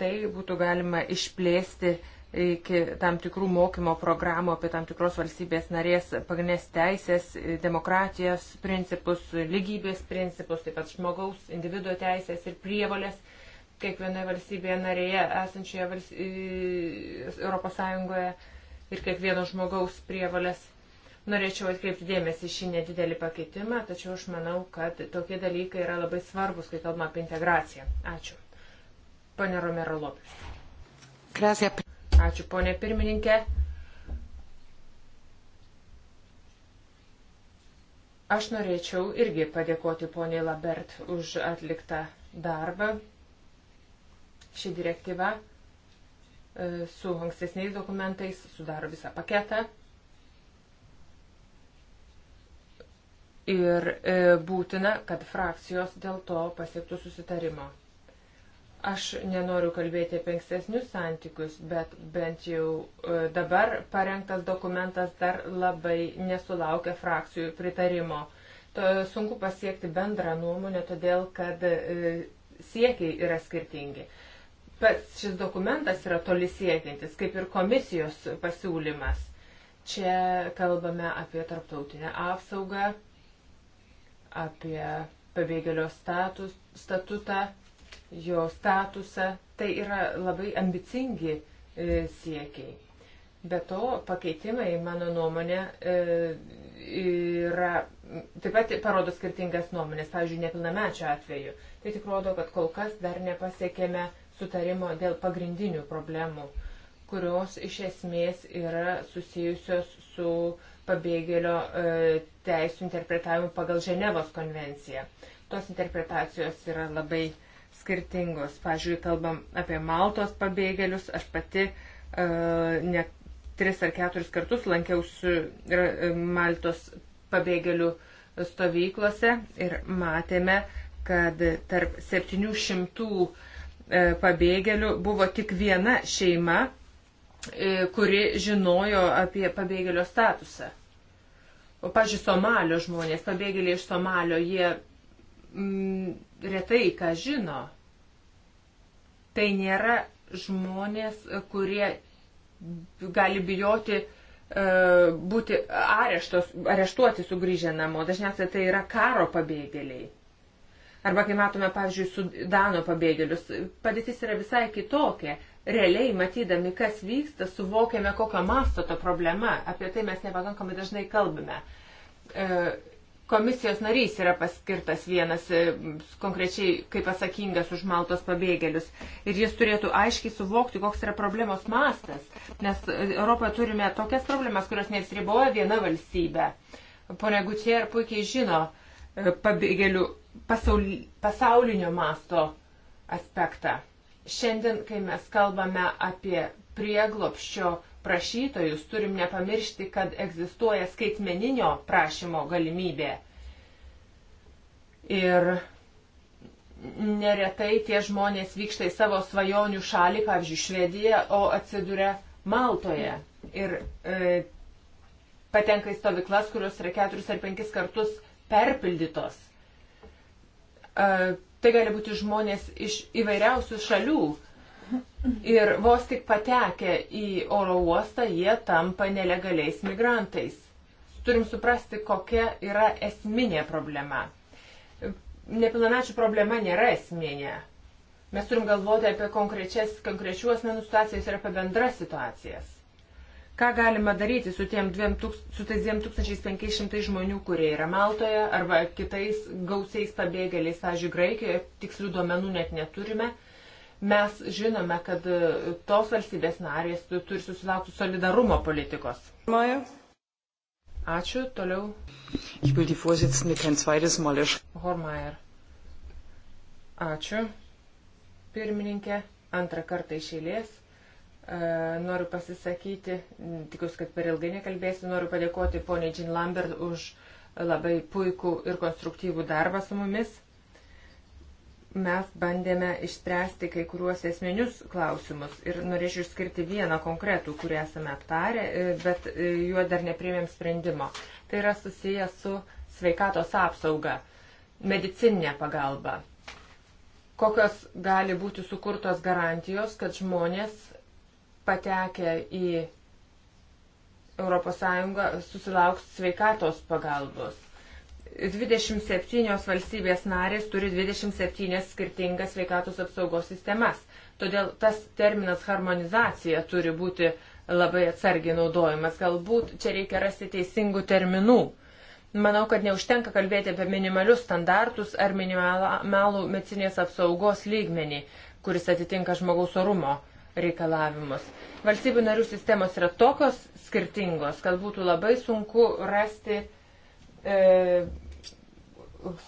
[SPEAKER 1] Tai būtų galima išplėsti iki tam tikrų mokymo programų apie tam tikros valstybės narės pagrindinės teisės, demokratijos principus, lygybės principus, taip pat žmogaus, individuo teisės ir prievalės kiekvienoje valstybėje narėje esančioje valstybėje, Europos Sąjungoje ir kiekvieno žmogaus prievalės Norėčiau atkreipti dėmesį šį nedidelį pakeitimą, tačiau aš manau, kad tokie dalykai yra labai svarbus, kai kalbame apie integraciją. Ačiū. Pane Romero Lopes. Ačiū, ponė pirmininkė. Aš norėčiau irgi padėkoti poniai Labert už atliktą darbą. Ši direktyva e, su ankstesniais dokumentais sudaro visą paketą ir e, būtina, kad frakcijos dėl to pasiektų susitarimo. Aš nenoriu kalbėti apie ankstesnius santykius, bet bent jau e, dabar parengtas dokumentas dar labai nesulaukia frakcijų pritarimo. To sunku pasiekti bendrą nuomonę, todėl kad e, siekiai yra skirtingi. Pats šis dokumentas yra toli siekiantis, kaip ir komisijos pasiūlymas. Čia kalbame apie tarptautinę apsaugą, apie pabėgėlio status, statutą, jo statusą. Tai yra labai ambicingi e, siekiai. Be to, pakeitimai, mano nuomonė, e, yra, taip pat parodo skirtingas nuomonės, pavyzdžiui, nepilnamečio atveju. Tai tik rodo, kad kol kas dar nepasiekėme sutarimo dėl pagrindinių problemų, kurios iš esmės yra susijusios su uh, pabėgėlio e, teisų interpretavimu pagal Ženevos konvenciją. Tos interpretacijos yra labai skirtingos. Pavyzdžiui, kalbam apie Maltos pabėgėlius. Aš pati e, ne tris ar keturis kartus lankiausi e, Maltos pabėgėlių stovyklose ir matėme, kad tarp 700 pabėgėlių buvo tik viena šeima, E, kuri žinojo apie pabėgėlio statusą. O, pažiūrėjau, Somalio žmonės, pabėgėliai iš Somalio, jie mm, retai ką žino. Tai nėra žmonės, kurie gali bijoti e, būti areštos, areštuoti sugrįžę namo. Dažniausiai tai yra karo pabėgėliai. Arba kai matome, pavyzdžiui, Sudano pabėgėlius, padėtis yra visai kitokia realiai matydami, kas vyksta, suvokiame, kokio masto ta problema. Apie tai mes nepakankamai dažnai kalbame. E, komisijos narys yra paskirtas vienas e, konkrečiai kaip atsakingas už Maltos pabėgėlius. Ir jis turėtų aiškiai suvokti, koks yra problemos mastas. Nes Europoje turime tokias problemas, kurios neapsiriboja viena valstybė. Pone Gučiai ir puikiai žino e, pabėgėlių pasaulinio masto aspektą. Šiandien, kai mes kalbame apie prieglopščio prašytojus, turim nepamiršti, kad egzistuoja skaitmeninio prašymo galimybė. Ir neretai tie žmonės vyksta į savo svajonių šalį, pavyzdžiui, Švediją, o atsiduria Maltoje. Ir e, patenka į stovyklas, kurios yra keturis ar penkis kartus perpildytos. E, Tai gali būti žmonės iš įvairiausių šalių. Ir vos tik patekę į oro uostą, jie tampa nelegaliais migrantais. Turim suprasti, kokia yra esminė problema. Nepilnamečių problema nėra esminė. Mes turim galvoti apie konkrečias, konkrečių asmenų situacijas ir apie bendras situacijas. Ką galima daryti su, tūks, su tais 2500 žmonių, kurie yra Maltoje arba kitais gausiais pabėgėliais, sąžiūrėjau, Graikijoje, tikslių duomenų net neturime. Mes žinome, kad e, tos valstybės narės turi susilaukti solidarumo politikos. Maja. Ačiū, toliau.
[SPEAKER 4] Ich will die Vorsitzende kein zweites Mal
[SPEAKER 1] Hormeier. Ačiū, pirmininkė, antrą kartą iš eilės E, noriu pasisakyti, tikiuosi, kad per ilgai nekalbėsiu, noriu padėkoti poniai Jean Lambert už labai puikų ir konstruktyvų darbą su mumis. Mes bandėme išspręsti kai kuriuos esminius klausimus ir norėčiau išskirti vieną konkretų, kurį esame aptarę, e, bet e, juo dar neprimėm sprendimo. Tai yra susiję su sveikatos apsauga, medicininė pagalba. Kokios gali būti sukurtos garantijos, kad žmonės patekę į ES susilauks sveikatos pagalbos. 27 valstybės narės turi 27 skirtingas sveikatos apsaugos sistemas. Todėl tas terminas harmonizacija turi būti labai atsargiai naudojamas. Galbūt čia reikia rasti teisingų terminų. Manau, kad neužtenka kalbėti apie minimalius standartus ar minimalų medicinės apsaugos lygmenį, kuris atitinka žmogaus orumo reikalavimus. Valstybių narių sistemos yra tokios skirtingos, kad būtų labai sunku rasti e,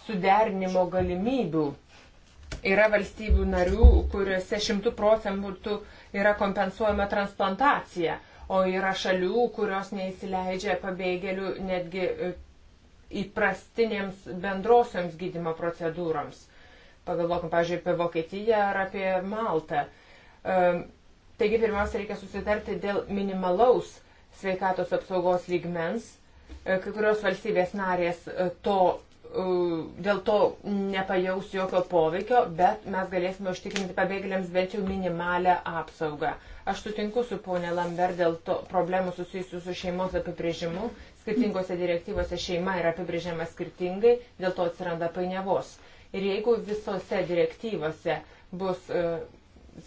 [SPEAKER 1] suderinimo galimybių. Yra valstybių narių, kuriuose šimtų procentų yra kompensuojama transplantacija, o yra šalių, kurios neįsileidžia pabėgėlių netgi e, įprastinėms bendrosioms gydimo procedūroms. Pagalvokim, pažiūrėjau, apie Vokietiją ar apie Maltą. Taigi pirmiausia reikia susitarti dėl minimalaus sveikatos apsaugos lygmens. E, kai kurios valstybės narės e, to, e, dėl to nepajaus jokio poveikio, bet mes galėsime užtikrinti pabėgėliams bent jau minimalę apsaugą. Aš sutinku su ponė Lambert dėl to problemų susijusių su šeimos apibrėžimu. Skirtingose direktyvose šeima yra apibrėžiama skirtingai, dėl to atsiranda painiavos. Ir jeigu visose direktyvose bus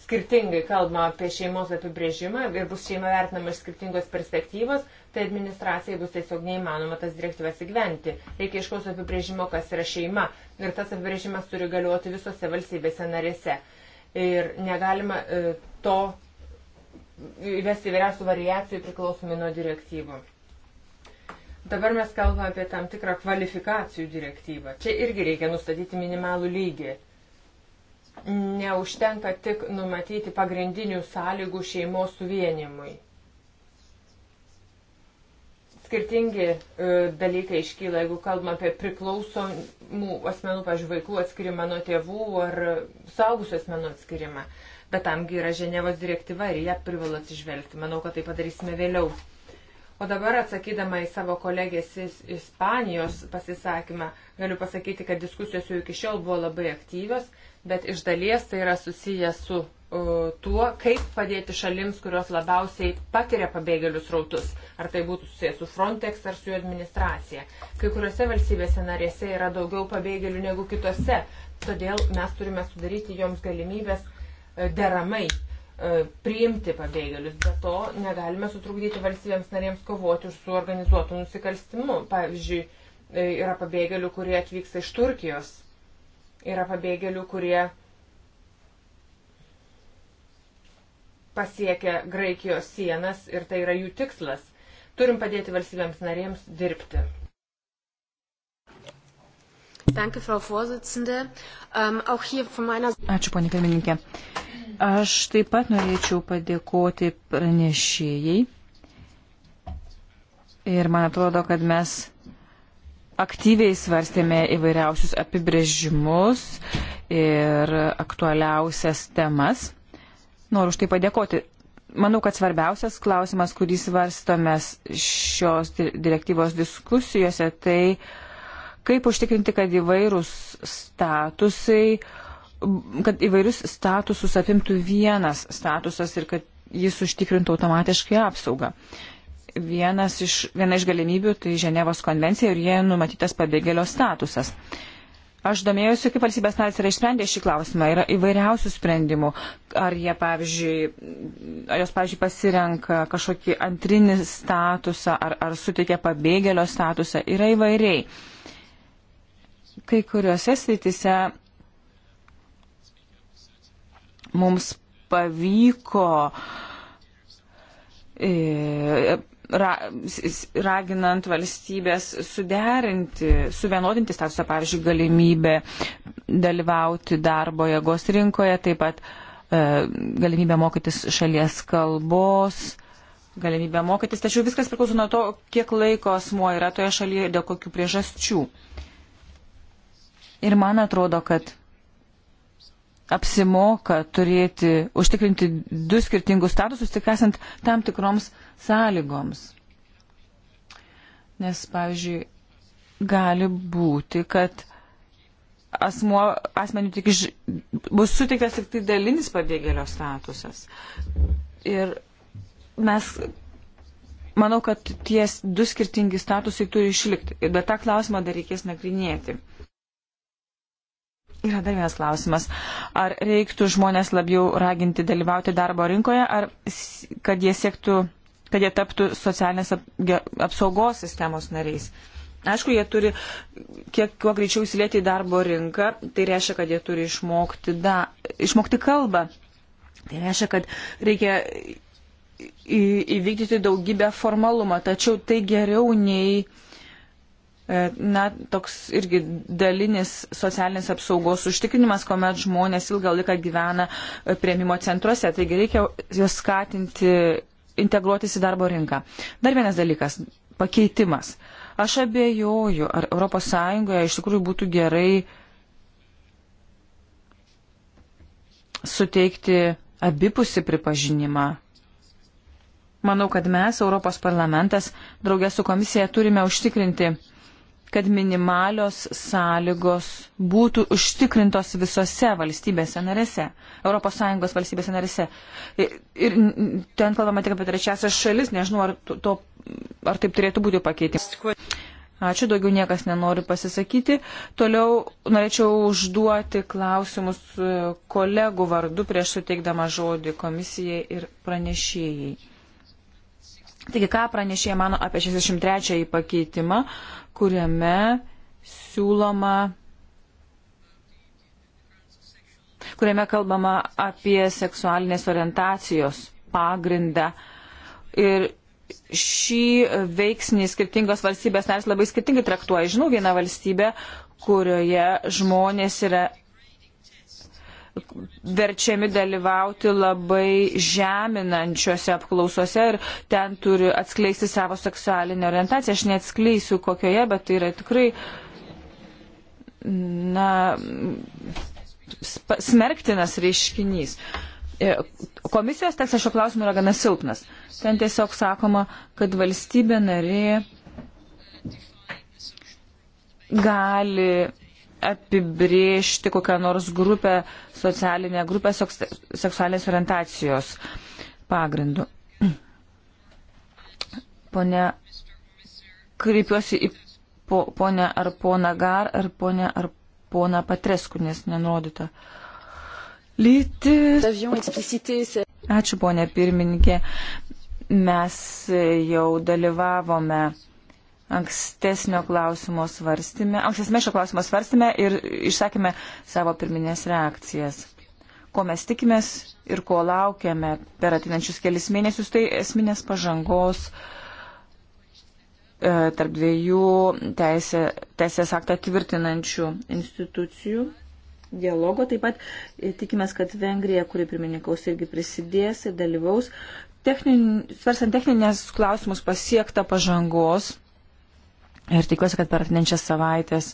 [SPEAKER 1] skirtingai kalbama apie šeimos apibrėžimą ir bus šeima vertinama iš skirtingos perspektyvos, tai administracijai bus tiesiog neįmanoma tas direktyvas įgyventi. Reikia iškos apibrėžimo, kas yra šeima. Ir tas apibrėžimas turi galioti visose valstybėse narėse. Ir negalima e, to įvesti įvairiausių variacijų priklausomai nuo direktyvų. Dabar mes kalbame apie tam tikrą kvalifikacijų direktyvą. Čia irgi reikia nustatyti minimalų lygį neužtenka tik numatyti pagrindinių sąlygų šeimos suvienimui. Skirtingi e, dalykai iškyla, jeigu kalbam apie priklausomų asmenų, pažiūrėjau, vaikų atskirimą nuo tėvų ar saugusių asmenų atskirimą. Bet tamgi yra Ženevos direktyva ir ją privalo atsižvelgti. Manau, kad tai padarysime vėliau. O dabar atsakydama į savo kolegės iš Ispanijos pasisakymą, galiu pasakyti, kad diskusijos jau iki šiol buvo labai aktyvios bet iš dalies tai yra susiję su e, tuo, kaip padėti šalims, kurios labiausiai patiria pabėgėlius rautus. Ar tai būtų susijęs su Frontex ar su jų administracija. Kai kuriuose valstybėse narėse yra daugiau pabėgėlių negu kitose, todėl mes turime sudaryti joms galimybės e, deramai e, priimti pabėgėlius. Be to negalime sutrukdyti valstybėms narėms kovoti su organizuotu nusikalstimu. Pavyzdžiui, yra pabėgėlių, kurie atvyksta iš Turkijos Yra pabėgėlių, kurie pasiekia Graikijos sienas ir tai yra jų tikslas. Turim padėti valstybėms narėms dirbti.
[SPEAKER 4] Danke, Frau Vorsitzende. Um, auch hier von meiner...
[SPEAKER 5] Ačiū, ponė pirmininkė. Aš taip pat norėčiau padėkoti pranešėjai. Ir man atrodo, kad mes aktyviai svarstėme įvairiausius apibrėžimus ir aktualiausias temas. Noriu už tai padėkoti. Manau, kad svarbiausias klausimas, kurį svarstome šios direktyvos diskusijose, tai kaip užtikrinti, kad įvairūs statusai, kad įvairius statusus apimtų vienas statusas ir kad jis užtikrintų automatiškai apsaugą. Uh, Vienas iš, viena iš galimybių tai Ženevos konvencija ir jie numatytas pabėgėlio statusas. Aš domėjausi, kaip valstybės narės yra išsprendę šį klausimą. Yra įvairiausių sprendimų. Ar, jie, pavyzdžiui, ar jos, pavyzdžiui, pasirenka kažkokį antrinį statusą, ar, ar suteikia pabėgėlio statusą. Yra įvairiai. Kai kuriuose srityse mums pavyko uh, E, ra, raginant valstybės suderinti, suvienodinti statusą, pavyzdžiui, galimybę dalyvauti darbo jėgos rinkoje, taip pat e, galimybę mokytis šalies kalbos, galimybę mokytis, tačiau viskas priklauso nuo to, kiek laiko asmuo yra toje šalyje ir dėl kokių priežasčių. Ir man atrodo, kad apsimoka turėti, užtikrinti du skirtingus statusus, tik esant tam tikroms sąlygoms. Nes, pavyzdžiui, gali būti, kad asmuo, asmeniu tik iš, bus suteiktas tik tai dalinis pabėgėlio statusas. Ir mes, manau, kad tie du skirtingi statusai turi išlikti. Bet tą klausimą dar reikės nagrinėti. Yra dar vienas klausimas. Ar reiktų žmonės labiau raginti dalyvauti darbo rinkoje, ar kad jie siektų, kad jie taptų socialinės apsaugos sistemos nariais? Aišku, jie turi kiek kuo greičiau įsilieti į darbo rinką, tai reiškia, kad jie turi išmokti, da, išmokti kalbą. Tai reiškia, kad reikia į, įvykdyti daugybę formalumą, tačiau tai geriau nei E, na, toks irgi dalinis socialinės apsaugos užtikrinimas, kuomet žmonės ilgą laiką gyvena e, prieimimo centruose. Taigi reikia juos skatinti integruotis į darbo rinką. Dar vienas dalykas - pakeitimas. Aš abejoju, ar ES iš tikrųjų būtų gerai suteikti abipusi pripažinimą Manau, kad mes, Europos parlamentas, draugė su komisija, turime užtikrinti, kad minimalios sąlygos būtų užtikrintos visose valstybėse narėse, ES valstybėse narėse. Ir, ir ten kalbama tik apie trečiasias šalis, nežinau, ar, to, ar taip turėtų būti pakeitimas. Ačiū, daugiau niekas nenori pasisakyti. Toliau norėčiau užduoti klausimus e, kolegų vardu prieš suteikdama žodį komisijai ir pranešėjai. Taigi, ką pranešėjai mano apie 63 pakeitimą, kuriame siūloma kuriame kalbama apie seksualinės orientacijos pagrindą. Ir šį veiksnį skirtingos valstybės narės labai skirtingai traktuoja. Žinau vieną valstybę, kurioje žmonės yra verčiami dalyvauti labai žeminančiose apklausose ir ten turi atskleisti savo seksualinę orientaciją. Aš neatskleisiu kokioje, bet tai yra tikrai, na, smerktinas reiškinys. E, komisijos tekstas šio klausimu yra gana silpnas. Ten tiesiog sakoma, kad valstybė narė gali apibriežti kokią nors grupę, socialinę grupę seks, seksualinės orientacijos pagrindu. Pone, kreipiuosi į po, ponę ar poną Gar, ar ponę ar poną Patresku, nes nenurodyta. Lytis. Ačiū, ponė pirmininkė. Mes jau dalyvavome ankstesnio klausimo svarstymė, ankstesnė šio klausimo svarstymė ir išsakėme savo pirminės reakcijas. Ko mes tikimės ir ko laukiame per atinančius kelis mėnesius, tai esminės pažangos e, tarp dviejų teisė, teisės aktą tvirtinančių institucijų dialogo. Taip pat e, tikimės, kad Vengrija, kuri pirmininkaus irgi prisidės ir dalyvaus, technin, svarstant techninės klausimus pasiektą pažangos Ir tikiuosi, kad per atinančias savaitės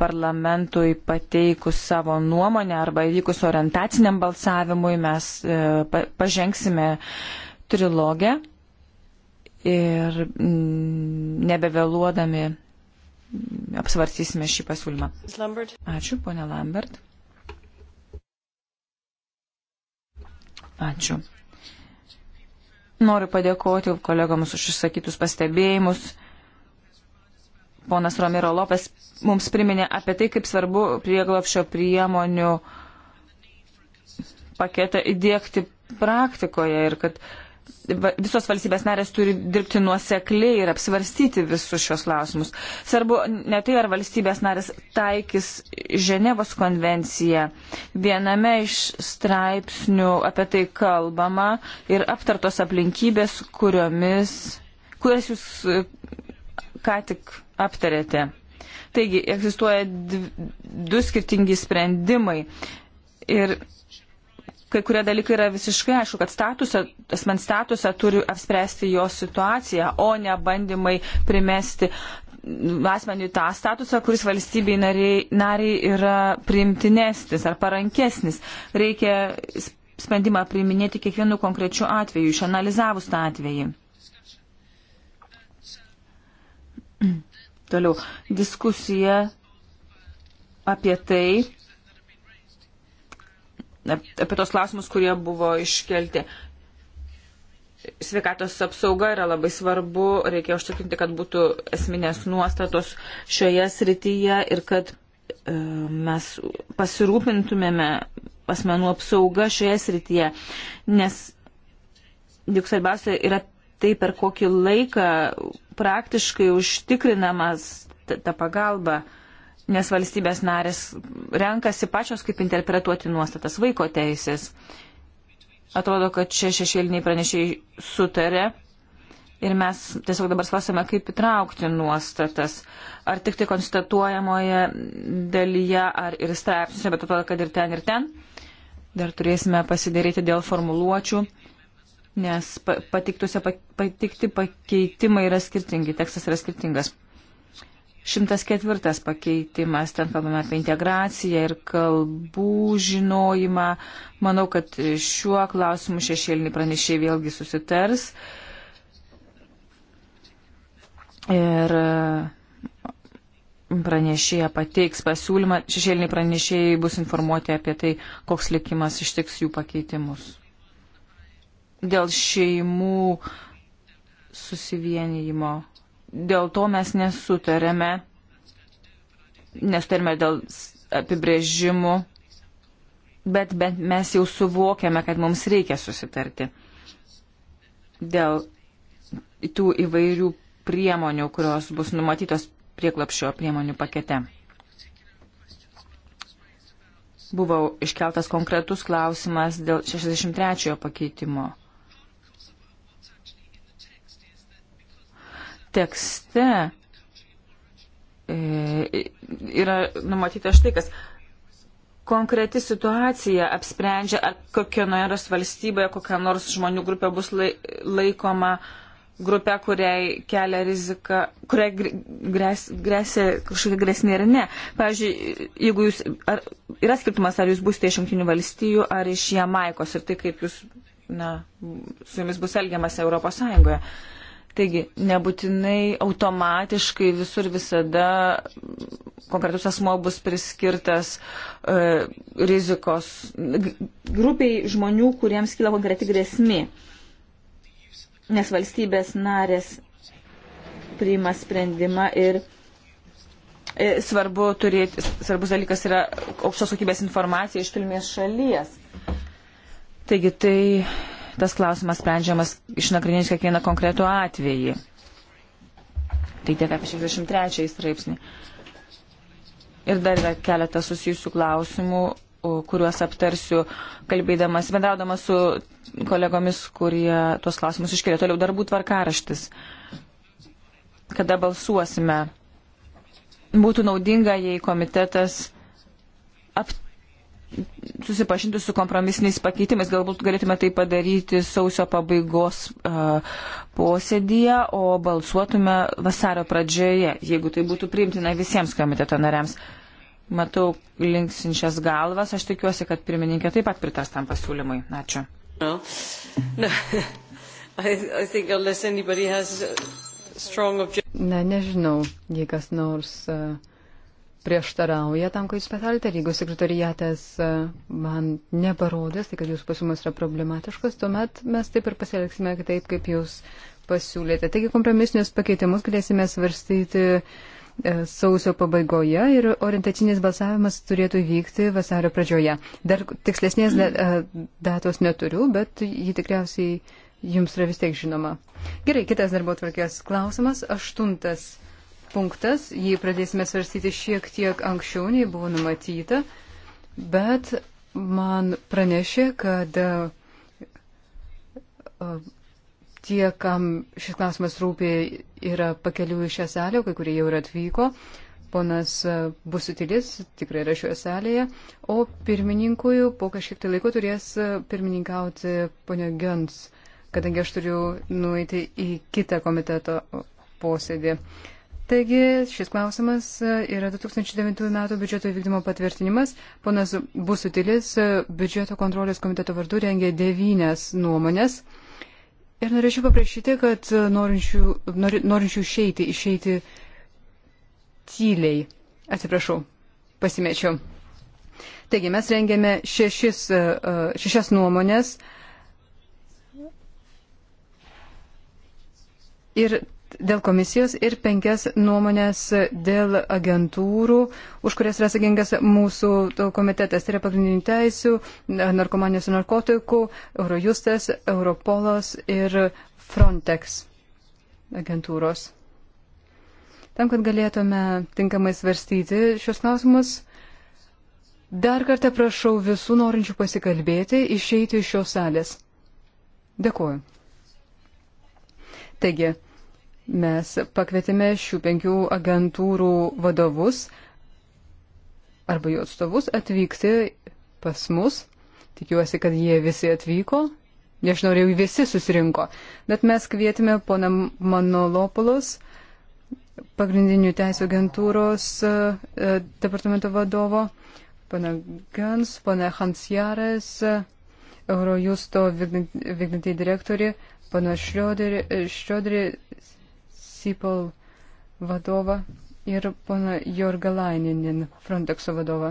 [SPEAKER 5] parlamentui pateikus savo nuomonę arba įvykus orientaciniam balsavimui mes e, pažengsime trilogę ir mm, nebevėluodami apsvarstysime šį pasiūlymą. Ačiū, ponė Lambert. Ačiū. Noriu padėkoti kolegoms už išsakytus pastebėjimus. Ponas Romero Lopes mums priminė apie tai, kaip svarbu prieglapšio priemonių paketą įdėkti praktikoje ir kad uh, visos valstybės narės turi dirbti nuosekliai ir apsvarstyti visus šios klausimus. Svarbu ne tai, ar valstybės narės taikys Ženevos konvenciją. Viename iš straipsnių apie tai kalbama ir aptartos aplinkybės, kuriomis, kurias jūs e, ką tik aptarėte. Taigi, egzistuoja du skirtingi sprendimai. Ir kai kurie dalykai yra visiškai aišku, kad statusą, asmens statusą turi apspręsti jo situaciją, o ne bandymai primesti asmeniui tą statusą, kuris valstybei nariai, nariai yra priimtinesnis ar parankesnis. Reikia sprendimą priiminėti kiekvienu konkrečiu atveju, išanalizavus tą atvejį. Toliau. Diskusija
[SPEAKER 2] apie tai,
[SPEAKER 5] apie tos klausimus, kurie buvo iškelti. Sveikatos apsauga yra labai svarbu, reikia užtikrinti, kad būtų esminės nuostatos šioje srityje ir kad e, mes pasirūpintumėme asmenų apsauga šioje srityje, nes juk svarbiausia yra tai, per kokį laiką praktiškai užtikrinamas ta, ta pagalba. E, nes valstybės narės renkasi pačios, kaip interpretuoti nuostatas vaiko teisės. Atrodo, kad čia šešėliniai pranešėjai sutarė ir mes tiesiog dabar svarstame, kaip įtraukti nuostatas. Ar tik tai konstatuojamoje dalyje, ar ir straipsniuose, bet atrodo, kad ir ten, ir ten. Dar turėsime pasidaryti dėl formuluočių, nes patikti pakeitimai yra skirtingi, tekstas yra skirtingas. 104 pakeitimas, ten kalbame apie integraciją ir kalbų žinojimą. Manau, kad šiuo klausimu šešėlinį pranešėjai vėlgi susitars. Ir e, pranešėja pateiks pasiūlymą, šešėliniai pranešėjai bus informuoti apie tai, koks likimas ištiks jų pakeitimus. Dėl šeimų susivienijimo dėl to mes nesutarėme, nesutarėme dėl apibrėžimų, bet, bet mes jau suvokiame, kad mums reikia susitarti dėl tų įvairių priemonių, kurios bus numatytos prieklapšio priemonių pakete. Buvo iškeltas konkretus klausimas dėl 63 pakeitimo. tekste e, yra numatyta štai kas. Konkreti situacija apsprendžia, ar kokio nors valstybėje, kokia nors žmonių grupė bus laikoma grupė, kuriai kelia rizika, kuriai grėsia kažkokia grėsmė ar ne. Pavyzdžiui, jeigu jūs, ar, yra skirtumas, ar jūs būsite iš jungtinių valstijų ar iš Jamaikos ir tai, kaip jūs, na, su jumis bus elgiamas Europos Sąjungoje. Uh, Taigi, nebūtinai automatiškai visur visada konkretus asmo bus priskirtas e, rizikos grupiai žmonių, kuriems kyla konkreti grėsmė, nes valstybės narės priima sprendimą ir e, svarbu turėti, svarbus dalykas yra aukštos kokybės informacija iš kilmės šalies. Taigi, tai tas klausimas sprendžiamas išnagrinėjus kiekvieną konkretų atvejį. Tai tiek apie 63 straipsnį. Ir dar yra keletas susijusių klausimų, kuriuos aptarsiu, kalbėdamas, bendraudamas su kolegomis, kurie tuos klausimus iškėlė. Toliau darbų tvarkaraštis. Kada balsuosime? Būtų naudinga, jei komitetas apt susipažinti su kompromisiniais pakeitimais. Galbūt galėtume tai padaryti sausio pabaigos uh, e, posėdėje, o balsuotume vasario pradžioje, jeigu tai būtų priimtina visiems komiteto nariams. Matau linksinčias galvas, aš tikiuosi, kad pirmininkė taip pat pritars tam pasiūlymui.
[SPEAKER 4] Ačiū.
[SPEAKER 3] No. No. I, I
[SPEAKER 4] Na, nežinau, jei kas nors. Uh prieštarauja tam, ką jūs patarėte. Ir jeigu sekretariatas e, man neparodės, tai kad jūsų pasiūlymas yra problematiškas, tuomet mes taip ir pasielgsime taip, kaip jūs pasiūlėte. Taigi kompromisinius pakeitimus galėsime svarstyti e, sausio pabaigoje ir orientacinis balsavimas turėtų vykti vasario pradžioje. Dar tikslesnės e, datos neturiu, bet ji tikriausiai jums yra vis tiek žinoma. Gerai, kitas darbo tvarkės klausimas. Aštuntas punktas, jį pradėsime svarstyti šiek tiek anksčiau, nei buvo numatyta, bet man pranešė, kad e, tie, kam šis klausimas rūpė, yra pakelių į šią salę, kai kurie jau ir atvyko. Ponas e, Busutilis tikrai yra šioje salėje, o pirmininkui po kažkiek tai laiko turės e, pirmininkauti ponio Gens, kadangi aš turiu nueiti į kitą komiteto posėdį. Uh, Taigi šis klausimas e, yra 2009 metų biudžeto įvykdymo patvirtinimas. Ponas Busutilis e, biudžeto kontrolės komiteto vardu rengė devynias nuomonės. Ir norėčiau paprašyti, kad e, norinčių, nori, norinčių išeiti, išeiti tyliai. Atsiprašau, pasimečiau. Taigi mes rengėme šešis, šešias nuomonės. Ir dėl komisijos ir penkias nuomonės dėl agentūrų, už kurias yra sakingas mūsų komitetas. Tai yra pagrindinių teisių, narkomanijos ir narkotikų, Eurojustas, Europolas ir Frontex agentūros. Tam, kad galėtume tinkamai svarstyti šios klausimus, dar kartą prašau visų norinčių pasikalbėti išeiti iš šios salės. Dėkuoju. Taigi, Mes pakvietėme šių penkių agentūrų vadovus arba jų atstovus atvykti pas mus. Tikiuosi, kad jie visi atvyko. Nežinau, ar jau visi susirinko. Bet mes kvietėme poną Manolopolus, pagrindinių teisų agentūros e, e, departamento vadovo, pana Gans, pana Hansjares, e, Eurojusto vykdantį direktorį, pana Šrioderį, Sipol vadovą ir poną Jorgą Laininin, Frontexo vadovą.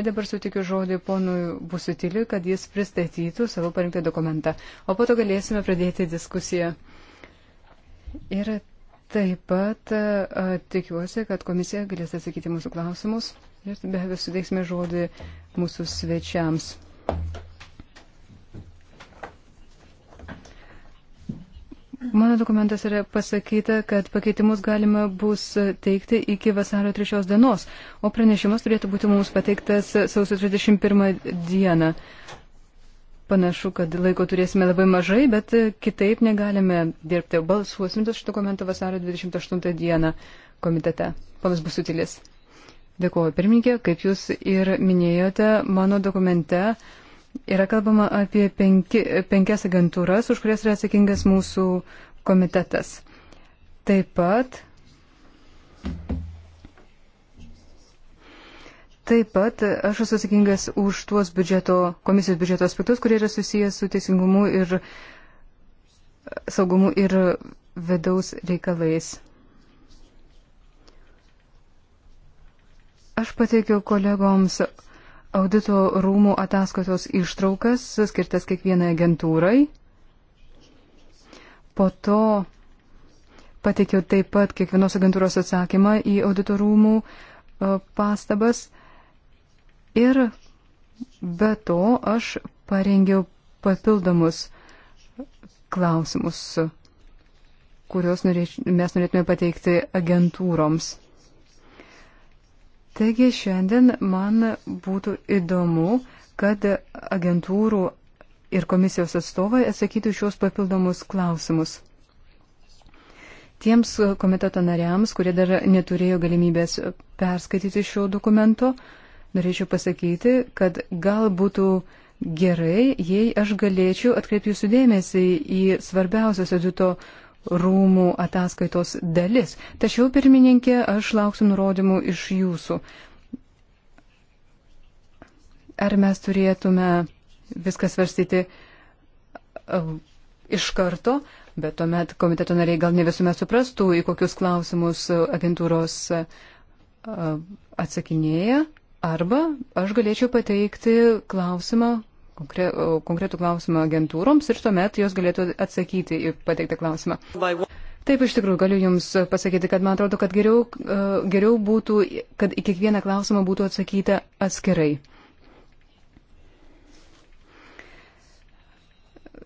[SPEAKER 4] Ir dabar sutikiu žodį ponui Busutiliui, kad jis pristatytų savo parinktą dokumentą. O po to galėsime pradėti diskusiją. Ir taip pat a, tikiuosi, kad komisija galės atsakyti mūsų klausimus. Ir be abejo suteiksime žodį mūsų svečiams. Mano dokumentas yra pasakyta, kad pakeitimus galima bus teikti iki vasario 3 dienos, o pranešimas turėtų būti mums pateiktas sausio 31 dieną. Panašu, kad laiko turėsime labai mažai, bet kitaip negalime dirbti. Balsuosim dėl šito dokumento vasario 28 dieną komitete. Panas bus sutilis. Dėkuoju, pirmininkė, kaip jūs ir minėjote, mano dokumente Yra kalbama apie penki, penkias agentūras, už kurias yra atsakingas mūsų komitetas. Taip pat. Taip pat aš esu atsakingas už tuos biudžeto, komisijos biudžeto aspektus, kurie yra susijęs su teisingumu ir saugumu ir vidaus reikalais. Aš pateikiau kolegoms audito rūmų ataskaitos ištraukas skirtas kiekvienai agentūrai. Po to pateikiau taip pat kiekvienos agentūros atsakymą į audito rūmų e, pastabas. Ir be to aš parengiau papildomus klausimus, kuriuos norėč, mes norėtume pateikti agentūroms. Taigi šiandien man būtų įdomu, kad agentūrų ir komisijos atstovai atsakytų šios papildomus klausimus. Tiems komiteto nariams, kurie dar neturėjo galimybės perskaityti šio dokumento, norėčiau pasakyti, kad gal būtų gerai, jei aš galėčiau atkreipti jūsų dėmesį į svarbiausias audito rūmų ataskaitos dalis. Tačiau, pirmininkė, aš lauksiu nurodymų iš jūsų. Ar mes turėtume viską svarstyti iš karto, bet tuomet komiteto nariai gal ne visuomet suprastų, į kokius klausimus agentūros atsakinėja. Arba aš galėčiau pateikti klausimą konkre, konkretų klausimą agentūroms ir tuomet jos galėtų atsakyti į pateiktą klausimą. Taip, iš tikrųjų, galiu Jums pasakyti, kad man atrodo, kad geriau, e, geriau būtų, kad į kiekvieną klausimą būtų atsakyta atskirai.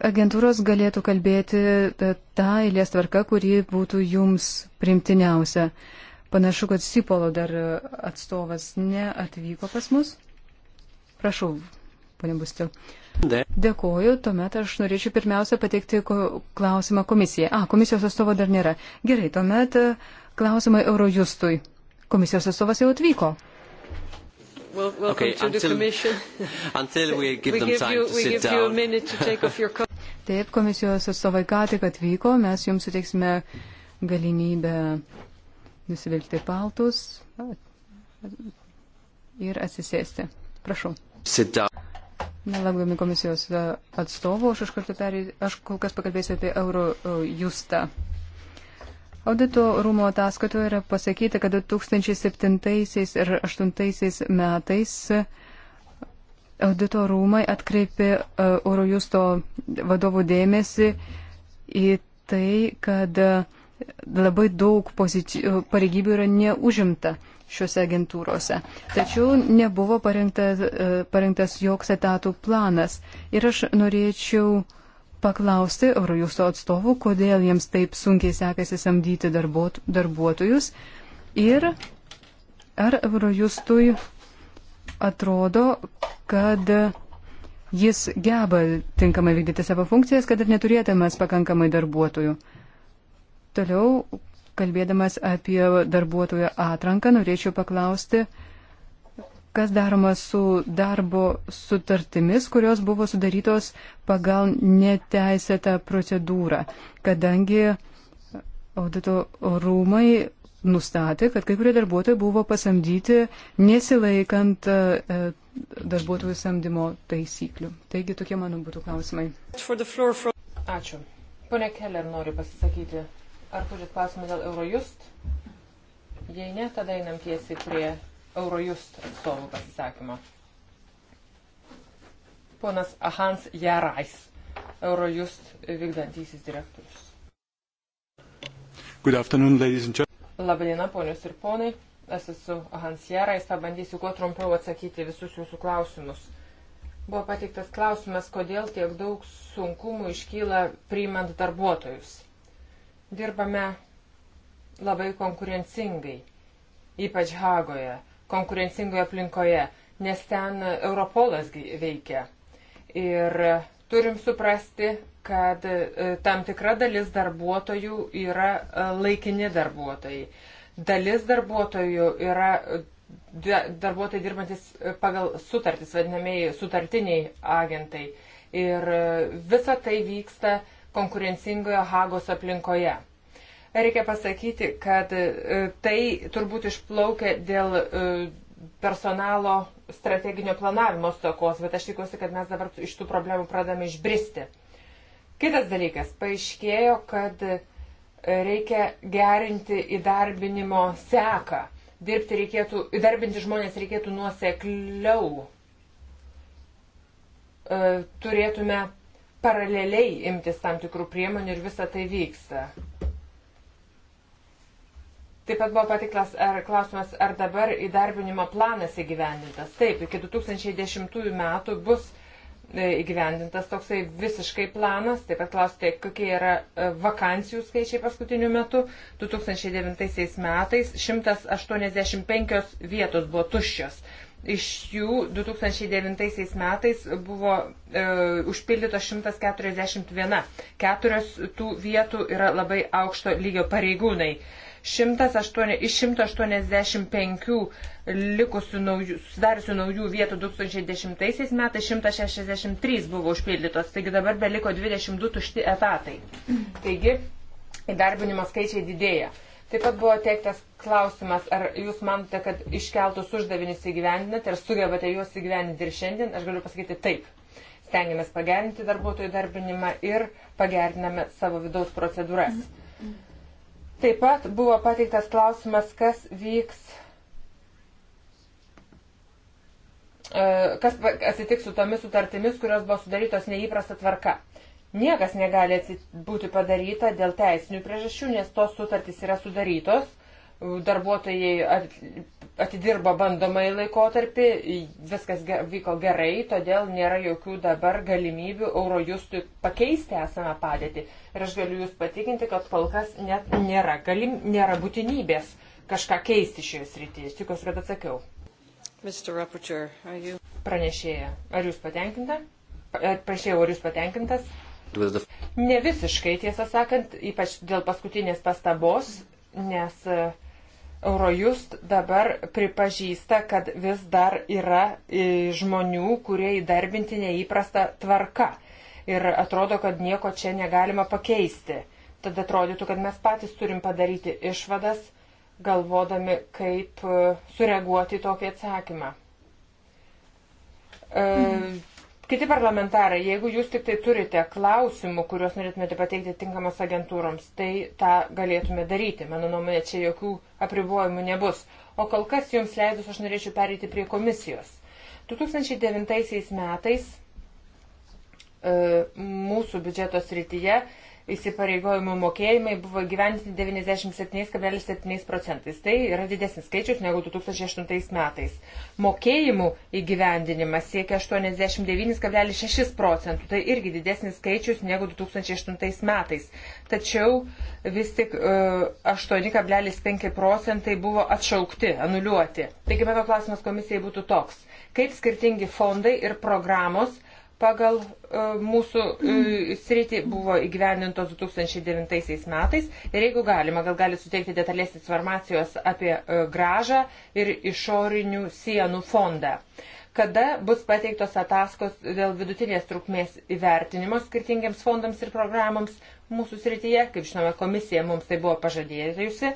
[SPEAKER 4] Agentūros galėtų kalbėti tą eilės tvarką, kuri būtų Jums primtiniausia. Panašu, kad Sipolo dar e, atstovas neatvyko pas mus. Prašau, ponė Bustil. Dėkuoju, tuomet aš norėčiau pirmiausia pateikti klausimą komisijai. A, komisijos atstovo dar nėra. Gerai, tuomet e, klausimai Eurojustui. Komisijos atstovas jau atvyko. Well,
[SPEAKER 2] okay, until, until we give them time you, to sit down. To your...
[SPEAKER 4] Taip, komisijos atstovai ką tik atvyko, mes jums suteiksime galimybę nusivilkti paltus ir atsisėsti. Prašau. Sit down. Nelaukdami komisijos atstovų, aš, perė, aš kol kas pakalbėsiu apie euro justą. Audito rūmo ataskaitoje yra pasakyta, kad 2007 ir 2008 metais audito rūmai atkreipė e, euro justo vadovų dėmesį į tai, kad labai daug pozicijų, pareigybių yra neužimta šiuose agentūrose. Tačiau nebuvo parengtas, parengtas joks etatų planas. Ir aš norėčiau paklausti Eurojusto atstovų, kodėl jiems taip sunkiai sekasi samdyti darbuot, darbuotojus ir ar Eurojustui atrodo, kad jis geba tinkamai vykdyti savo funkcijas, kad ir neturėtamas pakankamai darbuotojų. Toliau kalbėdamas apie darbuotojų atranką, norėčiau paklausti, kas daroma su darbo sutartimis, kurios buvo sudarytos pagal neteisėtą procedūrą, kadangi audito rūmai nustatė, kad kai kurie darbuotojai buvo pasamdyti nesilaikant e, darbuotojų samdymo taisyklių. Taigi tokie mano būtų klausimai.
[SPEAKER 1] Ačiū. Pone Keller nori pasisakyti. Ar turit klausimų dėl Eurojust? Jei ne, tada einam tiesiai prie Eurojust atstovų pasisakymo. Ponas Ahans Jarais, Eurojust vykdantysis direktorius.
[SPEAKER 2] Good afternoon, ladies and gentlemen.
[SPEAKER 1] Labadiena, ponios ir ponai. Aš esu Ahans Jarais, pabandysiu kuo trumpiau atsakyti visus jūsų klausimus. Buvo pateiktas klausimas, kodėl tiek daug sunkumų iškyla priimant darbuotojus Dirbame labai konkurencingai, ypač Hagoje, konkurencingoje aplinkoje, nes ten Europolas veikia. Ir turim suprasti, kad e, tam tikra dalis darbuotojų yra e, laikini darbuotojai. Dalis darbuotojų yra e, darbuotojai dirbantis pagal sutartis, vadinamieji sutartiniai agentai. Ir visa tai vyksta uh, konkurencingoje Hagos aplinkoje. Reikia pasakyti, kad e, tai turbūt išplaukia dėl e, personalo strateginio planavimo stokos, bet aš tikiuosi, kad mes dabar iš tų problemų pradame išbristi. Kitas dalykas, paaiškėjo, kad e, reikia gerinti įdarbinimo seką. Dirbti reikėtų, įdarbinti žmonės reikėtų nuosekliau. Turėtume paraleliai imtis tam tikrų priemonių ir visa tai vyksta. Taip pat buvo patiklas ar, klausimas, ar dabar įdarbinimo planas įgyvendintas. Taip, iki 2010 metų bus e, įgyvendintas toksai visiškai planas. Taip pat klausite, kokie yra e, vakancijų skaičiai paskutiniu metu. 2009 metais 185 vietos buvo tuščios. Iš jų 2009 metais buvo e, užpildyto 141. Keturios tų vietų yra labai aukšto lygio pareigūnai. 108, iš 185 likusių naujų, sudariusių naujų vietų 2010 metais 163 buvo užpildytos, taigi dabar beliko 22 tušti etatai. Taigi įdarbinimo skaičiai didėja. Taip pat buvo teiktas klausimas, ar jūs manote, kad iškeltus uždavinius įgyvendinate ir sugebate juos įgyvendinti ir šiandien? Aš galiu pasakyti taip. Stengiamės pagerinti darbuotojų darbinimą ir pageriname savo vidaus procedūras. Taip pat buvo pateiktas klausimas, kas vyks e, kas atsitiks su tomis sutartimis, kurios buvo sudarytos neįprasta tvarka. Niekas negali būti padaryta dėl teisinių priežasčių, nes tos sutartys yra sudarytos, darbuotojai atidirbo bandomai laikotarpį, viskas vyko gerai, todėl nėra jokių dabar galimybių Eurojustui pakeisti esamą padėtį. Ir aš galiu Jūs patikinti, kad kol kas net nėra, galim, nėra būtinybės kažką keisti šioje srityje. Tikiuosi, kad atsakiau. Pranešėja, ar Jūs patenkinta? Prašėjau, ar Jūs patenkintas? Ne visiškai, tiesą sakant, ypač dėl paskutinės pastabos, nes e, Eurojust dabar pripažįsta, kad vis dar yra e, žmonių, kurie įdarbinti neįprasta tvarka. Ir atrodo, kad nieko čia negalima pakeisti. Tad atrodytų, kad mes patys turim padaryti išvadas, galvodami, kaip e, sureaguoti tokį atsakymą. E, mhm. Kiti parlamentarai, jeigu jūs tik tai turite klausimų, kuriuos norėtumėte pateikti tinkamas agentūroms, tai tą galėtume daryti. Mano nuomonė, čia jokių apribojimų nebus. O kol kas jums leidus aš norėčiau pereiti prie komisijos. 2009 metais e, mūsų biudžeto srityje įsipareigojimų mokėjimai buvo gyventi 97,7 procentais. Tai yra didesnis skaičius negu 2008 metais. Mokėjimų įgyvendinimas siekia 89,6 procentų. Tai irgi didesnis skaičius negu 2008 metais. Tačiau vis tik 8,5 e, procentai buvo atšaukti, anuliuoti. Taigi mano klausimas komisijai būtų toks. Kaip skirtingi fondai ir programos pagal e, mūsų e, sritį buvo įgyvendintos 2009 metais. Ir jeigu galima, gal gali suteikti detalės informacijos apie e, gražą ir išorinių sienų fondą. Kada bus pateiktos ataskos dėl vidutinės trukmės įvertinimo skirtingiams fondams ir programams mūsų srityje? Kaip žinome, komisija mums tai buvo pažadėjusi.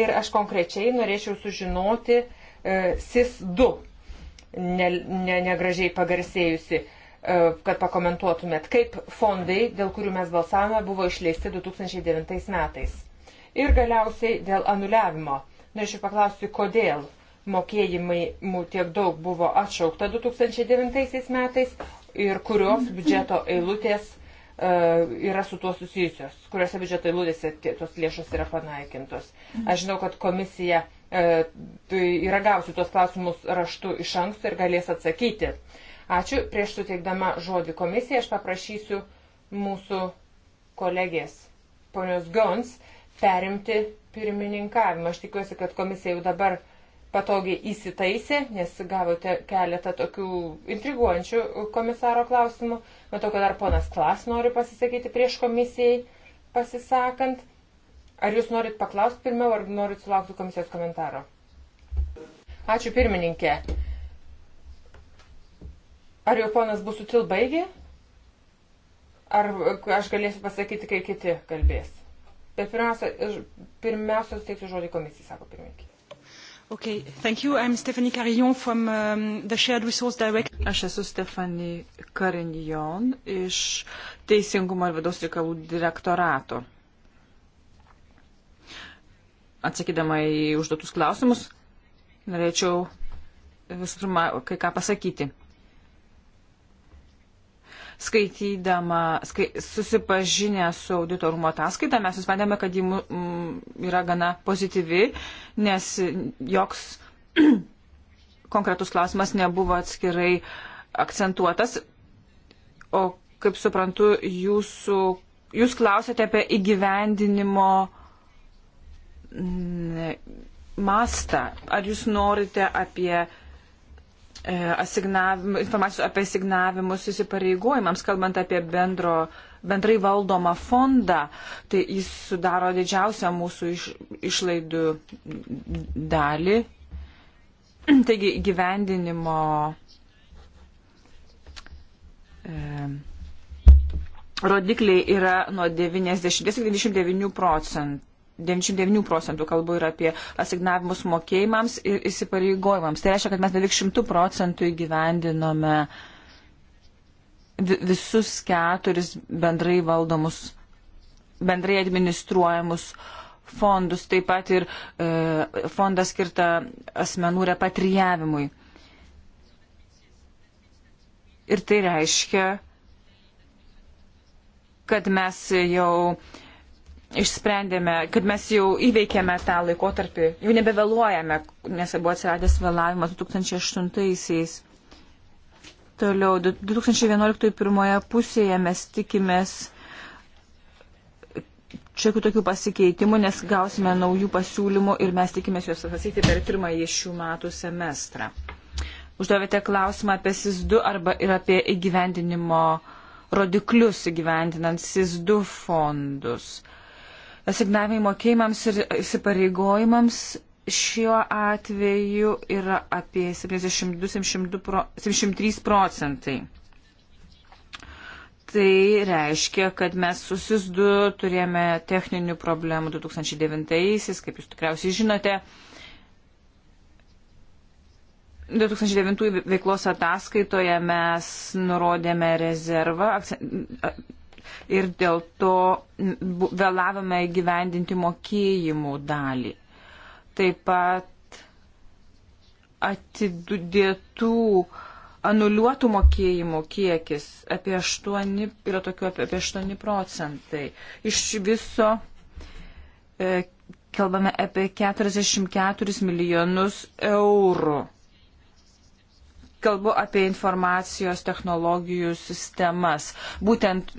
[SPEAKER 1] Ir aš konkrečiai norėčiau sužinoti e, SIS 2 ne, ne, negražiai pagarsėjusi. E, kad pakomentuotumėt, kaip fondai, dėl kurių mes balsavome, buvo išleisti 2009 metais. Ir galiausiai dėl anuliavimo. Norėčiau paklausti, kodėl mokėjimai tiek daug buvo atšaukta 2009 metais ir kurios biudžeto eilutės e, yra su tuo susijusios, kuriuose biudžeto eilutėse tos lėšos yra panaikintos. Aš žinau, kad komisija e, tai yra gavusi tuos klausimus raštu iš anksto ir galės atsakyti. Uh, Ačiū. Prieš suteikdama žodį komisijai, aš paprašysiu mūsų kolegės ponios Gons perimti pirmininkavimą. Aš tikiuosi, kad komisija jau dabar patogiai įsitaisė, nes gavote keletą tokių intriguojančių komisaro klausimų. Matau, kad dar ponas Klas nori pasisakyti prieš komisijai pasisakant. Ar jūs norit paklausti pirmiau, ar norit sulaukti komisijos komentaro? Ačiū pirmininkė. Ar jau ponas Busutil baigė? Ar aš galėsiu pasakyti, kai kiti kalbės? Bet pirmiausia, pirmiausia suteiksiu žodį komisijai, sako pirmininkė.
[SPEAKER 4] Okay, thank you. I'm Stephanie Carillon
[SPEAKER 5] from um, the Shared Resource Direct. Aš esu Stephanie Carillon iš Teisingumo ir vidaus reikalų direktorato. Atsakydama į užduotus klausimus, norėčiau visų pirma kai ką pasakyti skaitydama, skai, susipažinę su auditorumo ataskaita, mes nusprendėme, kad ji mm, yra gana pozityvi, nes joks konkretus klausimas nebuvo atskirai akcentuotas. O kaip suprantu, jūsų, jūs klausėte apie įgyvendinimo mm, mastą. Ar jūs norite apie E, informacijos apie asignavimus įsipareigojimams, kalbant apie bendro, bendrai valdomą fondą, tai jis sudaro didžiausią mūsų iš, išlaidų dalį. Taigi gyvendinimo e, rodikliai yra nuo 90 iki 99 procentų 99 procentų kalbu ir apie asignavimus mokėjimams ir įsipareigojimams. Tai reiškia, kad mes beveik 100 procentų įgyvendinome visus keturis bendrai valdomus, bendrai administruojamus fondus, taip pat ir e, fondą skirtą asmenų repatrijavimui. Ir tai reiškia, kad mes jau e, išsprendėme, kad mes jau įveikėme tą laikotarpį, jau nebevėluojame, nes buvo atsiradęs vėlavimas 2008-aisiais. Toliau, 2011 pirmoje pusėje mes tikimės šiokių tokių pasikeitimų, nes gausime naujų pasiūlymų ir mes tikimės juos atsakyti per pirmąjį šių metų semestrą. Uždavėte klausimą apie SIS2 arba ir apie įgyvendinimo rodiklius įgyvendinant SIS2 fondus asignavimai mokėjimams ir įsipareigojimams šiuo atveju yra apie 72-73 procentai. Tai reiškia, kad mes susisdu turėjome techninių problemų 2009-aisiais, kaip jūs tikriausiai žinote. 2009 veiklos ataskaitoje mes nurodėme rezervą, ir dėl to vėlavome įgyvendinti mokėjimų dalį. Taip pat atidėtų anuliuotų mokėjimų kiekis apie 8, yra tokių apie, apie 8 procentai. Iš viso e, kalbame apie 44 milijonus eurų kalbu apie informacijos technologijų sistemas. Būtent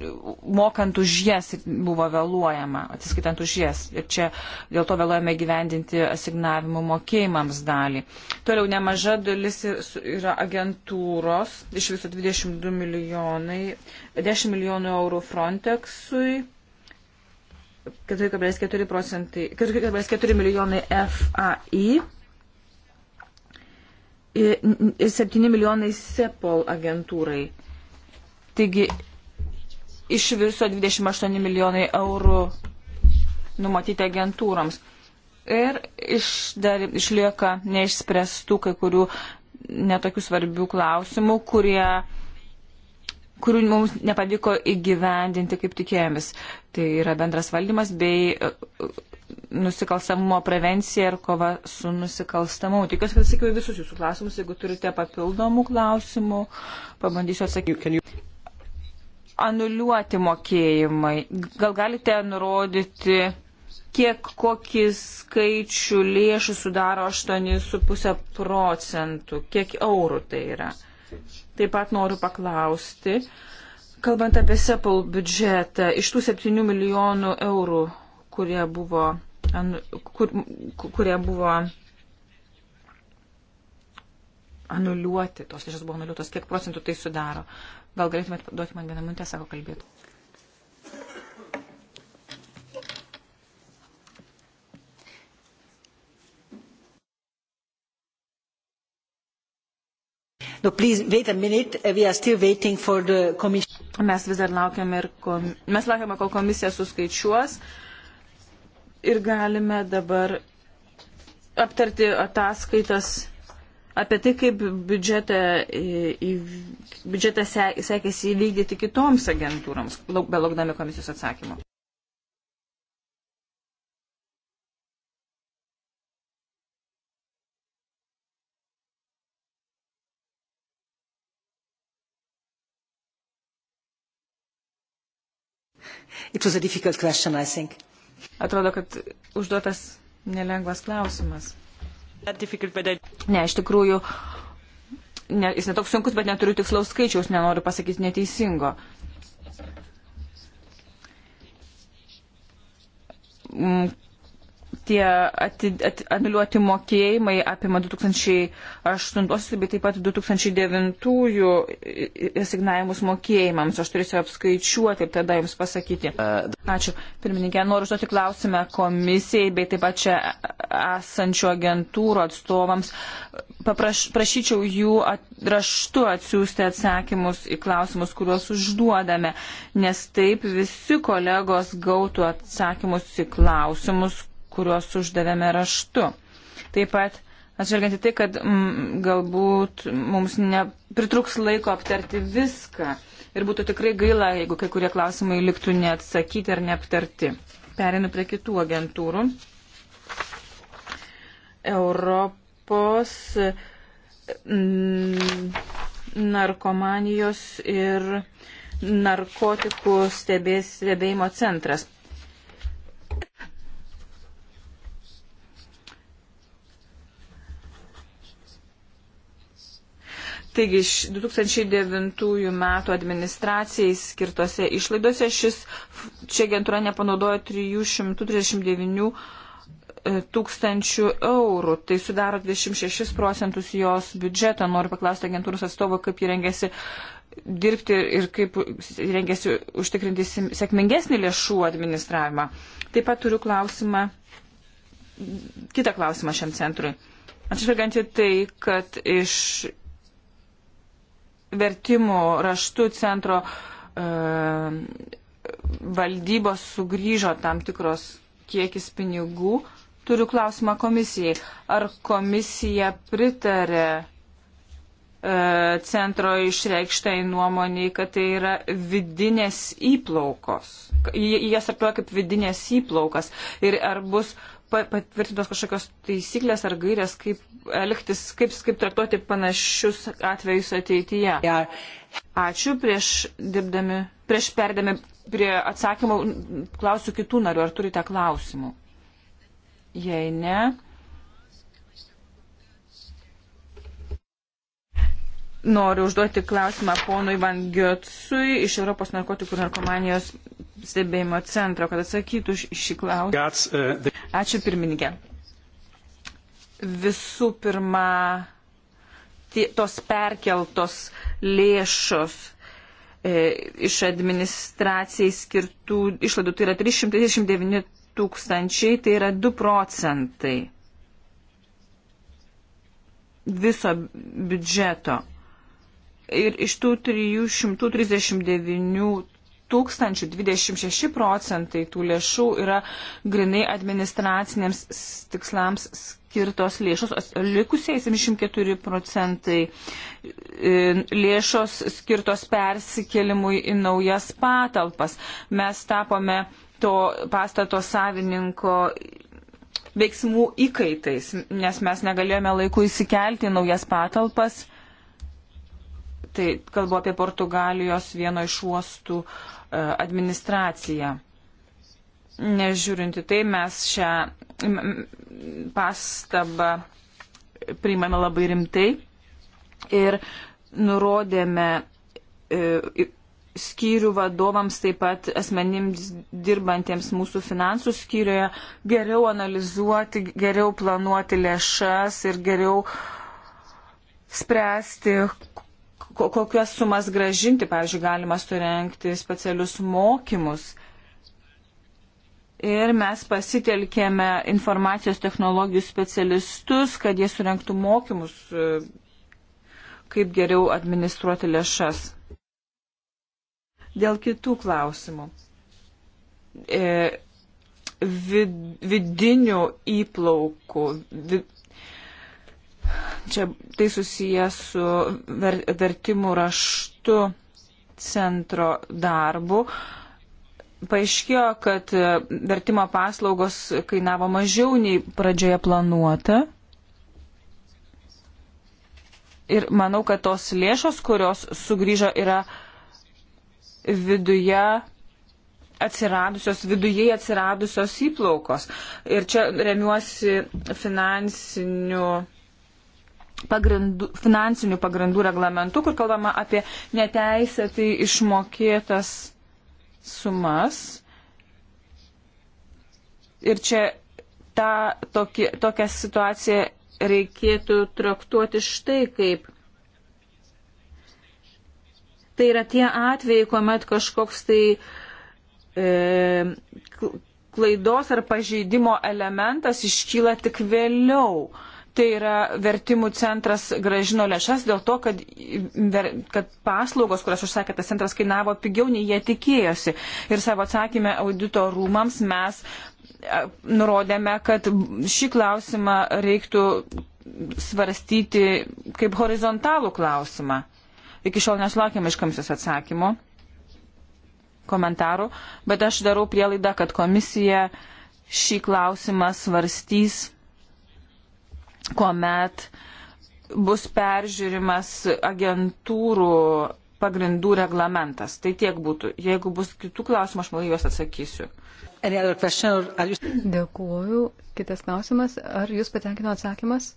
[SPEAKER 5] mokant už jas buvo vėluojama, atsiskaitant už jas. Ir čia dėl to vėluojame gyvendinti asignavimų mokėjimams dalį. Toliau nemaža dalis yra agentūros, iš viso 22 milijonai, 10 milijonų eurų Frontexui. 4,4 procentai, 4,4 milijonai FAI
[SPEAKER 2] 7
[SPEAKER 5] milijonai SEPOL agentūrai. Taigi iš viso 28 milijonai eurų numatyti agentūroms. Ir iš, dar išlieka neišspręstų kai kurių netokių svarbių klausimų, kurie, kurių mums nepavyko įgyvendinti, kaip tikėjomės. Tai yra bendras valdymas bei nusikalstamumo prevencija ir kova su nusikalstamumu. Tikiuosi, kad atsakiau visus jūsų klausimus. Jeigu turite papildomų klausimų, pabandysiu atsakyti. Anuliuoti mokėjimai. Gal galite nurodyti, kiek kokį skaičių lėšų sudaro 8,5 procentų, kiek eurų tai yra. Taip pat noriu paklausti, kalbant apie SEPL biudžetą, iš tų 7 milijonų eurų kurie buvo, kur, kurie buvo anuliuoti, tos lėšos buvo anuliuotos, kiek procentų tai sudaro. Gal galėtumėt duoti man vieną minutę, sako kalbėtų. No, please wait a minute. We are still waiting for the commission. Mes vis dar laukiame ir kom... mes laukiame, kol komisija suskaičiuos. Uh, ir galime dabar aptarti ataskaitas apie tai, kaip biudžetą, biudžetą sekėsi įvykdyti kitoms agentūroms, belaukdami komisijos atsakymo. It was a difficult question, I think. Atrodo, kad užduotas nelengvas klausimas. Ne, iš tikrųjų, ne, jis netoks sunkus, bet neturiu tikslaus skaičiaus, nenoriu pasakyti neteisingo. Mm, tie atid, at, anuliuoti mokėjimai apima 2008 bei taip pat 2009 asignavimus mokėjimams. Aš turėsiu apskaičiuoti ir tada jums pasakyti. E, Ačiū. Pirmininkė, noriu užduoti klausimą komisijai bei taip pat čia esančių agentūrų atstovams. Papraš, prašyčiau jų at, raštu atsiųsti atsakymus į klausimus, kuriuos užduodame, nes taip visi kolegos gautų atsakymus į klausimus, kuriuos uždavėme raštu. Taip pat Atžvelgiant į tai, kad m, galbūt mums nepritruks laiko aptarti viską ir būtų tikrai gaila, jeigu kai kurie klausimai liktų neatsakyti ar neaptarti. Perinu prie kitų agentūrų. Europos m, narkomanijos ir narkotikų stebės, stebėjimo centras. Taigi, 2009 metų administracijai skirtose išlaidose šis, ši agentūra nepanaudojo 339 e, tūkstančių eurų. Tai sudaro 26 procentus jos biudžeto. Noriu paklausti agentūros atstovo, kaip jį rengėsi dirbti ir kaip rengėsi užtikrinti sėkmingesnį lėšų administravimą. Taip pat turiu klausimą, kitą klausimą šiam centrui. Atsižvelgiant į tai, kad iš vertimų raštų centro e, valdybos sugrįžo tam tikros kiekis pinigų. Turiu klausimą komisijai. Ar komisija pritarė e, centro išreikštai nuomoniai, kad tai yra vidinės įplaukos? Jie jas aptuoja kaip vidinės įplaukas. Ir ar bus e, patvirtintos kažkokios taisyklės ar gairės, kaip elgtis, kaip, kaip traktuoti panašius atvejus ateityje. Ačiū prieš, dirbdami, prieš perdami prie atsakymų, klausiu kitų narių, ar turite klausimų. Jei ne. Noriu užduoti klausimą ponui Van Götsui iš Europos narkotikų narkomanijos stebėjimo centro, kad atsakytų šį klausimą. E, Ačiū pirmininkė. Visų pirma, tos perkeltos lėšos e, iš administracijai skirtų išlaidų, tai yra 339 tūkstančiai, tai yra 2 procentai viso biudžeto. Ir iš tų 339 tūkstančių 26 procentai tų lėšų yra grinai administraciniams tikslams skirtos lėšos, likusiai 74 procentai e, lėšos skirtos persikelimui į naujas patalpas. Mes tapome to pastato savininko veiksmų įkaitais, nes mes negalėjome laiku įsikelti į naujas patalpas Tai kalbu apie Portugalijos vieno iš uostų e, administraciją. Nežiūrinti tai, mes šią pastabą priimame labai rimtai ir nurodėme e, skyrių vadovams, taip pat asmenims dirbantiems mūsų finansų skyriuje, geriau analizuoti, geriau planuoti lėšas ir geriau spręsti, kokias sumas gražinti, pavyzdžiui, galima surenkti specialius mokymus. Ir mes pasitelkėme informacijos technologijų specialistus, kad jie surenktų mokymus, e, kaip geriau administruoti lėšas. Dėl kitų klausimų. E, vid, vidinių įplaukų, vid, Čia tai susijęs su ver, vertimų raštu centro darbu. Paaiškėjo, kad vertimo paslaugos kainavo mažiau nei pradžioje planuota. Ir manau, kad tos lėšos, kurios sugrįžo, yra viduje atsiradusios, viduje atsiradusios įplaukos. Ir čia remiuosi finansiniu pagrindų, finansinių pagrindų reglamentu, kur kalbama apie neteisėtai išmokėtas sumas. Ir čia ta, tokie, tokią situaciją reikėtų traktuoti štai kaip. Tai yra tie atvejai, kuomet kažkoks tai e, klaidos ar pažeidimo elementas iškyla tik vėliau. E, Tai yra vertimų centras gražino lėšas dėl to, kad, kad paslaugos, kurias užsakė tas centras, kainavo pigiau nei jie tikėjosi. Ir savo atsakymę audito rūmams mes nurodėme, kad šį klausimą reiktų svarstyti kaip horizontalų klausimą. Iki šiol nesulaukėme iš komisijos atsakymo, komentarų, bet aš darau prielaidą, kad komisija šį klausimą svarstys kuomet bus peržiūrimas agentūrų pagrindų reglamentas. Tai tiek būtų. Jeigu bus kitų klausimų, aš manau, juos atsakysiu.
[SPEAKER 4] Dėkuoju. Kitas klausimas. Ar jūs patenkino atsakymas?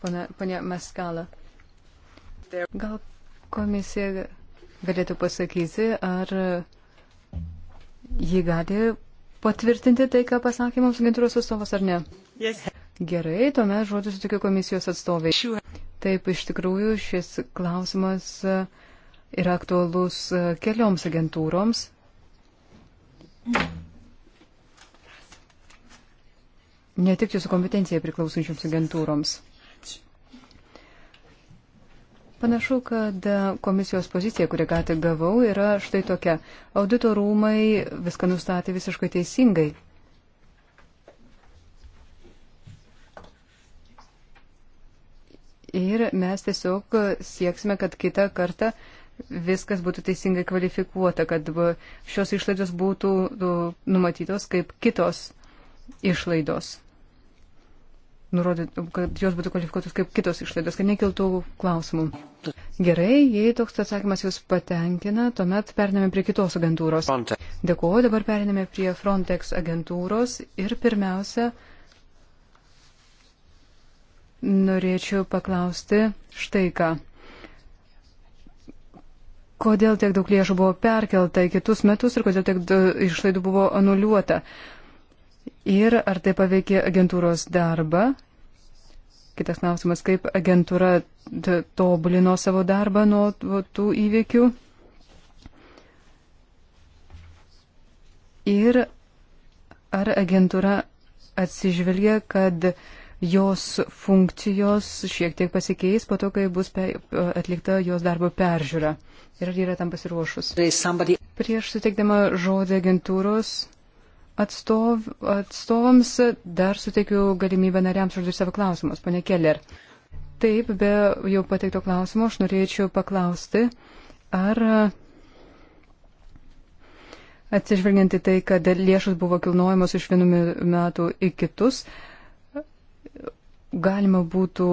[SPEAKER 4] Pane, pane Meskala. Gal komisija galėtų pasakyti, ar ji gali patvirtinti tai, ką pasakė mums agentūros atstovas, ar ne? Yes. Gerai, tuomet žodžiu sutikiu komisijos atstovai. Taip, iš tikrųjų, šis klausimas e, yra aktualus e, kelioms agentūroms. Ne tik jūsų kompetencijai priklausančioms agentūroms. Panašu, kad e, komisijos pozicija, kurią ką tik gavau, yra štai tokia. Audito rūmai viską nustatė visiškai teisingai. Ir mes tiesiog sieksime, kad kitą kartą viskas būtų teisingai kvalifikuota, kad šios išlaidos būtų nu, numatytos kaip kitos išlaidos. Nurodyt, kad jos būtų kvalifikuotos kaip kitos išlaidos, kad nekiltų klausimų. Gerai, jei toks atsakymas jūs patenkina, tuomet periname prie kitos agentūros. Frontex. Dėkuoju, dabar periname prie Frontex agentūros ir pirmiausia, uh, norėčiau paklausti štai ką. Kodėl tiek daug lėšų buvo perkelta į kitus metus ir kodėl tiek išlaidų buvo anuliuota? Ir ar tai paveikė agentūros darbą? Kitas klausimas, kaip agentūra tobulino savo darbą nuo tų įvykių? Ir ar agentūra atsižvelgia, kad uh, jos funkcijos šiek tiek pasikeis po to, kai bus pe, e, atlikta jos darbo peržiūra. Ir ar yra tam pasiruošus? Prieš suteikdama žodį agentūros atstov, atstovams dar suteikiu galimybę nariams užduoti savo klausimus. Pane Keller. Taip, be jau pateikto klausimo aš norėčiau paklausti, ar atsižvelgiant į tai, kad lėšus buvo kilnojamos iš vienų metų į kitus, galima būtų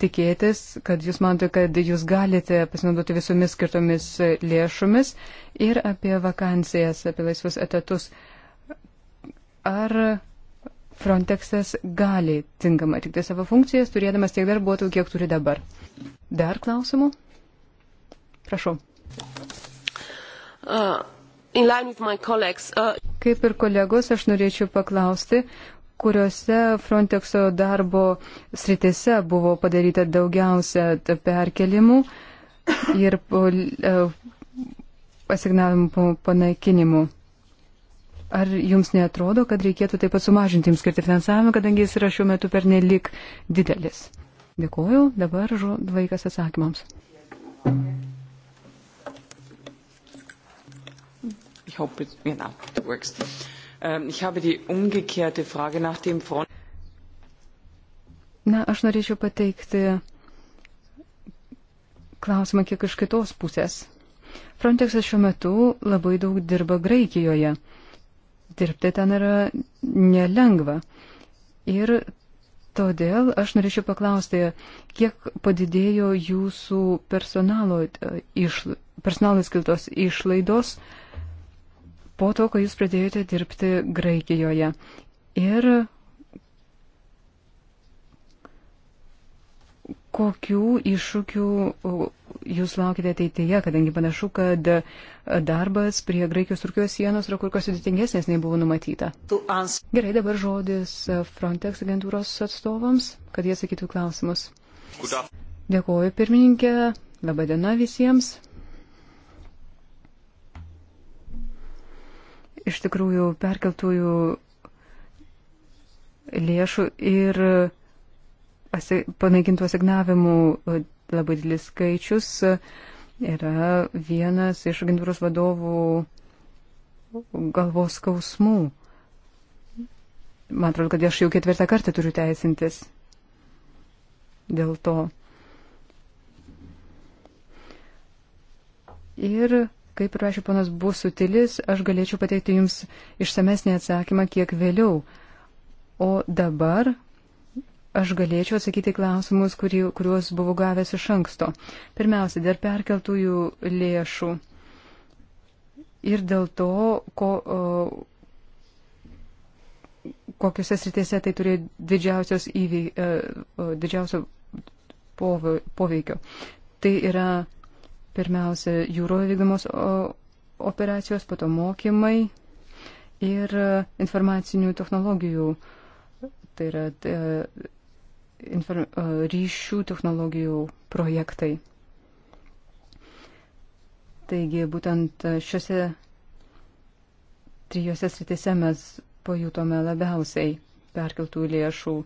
[SPEAKER 4] tikėtis, kad jūs manote, kad jūs galite pasinaudoti visomis skirtomis lėšomis ir apie vakancijas, apie laisvus etatus. Ar Frontexas gali tinkamai atlikti savo funkcijas, turėdamas tiek darbuotojų, kiek turi dabar? Dar klausimų? Prašau.
[SPEAKER 2] Uh, uh...
[SPEAKER 4] Kaip ir kolegos, aš norėčiau paklausti, kuriuose Frontexo darbo sritise buvo padaryta daugiausia perkelimų ir e, asignavimų panaikinimų. Ar jums netrodo, kad reikėtų taip pat sumažinti jums skirti finansavimą, kadangi jis yra šiuo metu pernelik didelis? Dėkuoju, dabar vaikas atsakymams.
[SPEAKER 1] Ich hoffe, genau, das works. Ähm, ich habe die umgekehrte Frage nach dem Front.
[SPEAKER 4] Na, aš norėčiau pateikti klausimą kiek iš kitos pusės. Frontexas šiuo metu labai daug dirba Graikijoje. Dirbti ten yra nelengva. Ir todėl aš norėčiau paklausti, kiek padidėjo jūsų personalo, e, išla, personalo skiltos išlaidos po to, kai jūs pradėjote dirbti Graikijoje. Ir kokių iššūkių jūs laukite ateityje, kadangi panašu, kad darbas prie Graikijos Turkijos sienos yra kur kas sudėtingesnės nei buvo numatyta. Gerai, dabar žodis Frontex agentūros atstovams, kad jie sakytų klausimus. Dėkuoju pirmininkė, laba diena visiems. iš tikrųjų perkeltųjų lėšų ir panaikintų asignavimų e, labai didelis skaičius yra vienas iš agentūros vadovų galvos skausmų. Man atrodo, kad aš jau ketvirtą kartą turiu teisintis dėl to. Ir Kaip rašė ponas Busutilis, aš galėčiau pateikti Jums išsamesnį atsakymą kiek vėliau. O dabar aš galėčiau atsakyti klausimus, kurį, kuriuos buvau gavęs iš anksto. Pirmiausia, dėl perkeltųjų lėšų. Ir dėl to, ko, o, kokiuose sritėse tai turėjo didžiausios įvy, e, o, didžiausio poveikio. Tai yra Pirmiausia, jūroje vykdomos operacijos, pato mokymai ir e, informacinių technologijų. Tai yra e, e, ryšių technologijų projektai. Taigi būtent šiuose trijose sritise mes pajutome labiausiai perkeltų lėšų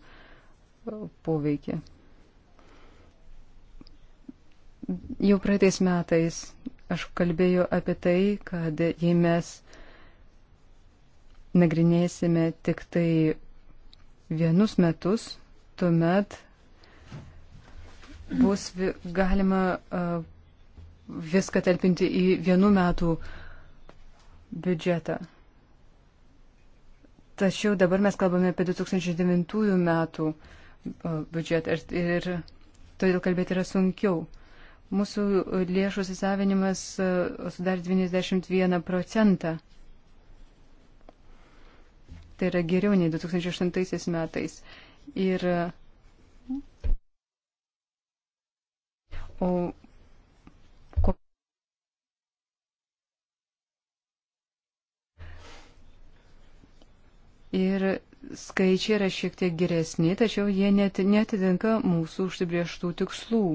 [SPEAKER 4] poveikį. Jau praeitais metais aš kalbėjau apie tai, kad jei mes nagrinėsime tik tai vienus metus, tuomet bus galima viską talpinti į vienų metų biudžetą. Tačiau dabar mes kalbame apie 2009 metų biudžetą ir, ir todėl kalbėti yra sunkiau. Mūsų lėšų įsisavinimas e, sudar 91 procentą. Tai yra geriau nei 2008 metais. Ir o Ir skaičiai yra šiek tiek geresni, tačiau jie net netitinka mūsų užsibrieštų tikslų.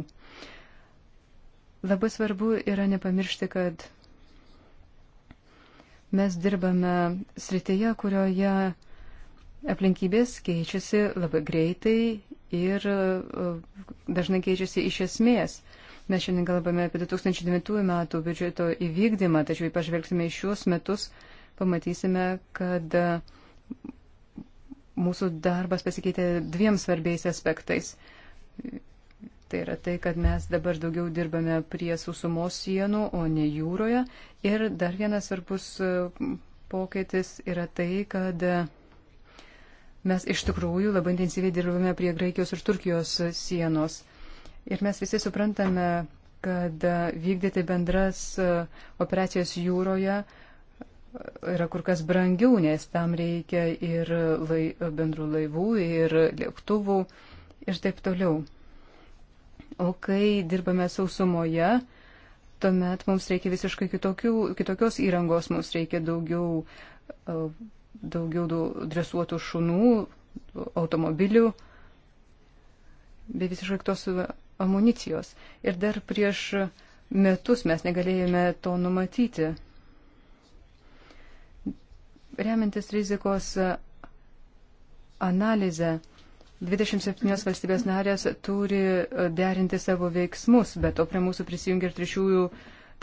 [SPEAKER 4] Labai svarbu yra nepamiršti, kad mes dirbame srityje, kurioje aplinkybės keičiasi labai greitai ir uh, dažnai keičiasi iš esmės. Mes šiandien kalbame apie 2009 metų biudžeto įvykdymą, tačiau jei pažvelgsime į šiuos metus, pamatysime, kad uh, mūsų darbas pasikeitė dviem svarbiais aspektais. Tai yra tai, kad mes dabar daugiau dirbame prie sausumos sienų, o ne jūroje. Ir dar vienas svarbus e, pokytis yra tai, kad e, mes iš tikrųjų labai intensyviai dirbame prie Graikijos ir Turkijos sienos. Ir mes visi suprantame, kad e, vykdyti bendras operacijas jūroje yra kur kas brangiau, nes tam reikia ir lai, bendrų laivų, ir lėktuvų, ir taip toliau. O kai dirbame sausumoje, tuomet mums reikia visiškai kitokių, kitokios įrangos, mums reikia daugiau, e, daugiau dresuotų šunų, automobilių, bei visiškai kitos e, amunicijos. Ir dar prieš metus mes negalėjome to numatyti. Remiantis rizikos e, analizę, 27 valstybės narės turi e, derinti savo veiksmus, bet o prie mūsų prisijungia ir trečiųjų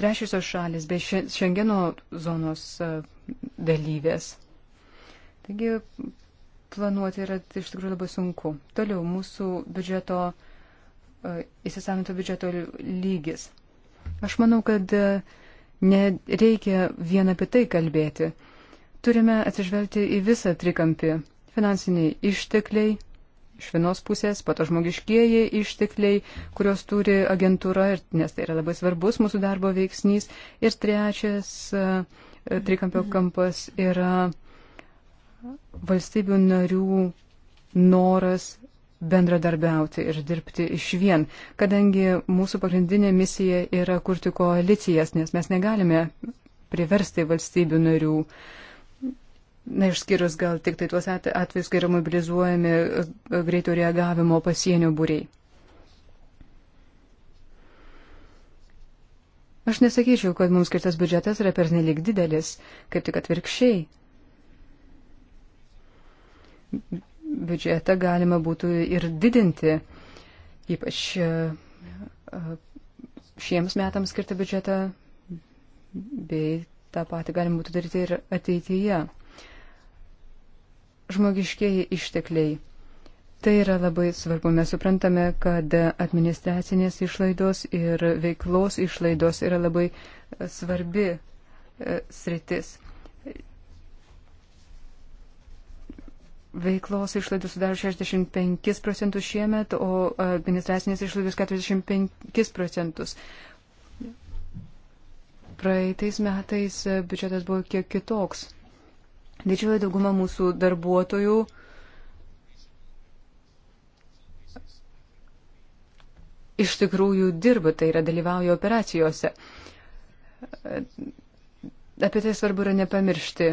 [SPEAKER 4] trečiosios šalis bei Šengeno zonos e, dalyvės. Taigi planuoti yra iš tikrųjų labai sunku. Toliau mūsų biudžeto, e, įsisavinto biudžeto lygis. Aš manau, kad nereikia vien apie tai kalbėti. Turime atsižvelgti į visą trikampį - finansiniai ištekliai, iš vienos pusės, pato žmogiškieji ištekliai, kurios turi agentūra, nes tai yra labai svarbus mūsų darbo veiksnys. Ir trečias e, trikampio kampas yra valstybių narių noras bendradarbiauti ir dirbti iš vien, kadangi mūsų pagrindinė misija yra kurti koalicijas, nes mes negalime priversti valstybių narių uh, Na, išskyrus gal tik tai tuos atvejus, kai yra mobilizuojami e, greito reagavimo pasienio būriai. Aš nesakyčiau, kad mums skirtas biudžetas yra pernelik didelis, kaip tik atvirkščiai. Biudžetą galima būtų ir didinti, ypač e, e, šiems metams skirtą biudžetą, bei tą patį galima būtų daryti ir ateityje žmogiškieji ištekliai. Tai yra labai svarbu. Mes suprantame, kad administracinės išlaidos ir veiklos išlaidos yra labai e, svarbi e, sritis. Veiklos išlaidų sudaro 65 procentus šiemet, o administracinės išlaidos 45 procentus. Praeitais metais biudžetas buvo kiek kitoks. Didžioji dauguma mūsų darbuotojų iš tikrųjų dirba, tai yra dalyvauja operacijose. Apie tai svarbu yra nepamiršti.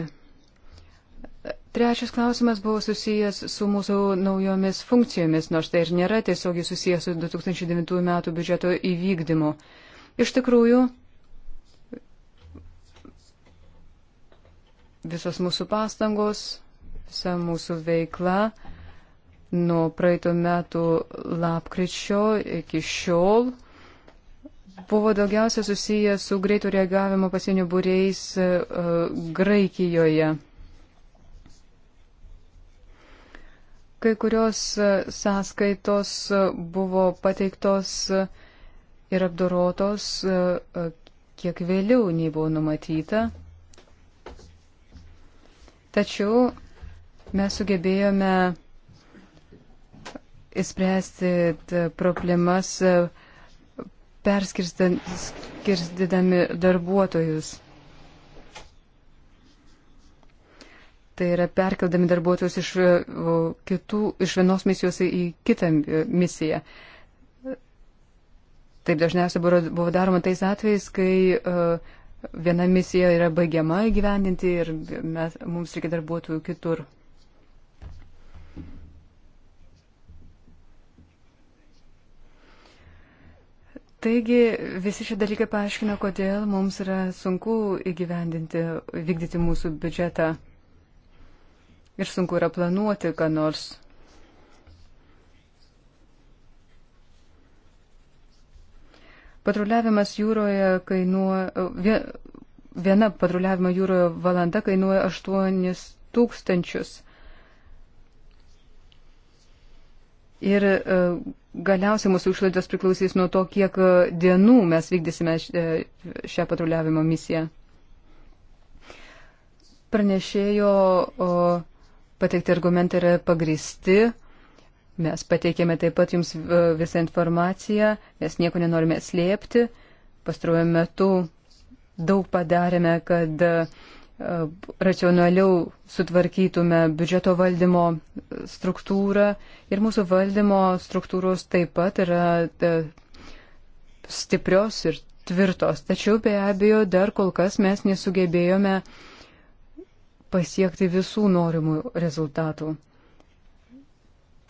[SPEAKER 4] Trečias klausimas buvo susijęs su mūsų naujomis funkcijomis, nors tai ir nėra tiesiogiai susijęs su 2009 metų biudžeto įvykdymu. Iš tikrųjų, visos mūsų pastangos, visa mūsų veikla nuo praeitų metų lapkričio iki šiol buvo daugiausia susiję su greito reagavimo pasienio būreis uh, e, Graikijoje. Kai kurios e, sąskaitos e, buvo pateiktos ir apdorotos uh, kiek vėliau nei buvo numatyta. Tačiau mes sugebėjome įspręsti problemas e, perskirstydami darbuotojus. Tai yra perkeldami darbuotojus iš, e, kitų, iš vienos misijos į kitą e, misiją. Taip dažniausiai buvo daroma tais atvejais, kai uh, viena misija yra baigiama gyvendinti ir mes, mums reikia darbuotojų kitur. Taigi visi šie dalykai paaiškina, kodėl mums yra sunku įgyvendinti, vykdyti mūsų biudžetą ir sunku yra planuoti, ką nors. Patruliavimas jūroje kainuoja, viena patruliavimo jūroje valanda kainuoja 8 tūkstančius. Ir e, galiausiai mūsų išlaidos priklausys nuo to, kiek e, dienų mes vykdysime e, šią patruliavimo misiją. Pranešėjo pateikti argumentai yra pagristi Mes pateikėme taip pat jums e, visą informaciją, mes nieko nenorime slėpti. Pastaruoju metu daug padarėme, kad e, racionaliau sutvarkytume biudžeto valdymo e, struktūrą ir mūsų valdymo struktūros taip pat yra stiprios ir tvirtos. Tačiau be abejo, dar kol kas mes nesugebėjome pasiekti visų norimų rezultatų.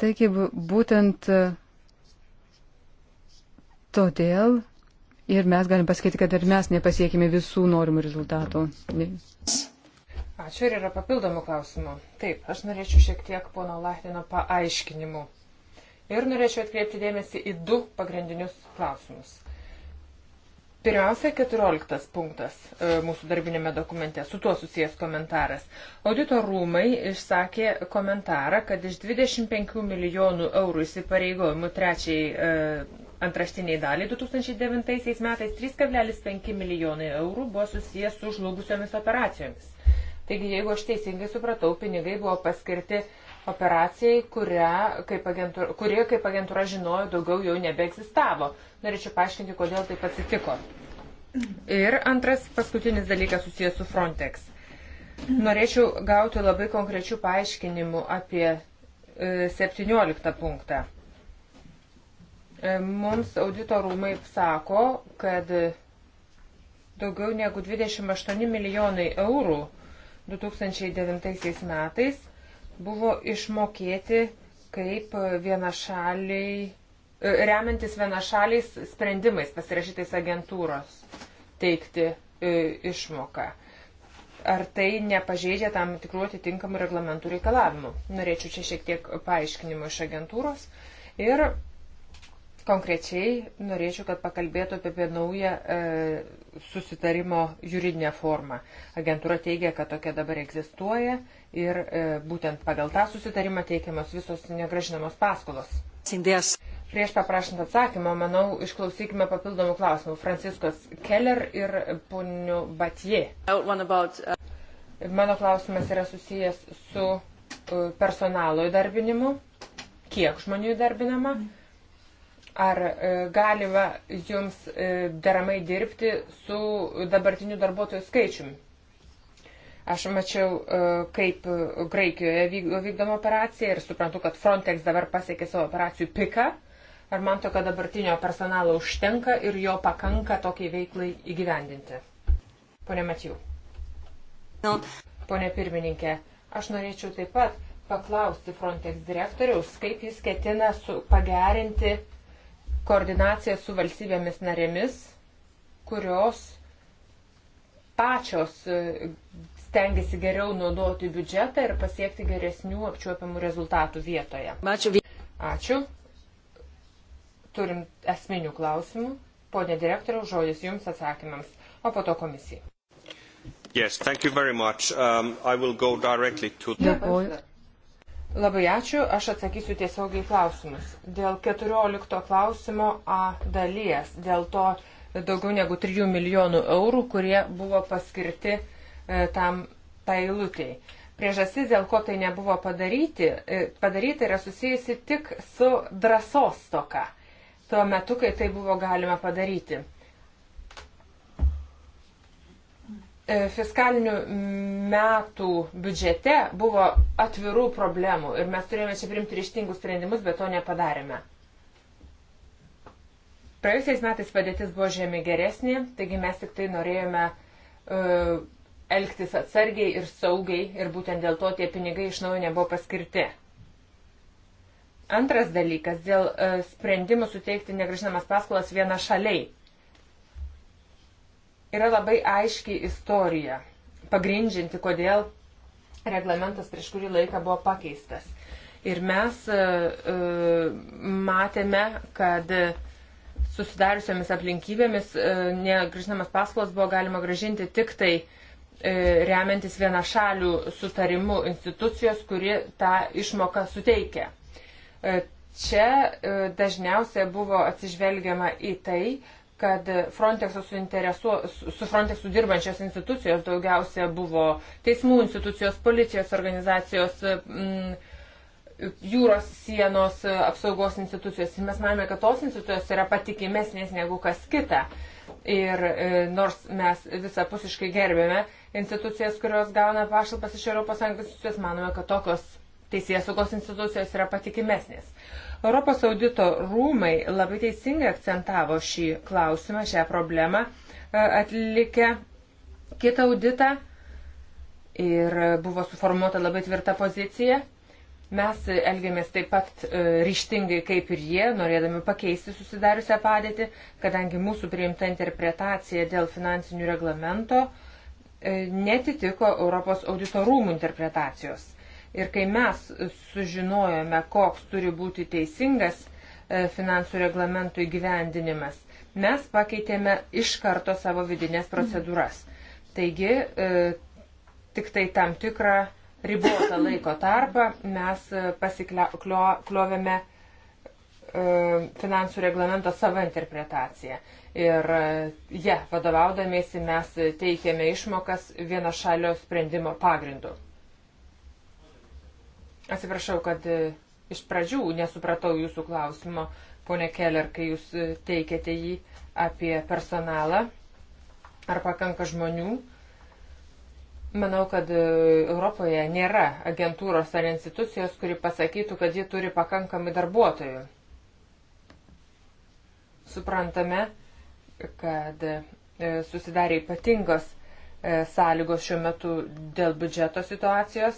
[SPEAKER 4] Taigi būtent e, todėl ir mes galim pasakyti, kad ir mes nepasiekime visų norimų rezultatų.
[SPEAKER 1] Ačiū ir yra papildomų klausimų. Taip, aš norėčiau šiek tiek pono Lachtino paaiškinimų. Ir norėčiau atkreipti dėmesį į du pagrindinius klausimus. Pirmiausia, 14 punktas e, mūsų darbinėme dokumente, su tuo susijęs komentaras. Audito rūmai išsakė komentarą, kad iš 25 milijonų eurų įsipareigojimų trečiai e, antraštiniai daliai 2009 metais 3,5 milijonai eurų buvo susijęs su žlugusiomis operacijomis. Taigi, jeigu aš teisingai supratau, pinigai buvo paskirti uh, operacijai, kuria, kaip agentūra, kuri, kaip agentūra žinojo, daugiau jau nebeegzistavo. Norėčiau paaiškinti, kodėl taip atsitiko. Ir antras paskutinis dalykas susijęs su Frontex. Norėčiau gauti labai konkrečių paaiškinimų apie e, 17 punktą. E, mums audito rūmai sako, kad daugiau negu 28 milijonai eurų 2009 metais buvo išmokėti kaip vienašaliai, e, remiantis vienašaliais sprendimais pasirašytais agentūros teikti e, išmoką. Ar tai nepažeidžia tam tikrų atitinkamų reglamentų reikalavimų? Norėčiau čia šiek tiek paaiškinimų iš agentūros. Ir Konkrečiai norėčiau, kad pakalbėtų apie, apie naują e, susitarimo juridinę formą. Agentūra teigia, kad tokia dabar egzistuoja ir e, būtent pagal tą susitarimą teikiamos visos negražinamos paskolos. Sindės. Prieš paprašant atsakymą, manau, išklausykime papildomų klausimų. Franciskas Keller ir ponių Batie. Uh, Mano klausimas yra susijęs su uh, personalo įdarbinimu. Kiek žmonių įdarbinama? Mm ar e, galima jums e, deramai dirbti su dabartiniu darbuotojų skaičiumi. Aš mačiau, e, kaip Graikijoje vykdoma operacija ir suprantu, kad Frontex dabar pasiekė savo operacijų piką. Ar man to, kad dabartinio personalo užtenka ir jo pakanka tokiai veiklai įgyvendinti? Pone Matijų. Nu. Pone pirmininkė, aš norėčiau taip pat paklausti Frontex direktoriaus, kaip jis ketina su, pagerinti koordinacija su valstybėmis narėmis, kurios pačios e, stengiasi geriau naudoti biudžetą ir pasiekti geresnių apčiuopiamų rezultatų vietoje. Ačiū. Ačiū. Turim esminių klausimų. Pone direktoriau, žodis jums atsakymams, o po to komisijai. Yes, thank you very much. Um, I will go directly to... Dėkuoju. Labai ačiū, aš atsakysiu tiesiogiai klausimus. Dėl 14 klausimo A dalies, dėl to daugiau negu 3 milijonų eurų, kurie buvo paskirti e, tam tai lūtėjai. Priežastis, dėl ko tai nebuvo padaryti, e, padaryti yra susijusi tik su drąsos toka. Tuo metu, kai tai buvo galima padaryti. E, fiskalinių metų biudžete buvo atvirų problemų ir mes turėjome čia priimti ryštingus sprendimus, bet to nepadarėme. Praėjusiais metais padėtis buvo žemė geresnė, taigi mes tik tai norėjome uh, elgtis atsargiai ir saugiai ir būtent dėl to tie pinigai iš naujo nebuvo paskirti. Antras dalykas - dėl uh, sprendimų suteikti negražinamas paskolas viena šaliai yra labai aiški istorija, pagrindžianti, kodėl reglamentas prieš kurį laiką buvo pakeistas. Ir mes uh, matėme, kad susidariusiamis aplinkybėmis uh, e, negražinamas paskolas buvo galima gražinti tik tai uh, remiantis vienašalių sutarimu institucijos, kuri tą išmoką suteikia. Uh, čia dažniausiai buvo atsižvelgiama į tai, kad Frontexo su, su Frontexu dirbančios institucijos daugiausia buvo teismų institucijos, policijos organizacijos, m, mm, jūros sienos apsaugos institucijos. Mes manome, kad tos institucijos yra patikimesnės negu kas kita. Ir e, nors mes visapusiškai gerbėme institucijas, kurios gauna pašalpas iš ES institucijos, manome, kad tokios teisės saugos institucijos yra patikimesnės. Europos audito rūmai labai teisingai akcentavo šį klausimą, šią problemą, e, atlikę kitą auditą ir buvo suformuota labai tvirta pozicija. Mes elgiamės taip pat e, ryštingai kaip ir jie, norėdami pakeisti susidariusią padėtį, kadangi mūsų priimta interpretacija dėl finansinių reglamento e, netitiko Europos audito rūmų interpretacijos. Ir kai mes sužinojome, koks turi būti teisingas e, finansų reglamentų įgyvendinimas, mes pakeitėme iš karto savo vidinės procedūras. Taigi, e, tik tai tam tikrą ribotą laiko tarpą mes e, pasikliovėme finansų reglamento savo interpretaciją. Ir jie ja, vadovaudamėsi mes teikėme išmokas vieno šalio sprendimo pagrindu. Atsiprašau, kad e, iš pradžių nesupratau jūsų klausimo, ponė Keller, kai jūs e, teikėte jį apie personalą, ar pakanka žmonių. Manau, kad e, Europoje nėra agentūros ar institucijos, kuri pasakytų, kad ji turi pakankamai darbuotojų. Suprantame, kad susidarė ypatingos sąlygos šiuo metu dėl biudžeto situacijos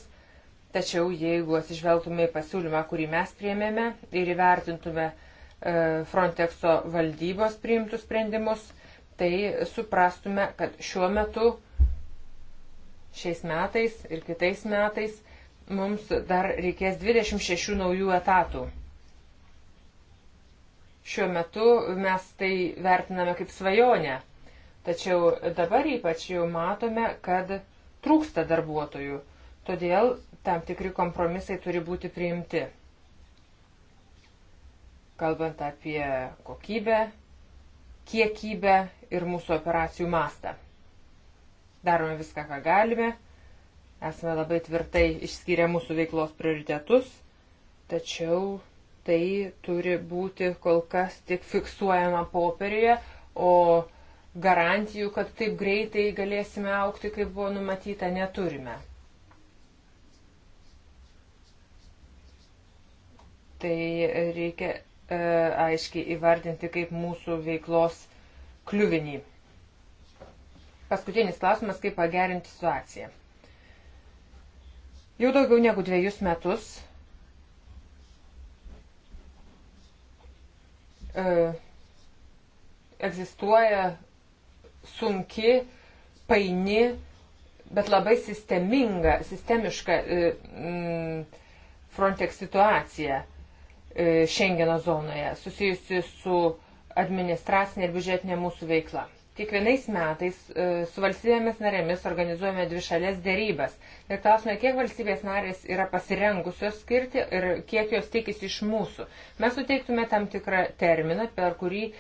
[SPEAKER 1] Tačiau jeigu atsižvelgtume į pasiūlymą, kurį mes priėmėme ir įvertintume e, Frontexo valdybos priimtus sprendimus, tai suprastume, kad šiuo metu, šiais metais ir kitais metais mums dar reikės 26 naujų etatų. Šiuo metu mes tai vertiname kaip svajonę, tačiau dabar ypač jau matome, kad trūksta darbuotojų. Todėl tam tikri kompromisai turi būti priimti. Kalbant apie kokybę, kiekybę ir mūsų operacijų mastą. Darome viską, ką galime. Esame labai tvirtai išskyrę mūsų veiklos prioritetus, tačiau tai turi būti kol kas tik fiksuojama popierėje, o garantijų, kad taip greitai galėsime aukti, kaip buvo numatyta, neturime. tai reikia e, aiškiai įvardinti kaip mūsų veiklos kliuvinį. Paskutinis klausimas, kaip pagerinti situaciją. Jau daugiau negu dviejus metus e, egzistuoja sunki, paini, bet labai sisteminga, sistemiška e, Frontex situacija. E, Šengeno zonoje, susijusi su administracinė ir biudžetinė mūsų veikla. Kiekvienais metais e, su valstybėmis narėmis organizuojame dvi šalės dėrybas ir klausime, kiek valstybės narės yra pasirengusios skirti ir kiek jos tikisi iš mūsų. Mes suteiktume tam tikrą terminą, per kurį e,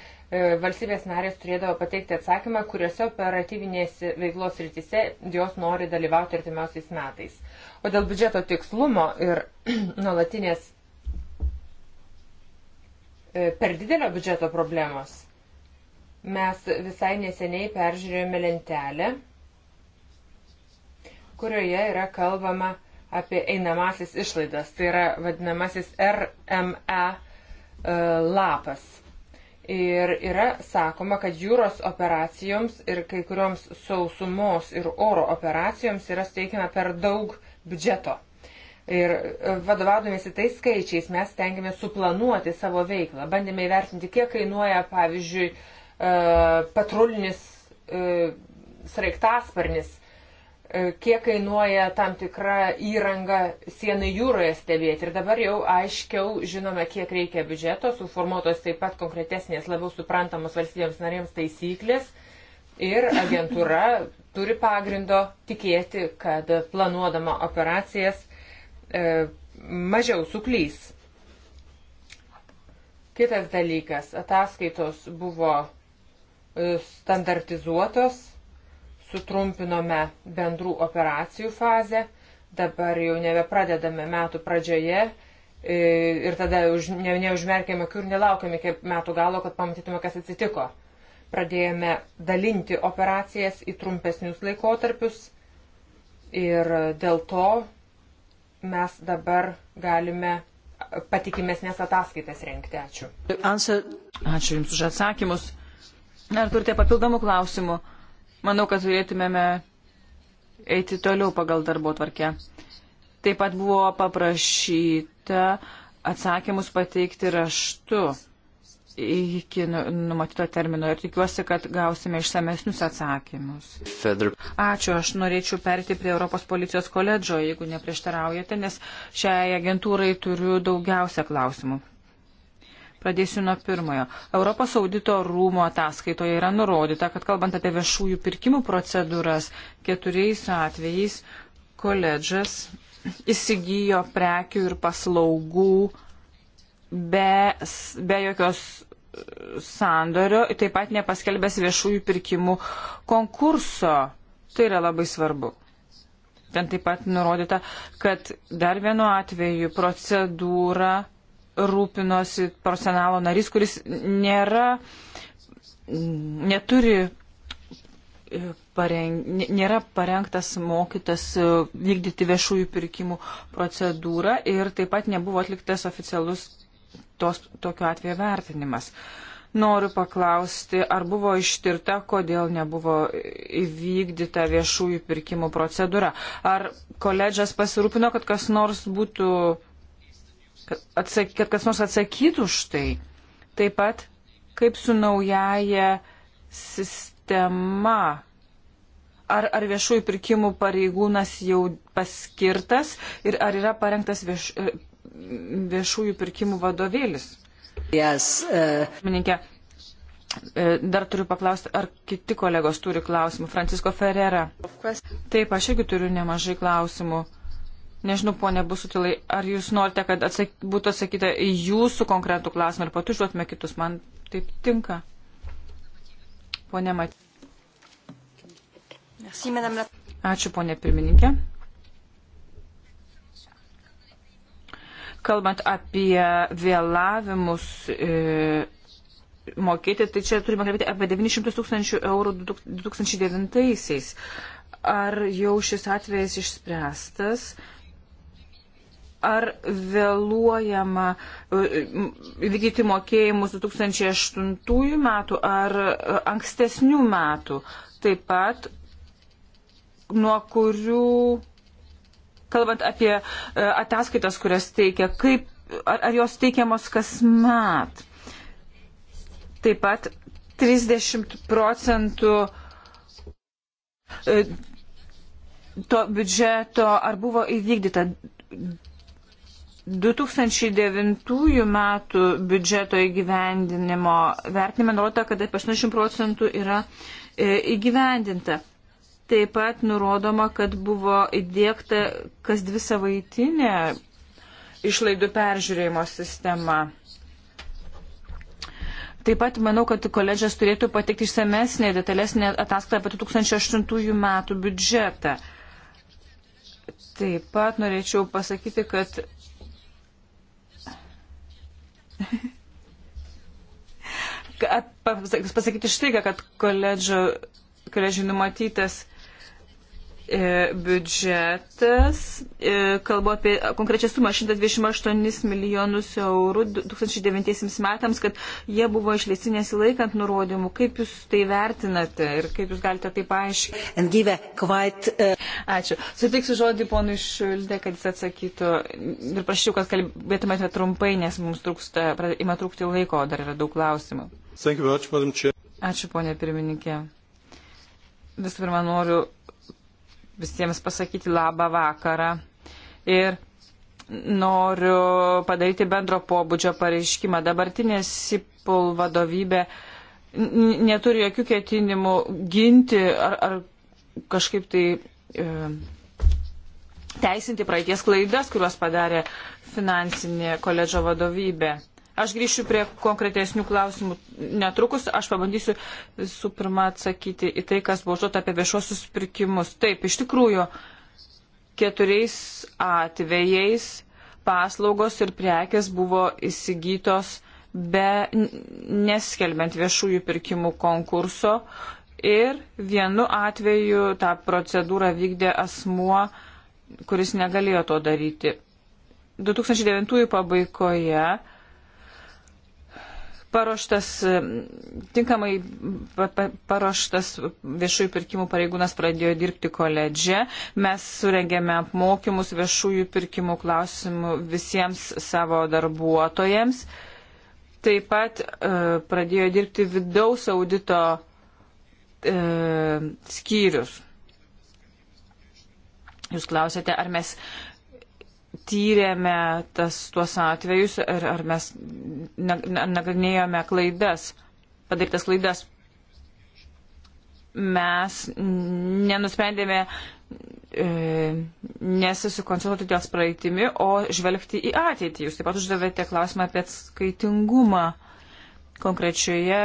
[SPEAKER 1] valstybės narės turėdavo pateikti atsakymą, kuriuose operatyvinėse veiklos rytise jos nori dalyvauti artimiausiais metais. O dėl biudžeto tikslumo ir nuolatinės E, per didelio biudžeto problemos. Mes visai neseniai peržiūrėjome lentelę, kurioje yra kalbama apie einamasis išlaidas, tai yra vadinamasis RME e, lapas. Ir yra sakoma, kad jūros operacijoms ir kai kurioms sausumos ir oro operacijoms yra steikima per daug biudžeto. Ir vadovaudomėsi tais skaičiais mes tengiame suplanuoti savo veiklą. Bandėme įvertinti, kiek kainuoja, pavyzdžiui, e, patrulinis e, sraigtasparnis, e, kiek kainuoja tam tikra įranga sienai jūroje stebėti. Ir dabar jau aiškiau žinome, kiek reikia biudžeto, suformuotos taip pat konkretesnės, labiau suprantamos valstybėms narėms taisyklės. Ir agentūra turi pagrindo tikėti, kad planuodama operacijas E, mažiau suklys. Kitas dalykas, ataskaitos buvo e, standartizuotos, sutrumpinome bendrų operacijų fazę, dabar jau nebepradedame metų pradžioje e, ir tada už, ne, neužmerkėme akių ir nelaukėme iki metų galo, kad pamatytume, kas atsitiko. Pradėjome dalinti operacijas į trumpesnius laikotarpius ir dėl to mes dabar galime patikimesnės ataskaitas renkti. Ačiū.
[SPEAKER 5] Ačiū Jums už atsakymus. Ar turite papildomų klausimų? Manau, kad turėtumėme eiti toliau pagal darbo tvarkę. Taip pat buvo paprašyta atsakymus pateikti raštu iki nu, numatyto termino ir tikiuosi, kad gausime išsamesnius atsakymus. Feder. Ačiū, aš norėčiau perti prie Europos policijos koledžo, jeigu neprieštaraujate, nes šiai agentūrai turiu daugiausia klausimų. Pradėsiu nuo pirmojo. Europos audito rūmo ataskaitoje yra nurodyta, kad kalbant apie viešųjų pirkimų procedūras, keturiais atvejais koledžas įsigijo prekių ir paslaugų be, be jokios e, sandorio, taip pat nepaskelbęs viešųjų pirkimų konkurso. Tai yra labai svarbu. Ten taip pat nurodyta, kad dar vienu atveju procedūra rūpinosi personalo narys, kuris nėra, neturi, e, pareng, nėra parengtas mokytas e, vykdyti viešųjų pirkimų procedūrą ir taip pat nebuvo atliktas oficialus tos, tokio atveju vertinimas. Noriu paklausti, ar buvo ištirta, kodėl nebuvo įvykdyta viešųjų pirkimų procedūra. Ar koledžas pasirūpino, kad kas nors būtų, kad, atsak, kad kas nors atsakytų už tai? Taip pat, kaip su naujaja sistema ar, ar viešųjų pirkimų pareigūnas jau paskirtas ir ar yra parengtas vieš, viešųjų pirkimų vadovėlis. Yes, uh... Mininkė, e, dar turiu paklausti, ar kiti kolegos turi klausimų. Francisko Ferrera. Taip, aš irgi turiu nemažai klausimų. Nežinau, ponė Busutilai, ar jūs norite, kad atsak... būtų atsakyta į jūsų konkretų klausimą ir patu užduotume kitus. Man taip tinka. Pone Mat. Ačiū, ponė pirmininkė. kalbant apie vėlavimus e, mokėti, tai čia turime kalbėti apie 900 tūkstančių eurų 2009-aisiais. Ar jau šis atvejas išspręstas? Ar vėluojama e, vykdyti mokėjimus 2008 metų ar e, ankstesnių metų? Taip pat nuo kurių kalbant apie e, ataskaitas, kurias teikia, kaip, ar, ar jos teikiamos kasmet. Taip pat 30 procentų e, to biudžeto ar buvo įvykdyta 2009 metų biudžeto įgyvendinimo vertinime nurodyta, kad apie 80 procentų yra e, įgyvendinta. Taip pat nurodoma, kad buvo įdėkta kas dvi savaitinė išlaidų peržiūrėjimo sistema. Taip pat manau, kad koledžas turėtų patikti išsamesnė, detalesnė ataskaita apie 2008 metų biudžetą. Taip pat norėčiau pasakyti, kad. pasakyti štai, kad koledžo, koledžiai numatytas E, biudžetas, e, kalbu apie konkrečią sumą 128 milijonus eurų 2009 metams, kad jie buvo išleisti nesilaikant nurodymų. Kaip Jūs tai vertinate ir kaip Jūs galite tai paaiškinti? Quite, uh... Ačiū. Sutiksiu žodį ponui Šildė, kad jis atsakytų ir prašyčiau, kad kalbėtumėte trumpai, nes mums trūksta, ima trūkti laiko, dar yra daug klausimų.
[SPEAKER 2] Much,
[SPEAKER 5] Ačiū, ponė pirmininkė. Visų pirma, noriu visiems pasakyti labą vakarą ir noriu padaryti bendro pobūdžio pareiškimą. Dabartinė SIPUL vadovybė neturi jokių ketinimų ginti ar, ar kažkaip tai e, teisinti praeities klaidas, kuriuos padarė finansinė koledžo vadovybė. Aš grįšiu prie konkretesnių klausimų netrukus. Aš pabandysiu visų pirma atsakyti į tai, kas buvo žodota apie viešuosius pirkimus. Taip, iš tikrųjų, keturiais atvejais paslaugos ir prekes buvo įsigytos be neskelbiant viešųjų pirkimų konkurso ir vienu atveju tą procedūrą vykdė asmuo, kuris negalėjo to daryti. 2009 pabaigoje paruoštas, tinkamai paruoštas viešųjų pirkimų pareigūnas pradėjo dirbti koledže. Mes surengėme apmokymus viešųjų pirkimų klausimų visiems savo darbuotojams. Taip pat e, pradėjo dirbti vidaus audito e, skyrius. Jūs klausėte, ar mes tyrėme tas, tuos atvejus, ar, ar mes nagrinėjome klaidas, padarytas klaidas. Mes nenusprendėme e, nesusikonsultuoti ties praeitimi, o žvelgti į ateitį. Jūs taip pat uždavėte klausimą apie skaitingumą konkrečioje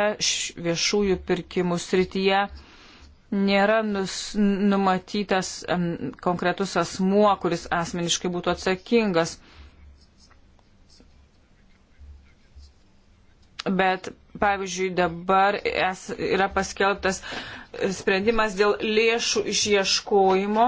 [SPEAKER 5] viešųjų pirkimų srityje nėra nus, numatytas um, konkretus asmuo, kuris asmeniškai būtų atsakingas. Bet, pavyzdžiui, dabar es, yra paskelbtas sprendimas dėl lėšų išieškojimo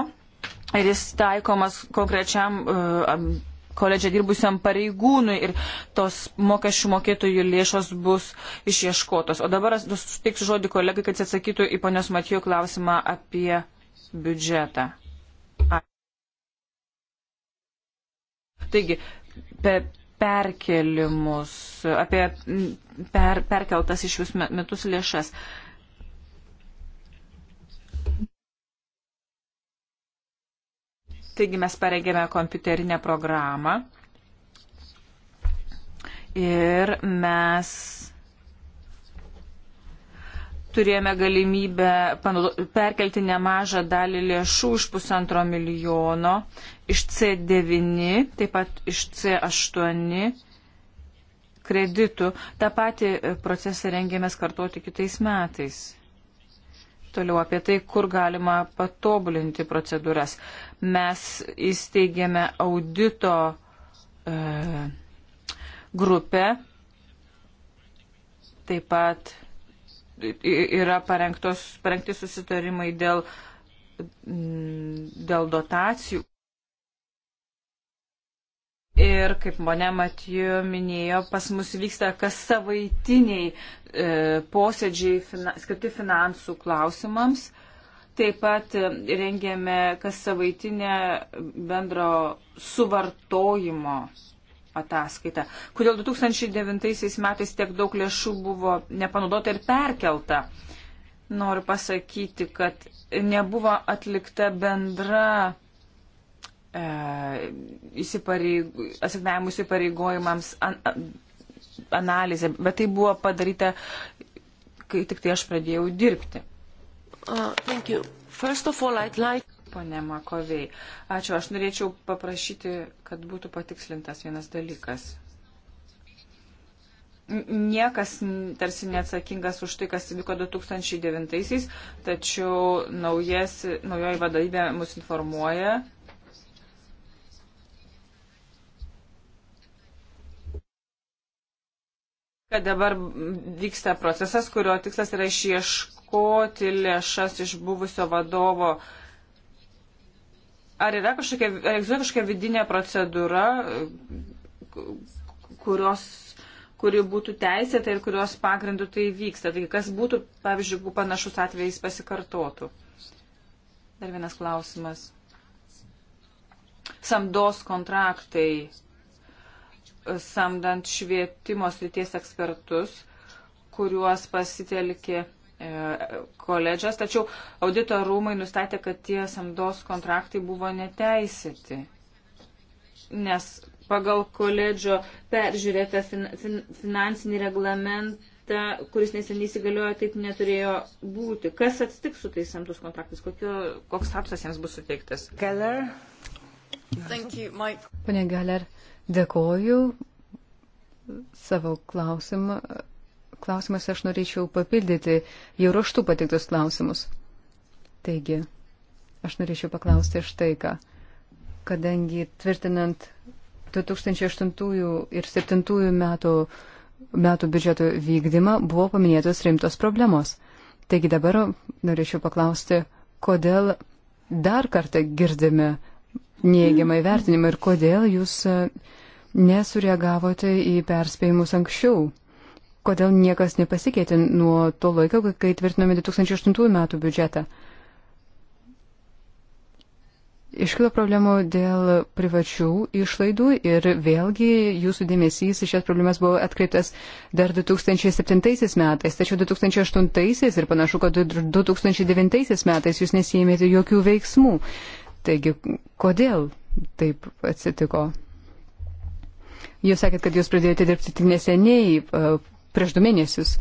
[SPEAKER 5] ir jis taikomas konkrečiam uh, koledžė dirbusiam pareigūnui ir tos mokesčių mokėtojų lėšos bus išieškotos. O dabar suteiksiu žodį kolegai, kad jis atsakytų į ponios Matijo klausimą apie biudžetą. Taigi, pe perkelimus, apie per, perkeltas iš jūs metus lėšas. Uh, Taigi mes parengėme kompiuterinę programą ir mes turėjome galimybę perkelti nemažą dalį lėšų iš pusantro milijono, iš C9, taip pat iš C8 kreditų. Ta pati procesą rengėmės kartuoti kitais metais toliau apie tai, kur galima patobulinti procedūras. Mes įsteigėme audito e, grupę, taip pat yra parengtos, parengti susitarimai dėl, dėl dotacijų. Ir kaip mane Matijo minėjo, pas mus vyksta kas savaitiniai e, posėdžiai fina, skirti finansų klausimams. Taip pat e, rengėme kas savaitinę bendro suvartojimo ataskaitą. Kodėl 2009 metais tiek daug lėšų buvo nepanaudota ir perkelta? Noriu pasakyti, kad nebuvo atlikta bendra E, asignavimų įsipareigojimams an, analizė, bet tai buvo padaryta, kai tik tai aš pradėjau dirbti. Uh, all, like... Pone Makovei, ačiū, aš norėčiau paprašyti, kad būtų patikslintas vienas dalykas niekas tarsi neatsakingas už tai, kas įvyko 2009-aisiais, tačiau naujas, naujoji vadovybė mus informuoja, kad dabar vyksta procesas, kurio tikslas yra išieškoti lėšas iš buvusio vadovo. Ar yra kažkokia, ar egzistuoja kažkokia vidinė procedūra, kurios, kuri būtų teisėta ir kurios pagrindų tai vyksta? Taigi kas būtų, pavyzdžiui, jeigu panašus atvejais pasikartotų? Dar vienas klausimas. Samdos kontraktai samdant švietimo srities ekspertus, kuriuos pasitelkė e, koledžas, tačiau audito rūmai nustatė, kad tie samdos kontraktai buvo neteisėti, nes pagal koledžo peržiūrėtą fin, fin, finansinį reglamentą, kuris neseniai įsigaliojo, taip neturėjo būti. Kas atsitiks su tais samdos kontraktais? Kokio, koks statusas jiems bus suteiktas? Geller.
[SPEAKER 4] Thank you, Mike. Pane Geller, Dėkoju. Savo klausimą, klausimas aš norėčiau papildyti jau raštu patiktus klausimus. Taigi, aš norėčiau paklausti štai ką. Kadangi tvirtinant 2008 ir 2007 metų, metų biudžeto vykdymą buvo paminėtos rimtos problemos. Taigi dabar norėčiau paklausti, kodėl dar kartą girdime neigiamai vertinimą ir kodėl jūs e, nesureagavote į perspėjimus anksčiau? Kodėl niekas nepasikeitė nuo to laiko, kai tvirtinome 2008 metų biudžetą? Iškilo problemų dėl privačių išlaidų ir vėlgi jūsų dėmesys į šias problemas buvo atkreiptas dar 2007 metais, tačiau 2008 ir panašu, kad 2009 metais jūs nesijėmėte jokių veiksmų. Taigi, kodėl taip atsitiko? Jūs sakėt, kad jūs pradėjote dirbti tik neseniai, e, prieš du mėnesius.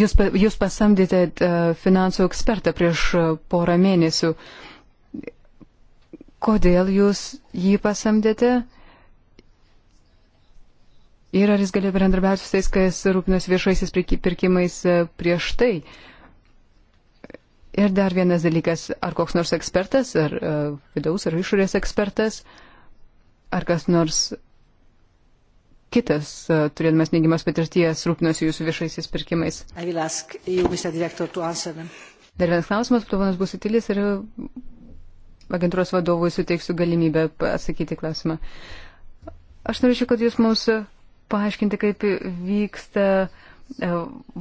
[SPEAKER 4] Jūs, jūs pasamdėte e, finansų ekspertą prieš e, porą mėnesių. Kodėl jūs jį pasamdėte? Ir ar jis galėjo bendradarbiauti su tais, kas rūpinosi viešaisiais pirkimais prieš tai? Uh, Ir dar vienas dalykas, ar koks nors ekspertas, ar uh, vidaus ar išorės ekspertas, ar kas nors kitas, uh, turėdamas neigiamas patirties, rūpinosi jūsų viešaisiais pirkimais. Dar vienas klausimas, patovonas bus įtilis ir agentūros vadovui suteiksiu galimybę atsakyti klausimą. Aš norėčiau, kad jūs mums paaiškinti, kaip vyksta e,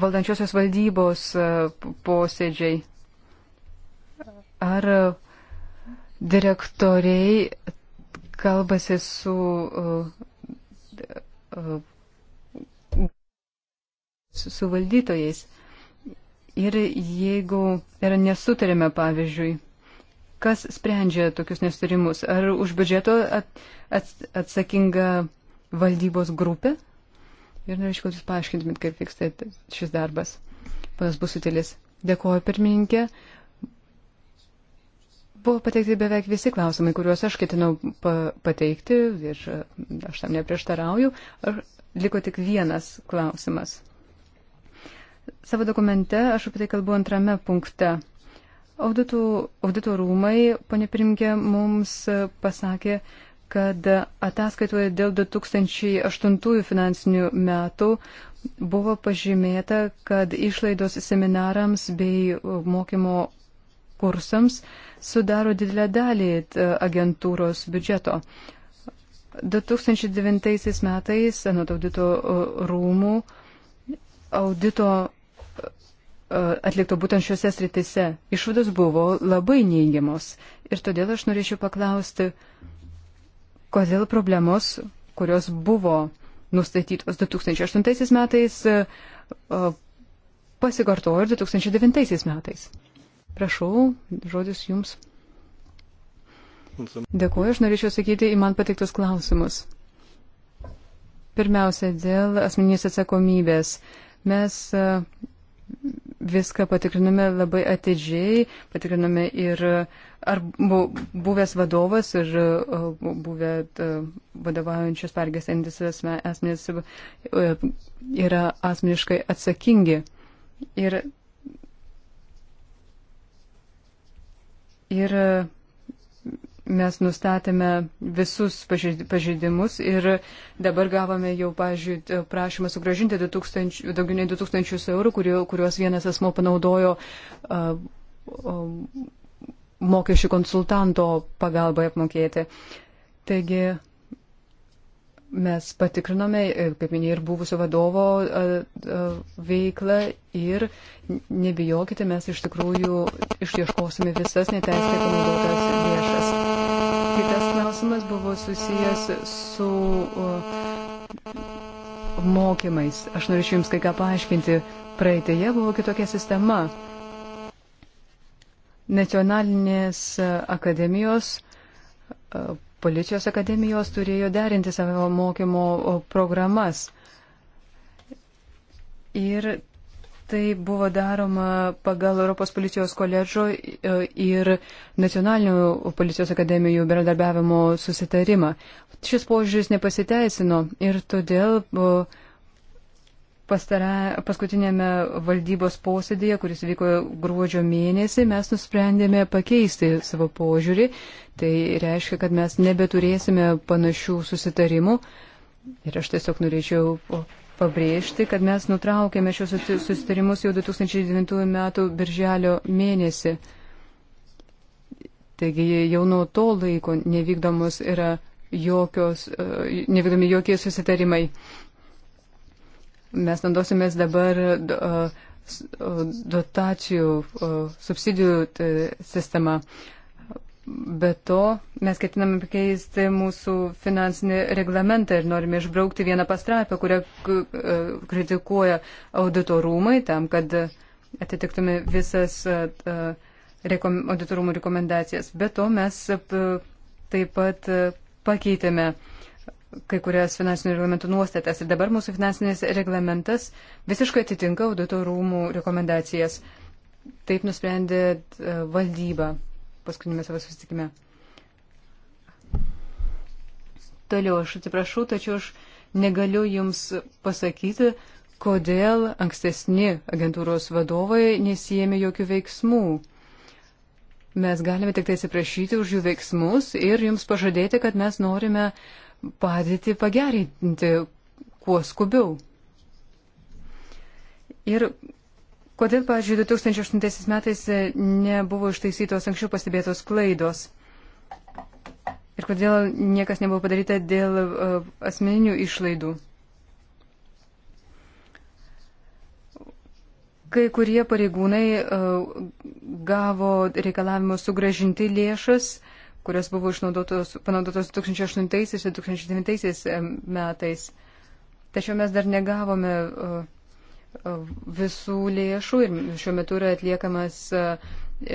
[SPEAKER 4] valdančiosios valdybos posėdžiai ar direktoriai kalbasi su. Uh, uh, su valdytojais. Ir jeigu yra nesutarime, pavyzdžiui, kas sprendžia tokius nesutarimus? Ar už biudžeto at, at, atsakinga valdybos grupė? Ir norėčiau, kad jūs paaiškintumėt, kaip vyksta šis darbas. Panas Busutėlis, dėkoju pirmininkė. Buvo pateikti beveik visi klausimai, kuriuos aš ketinau pa pateikti ir e, aš tam neprieštarauju. Ar liko tik vienas klausimas. Savo dokumente aš apie tai kalbu antrame punkte. Auditų, audito rūmai, ponė Primkė, mums pasakė, kad ataskaitoje dėl 2008 finansinių metų buvo pažymėta, kad išlaidos seminarams bei mokymo kursams sudaro didelę dalį e, agentūros biudžeto. 2009 metais anot audito e, rūmų audito e, atlikto būtent šiuose sritise išvados buvo labai neigiamos. Ir todėl aš norėčiau paklausti, kodėl problemos, kurios buvo nustatytos 2008 metais, pasikartojo ir 2009 metais. Prašau, žodis jums. Dėkuoju, aš norėčiau sakyti į man patiktus klausimus. Pirmiausia, dėl asmeninės atsakomybės. Mes e, viską patikriname labai atidžiai, patikriname ir ar buvęs vadovas ir e, buvę e, vadovaujančios pareigas endis asmenys yra asmeniškai atsakingi. Ir Ir e, mes nustatėme visus pažeidimus ir dabar gavome jau, pažiūrėjau, prašymą sugražinti 2000, daugiau nei 2000 eurų, kuriuos vienas asmo panaudojo mokesčių konsultanto pagalbai apmokėti. Taigi Mes patikrinome, e, kaip minėjai, ir buvusio vadovo e, e, veiklą ir nebijokite, mes iš tikrųjų išieškosime visas neteisėtai panaudotas lėšas. Kitas klausimas buvo susijęs su mokymais. Aš norėčiau Jums kai ką paaiškinti. Praeitėje buvo kitokia sistema. Nacionalinės akademijos Policijos akademijos turėjo derinti savo mokymo programas. Ir tai buvo daroma pagal Europos policijos koledžo e, ir nacionalinių policijos akademijų bendradarbiavimo susitarimą. Šis požiūris nepasiteisino ir todėl buvo Pastara, paskutinėme valdybos posėdėje, kuris vyko gruodžio mėnesį, mes nusprendėme pakeisti savo požiūrį. Tai reiškia, kad mes nebeturėsime panašių susitarimų. Ir aš tiesiog norėčiau pabrėžti, kad mes nutraukėme šios susitarimus jau 2009 m. birželio mėnesį. Taigi jau nuo to laiko nevykdomos yra jokios, e, nevykdomi jokie susitarimai. Mes naudosimės dabar dotacijų, subsidijų sistema. Be to, mes ketiname pakeisti mūsų finansinį reglamentą ir norime išbraukti vieną pastraipą, kurią kritikuoja auditorumai, tam, kad atitiktume visas auditorumų rekomendacijas. Be to, mes taip pat pakeitėme uh, kai kurias finansinių reglamentų nuostatas. Ir dabar mūsų finansinis reglamentas visiškai atitinka audito rūmų rekomendacijas. Taip nusprendė e, valdyba paskutinėme savo susitikime. Toliau aš atsiprašau, tačiau aš negaliu Jums pasakyti, kodėl ankstesni agentūros vadovai nesijėmė jokių veiksmų. Mes galime tik tai atsiprašyti už jų veiksmus ir Jums pažadėti, kad mes norime uh, padėti pagerinti kuo skubiau. Ir kodėl, pavyzdžiui, 2008 metais nebuvo ištaisytos anksčiau pastebėtos klaidos? Ir kodėl niekas nebuvo padaryta dėl uh, asmeninių išlaidų? Kai kurie pareigūnai uh, gavo reikalavimus sugražinti lėšas uh, kurios buvo išnaudotos, panaudotos 2008-2009 metais. Tačiau mes dar negavome visų lėšų ir šiuo metu yra atliekamas e, e,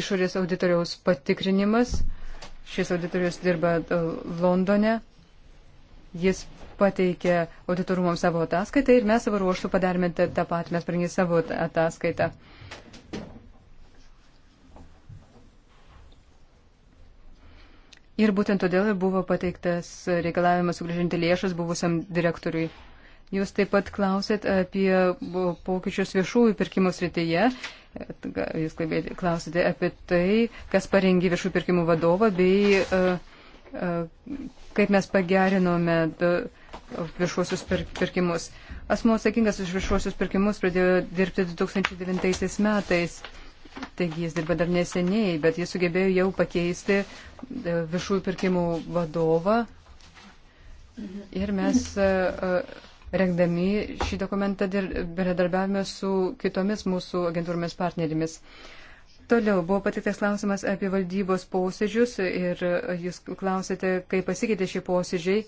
[SPEAKER 4] išorės auditoriaus patikrinimas. Šis auditorius dirba e, Londone. Jis pateikė auditorumams savo ataskaitą ir mes savo ruoštų padarėme tą patį, mes parengėme savo ataskaitą. Uh, Ir būtent todėl buvo pateiktas reikalavimas sugrįžinti lėšas buvusiam direktoriui. Jūs taip pat klausėt apie pokyčius viešųjų pirkimų srityje. Jūs klausėte apie tai, kas parengė viešųjų pirkimų vadovą bei e, e, kaip mes pagerinome viešuosius pirkimus. Asmuo atsakingas už viešuosius pirkimus pradėjo dirbti 2009 metais. Taigi jis dirba dar neseniai, bet jis sugebėjo jau pakeisti e, viešųjų pirkimų vadovą. Ir mes e, e, rengdami šį dokumentą bendradarbiavome su kitomis mūsų agentūromis partnerėmis. Toliau buvo patiktas klausimas apie valdybos posėdžius ir jūs klausėte, kaip pasikeitė šie posėdžiai.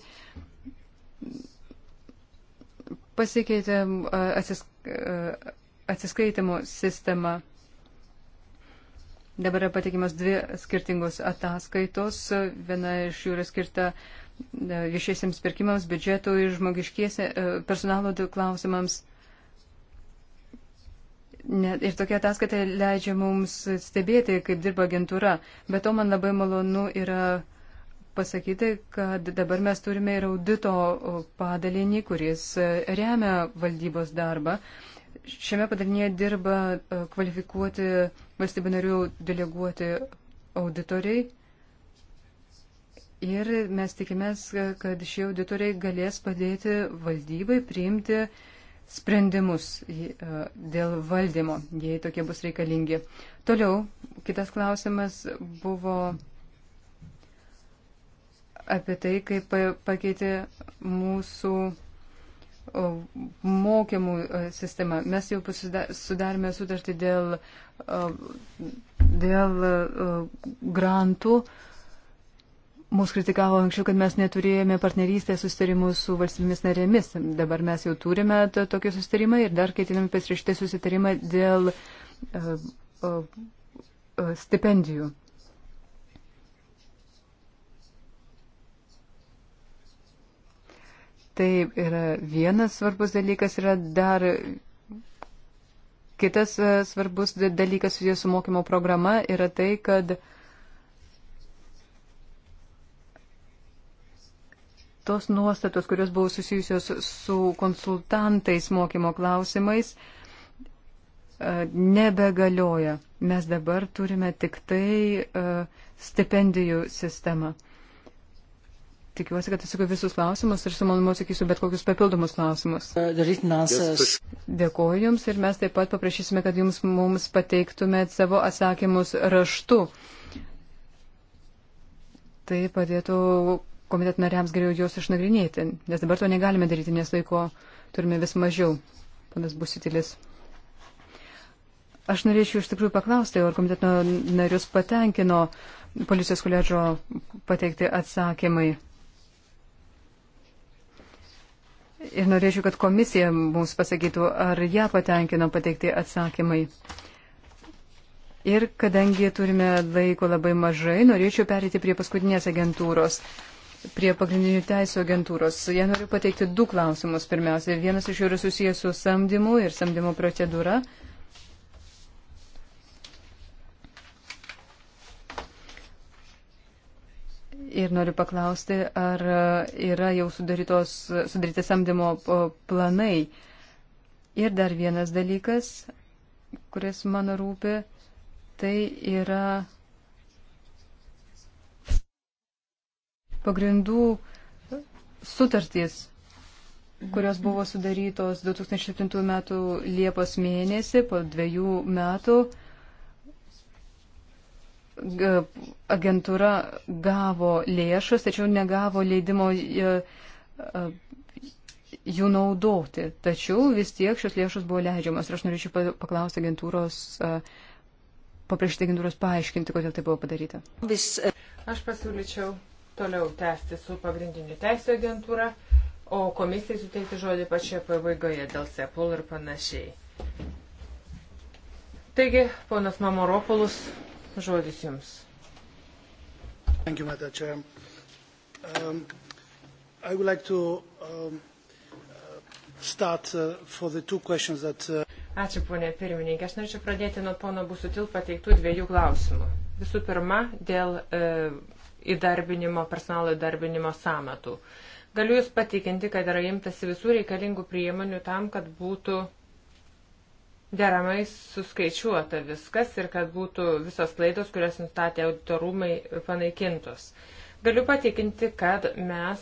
[SPEAKER 4] Pasikeitė atsisk... atsiskaitimo sistema. Dabar yra patikimas dvi skirtingos ataskaitos. Viena iš jų yra skirta e, viešiesiams pirkimams, biudžetui ir žmogiškiesi e, personalo klausimams. Net ir tokia ataskaita leidžia mums stebėti, kaip dirba agentūra. Bet to man labai malonu yra pasakyti, kad dabar mes turime ir audito padalinį, kuris e, remia valdybos darbą. Šiame padarinėje dirba e, kvalifikuoti valstybių narių deleguoti auditoriai. Ir mes tikimės, e, kad šie auditoriai galės padėti valdybai priimti sprendimus e, dėl valdymo, jei tokie bus reikalingi. Toliau, kitas klausimas buvo apie tai, kaip pakeitė mūsų mokymų e, sistema. Mes jau sudarėme sutartį dėl, dėl e, grantų. Mūsų kritikavo anksčiau, kad mes neturėjome partnerystės sustarimų su valstybėmis narėmis. Dabar mes jau turime tokį sustarimą ir dar ketiname pasirašyti susitarimą dėl e, stipendijų. Tai yra vienas svarbus dalykas, yra dar kitas e, svarbus dalykas susijęs su mokymo programa yra tai, kad tos nuostatos, kurios buvo susijusios su konsultantais mokymo klausimais, e, nebegalioja. Mes dabar turime tik tai e, stipendijų sistemą. Tikiuosi, kad atsakiau visus klausimus ir su manimu atsakysiu bet kokius papildomus klausimus. Dėkuoju Jums ir mes taip pat paprašysime, kad Jums mums pateiktumėt savo atsakymus raštu. Tai padėtų komitet nariams geriau juos išnagrinėti, nes dabar to negalime daryti, nes laiko turime vis mažiau. Panas Busitilis. Aš norėčiau iš tikrųjų paklausti, ar komiteto narius patenkino policijos koledžo pateikti atsakymai. Ir norėčiau, kad komisija mums pasakytų, ar ją patenkino pateikti atsakymai. Ir kadangi turime laiko labai mažai, norėčiau perėti prie paskutinės agentūros, prie pagrindinių teisų agentūros. Jie noriu pateikti du klausimus pirmiausia. Vienas iš jų yra susijęs su samdymu ir samdymo procedūra. Uh, Ir noriu paklausti, ar yra jau sudaryti samdymo planai. Ir dar vienas dalykas, kuris mano rūpi, tai yra pagrindų sutartys, kurios buvo sudarytos 2007 m. Liepos mėnesį po dviejų metų agentūra gavo lėšas, tačiau negavo leidimo e, e, jų naudoti. Tačiau vis tiek šios lėšos buvo leidžiamas. Ir aš norėčiau paklausti agentūros, e, paprašyti agentūros paaiškinti, kodėl tai buvo padaryta. Vis.
[SPEAKER 1] Aš pasiūlyčiau toliau tęsti su pagrindiniu teisų agentūra, o komisijai suteikti žodį pačioje pabaigoje dėl sepul ir panašiai. Taigi, ponas Mamoropoulos,
[SPEAKER 4] Žodis jums. Thank you, Madam Chair. Um, I would like to um, start uh, for the two questions that. Uh...
[SPEAKER 1] Ačiū, ponė pirmininkė. Aš norėčiau pradėti nuo pono Busutil pateiktų dviejų klausimų. Visų pirma, dėl e, įdarbinimo, personalo įdarbinimo samatų. Galiu Jūs patikinti, kad yra imtasi visų reikalingų priemonių tam, kad būtų e, deramai suskaičiuota viskas ir kad būtų visos klaidos, kurias nustatė auditorumai, panaikintos. Galiu patikinti, kad mes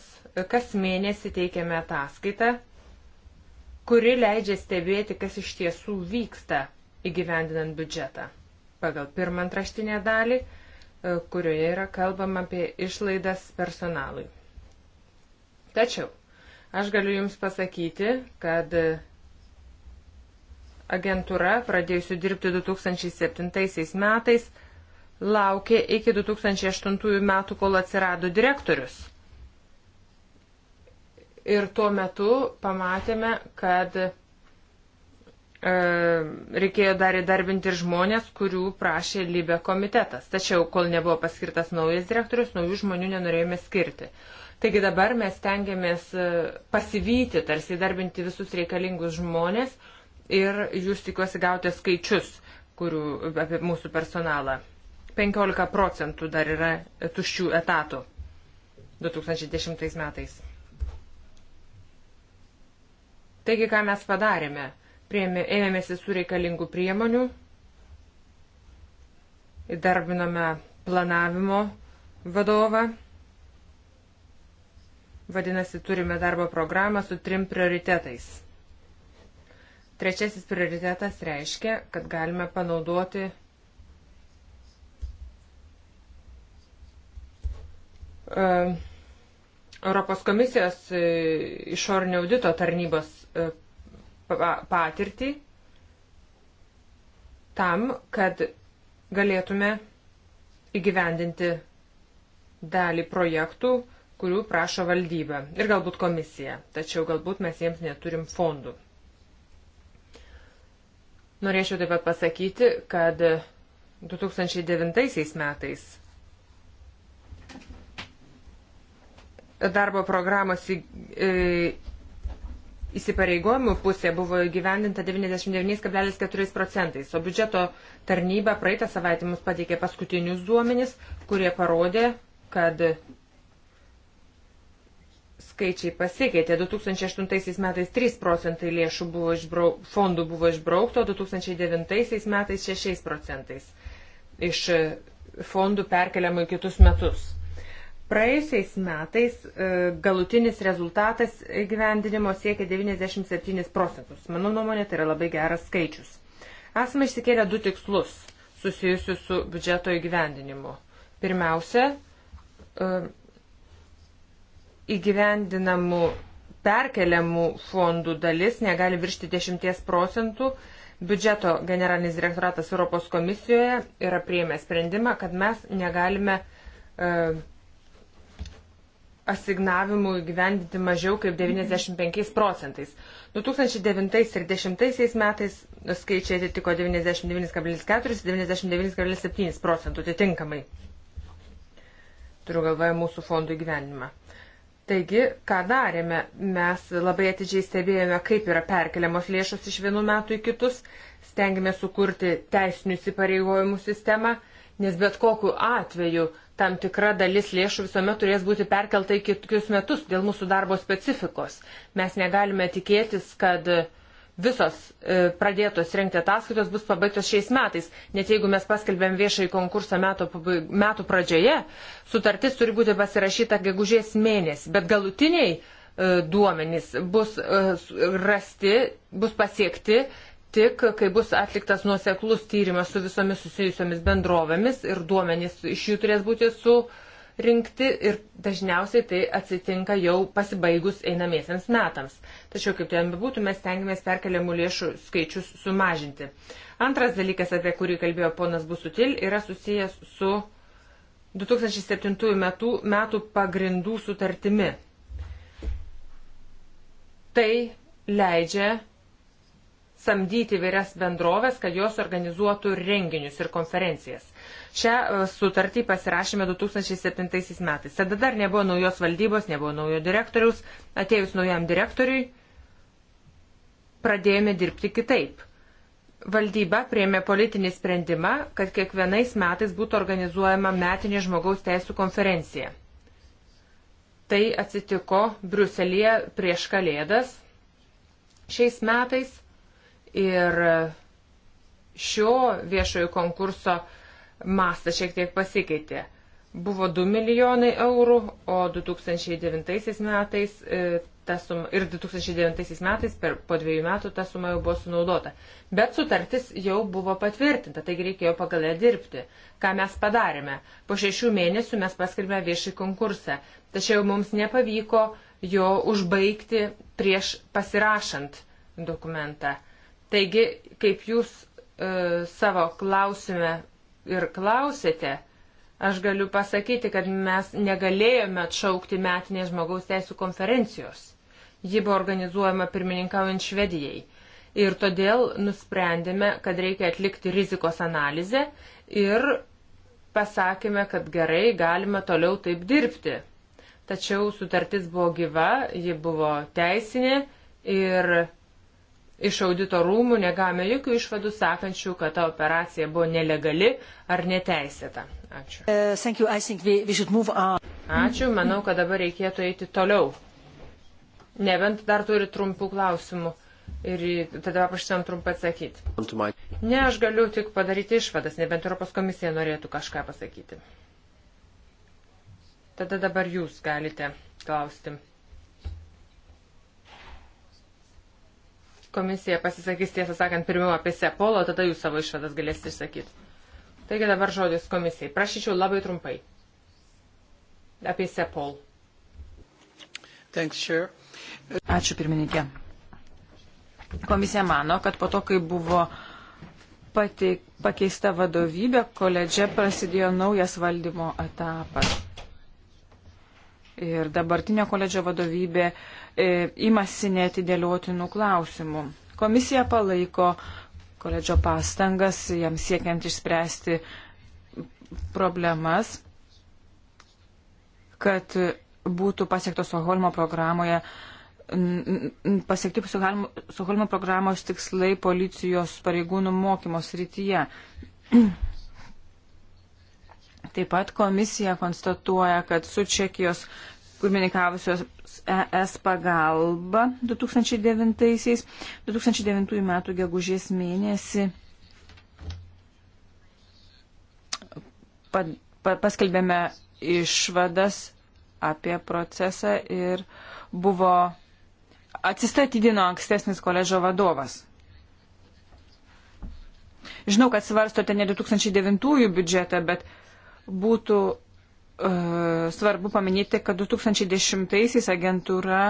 [SPEAKER 1] kas mėnesį teikiame ataskaitą, kuri leidžia stebėti, kas iš tiesų vyksta įgyvendinant biudžetą. Pagal pirmą antraštinę dalį, e, kurioje yra kalbama apie išlaidas personalui. Tačiau aš galiu Jums pasakyti, kad e, agentūra, pradėjusi dirbti 2007 metais, laukė iki 2008 metų, kol atsirado direktorius. Ir tuo metu pamatėme, kad e, reikėjo dar įdarbinti ir žmonės, kurių prašė Libė komitetas. Tačiau, kol nebuvo paskirtas naujas direktorius, naujų žmonių nenorėjome skirti. Taigi dabar mes tengiamės e, pasivyti, tarsi įdarbinti visus reikalingus žmonės, ir jūs tikiuosi gauti skaičius kurių, apie mūsų personalą. 15 procentų dar yra tuščių etatų 2010 metais. Taigi, ką mes padarėme? Priėmė, ėmėmės visų reikalingų priemonių, įdarbinome planavimo vadovą. Vadinasi, turime darbo programą su trim prioritetais – Trečiasis prioritetas reiškia, kad galime panaudoti Europos komisijos e, išorinio audito tarnybos e, patirtį tam, kad galėtume įgyvendinti dalį projektų, kurių prašo valdyba ir galbūt komisija. Tačiau galbūt mes jiems neturim fondų. Norėčiau taip pat pasakyti, kad 2009 metais darbo programos e, įsipareigojimų pusė buvo įgyvendinta 99,4 procentais, o biudžeto tarnyba praeitą savaitę mums pateikė paskutinius duomenis, kurie parodė, kad skaičiai pasikeitė. 2008 metais 3 procentai lėšų buvo išbrauk, fondų buvo išbraukto, 2009 metais 6 procentais iš e, fondų perkeliamų į kitus metus. Praėjusiais metais e, galutinis rezultatas gyvendinimo siekia 97 procentus. Mano nuomonė, tai yra labai geras skaičius. Esame išsikėlę du tikslus susijusius su biudžeto įgyvendinimu. Pirmiausia, e, įgyvendinamų perkeliamų fondų dalis negali viršti 10 procentų. Biudžeto generalinis direktoratas Europos komisijoje yra prieimę sprendimą, kad mes negalime uh, asignavimų įgyvendinti mažiau kaip 95 procentais. 2009 ir 2010 metais skaičiai atitiko 99,4-99,7 procentų atitinkamai. Turiu galvoje mūsų fondų įgyvenimą. Taigi, ką darėme? Mes labai atidžiai stebėjome, kaip yra perkeliamos lėšos iš vienų metų į kitus, stengėme sukurti teisinių įsipareigojimų sistemą, nes bet kokiu atveju tam tikra dalis lėšų visuomet turės būti perkelta į kitus metus dėl mūsų darbo specifikos. Mes negalime tikėtis, kad uh, visos e, pradėtos renkti ataskaitos bus pabaigtos šiais metais. Net jeigu mes paskelbėm viešai konkursą metų, metų pradžioje, sutartis turi būti pasirašyta gegužės mėnesį, bet galutiniai e, duomenys bus e, rasti, bus pasiekti tik, kai bus atliktas nuoseklus tyrimas su visomis susijusiomis bendrovėmis ir duomenys iš jų turės būti su uh, rinkti ir dažniausiai tai atsitinka jau pasibaigus einamiesiams metams. Tačiau, kaip ten bebūtų, mes tengiamės perkeliamų lėšų skaičius sumažinti. Antras dalykas, apie kurį kalbėjo ponas Busutil, yra susijęs su 2007 metų, metų pagrindų sutartimi. Tai leidžia samdyti vairias bendrovės, kad jos organizuotų renginius ir konferencijas. Šią e, sutartį pasirašėme 2007 metais. Tada dar nebuvo naujos valdybos, nebuvo naujo direktoriaus. Atėjus naujam direktoriui pradėjome dirbti kitaip. Valdyba prieėmė politinį sprendimą, kad kiekvienais metais būtų organizuojama metinė žmogaus teisų konferencija. Tai atsitiko Bruselėje prieš Kalėdas šiais metais ir šio viešojo konkurso uh, mastas šiek tiek pasikeitė. Buvo 2 milijonai eurų, o 2009 metais e, ta suma, ir 2009 metais per, po dviejų metų ta suma jau buvo sunaudota. Bet sutartis jau buvo patvirtinta, taigi reikėjo pagal ją dirbti. Ką mes padarėme? Po šešių mėnesių mes paskelbėme viešai konkursą, tačiau mums nepavyko jo užbaigti prieš pasirašant dokumentą. Taigi, kaip jūs e, savo klausime ir klausėte, aš galiu pasakyti, kad mes negalėjome atšaukti metinės žmogaus teisų konferencijos. Ji buvo organizuojama pirmininkaujant Švedijai. Ir todėl nusprendėme, kad reikia atlikti rizikos analizę ir pasakėme, kad gerai, galime toliau taip dirbti. Tačiau sutartis buvo gyva, ji buvo teisinė ir Iš audito rūmų negavome jokių išvadų sakančių, kad ta operacija buvo nelegali ar neteisėta. Ačiū. Uh, Ačiū, manau, kad dabar reikėtų eiti toliau. Nebent dar turi trumpų klausimų ir tada paprašysim trumpai atsakyti. Ne, aš galiu tik padaryti išvadas, nebent Europos komisija norėtų kažką pasakyti. Tada dabar jūs galite klausti. Komisija pasisakys, tiesą sakant, pirmiau apie Sepolo, tada jūs savo išvadas galėsite išsakyti. Taigi dabar žodis komisijai. Prašyčiau labai trumpai apie Sepol. Thanks, sure.
[SPEAKER 5] Ačiū pirmininkė. Komisija mano, kad po to, kai buvo pateik, pakeista vadovybė, koledže prasidėjo naujas valdymo etapas ir dabartinė koledžio vadovybė e, imasi netidėliotinų klausimų. Komisija palaiko koledžio pastangas, jam siekiant išspręsti problemas, kad būtų pasiektos Soholmo programoje pasiekti Soholmo programos tikslai policijos pareigūnų mokymos rytyje. Taip pat komisija konstatuoja, kad su Čekijos pirmininkavusios ES pagalba 2009, 2009 m. gegužės mėnesį paskelbėme išvadas apie procesą ir buvo atsistatydino ankstesnis koledžo vadovas. Žinau, kad svarstote ne 2009 biudžetą, bet būtų e, svarbu paminėti, kad 2010-aisiais agentūra,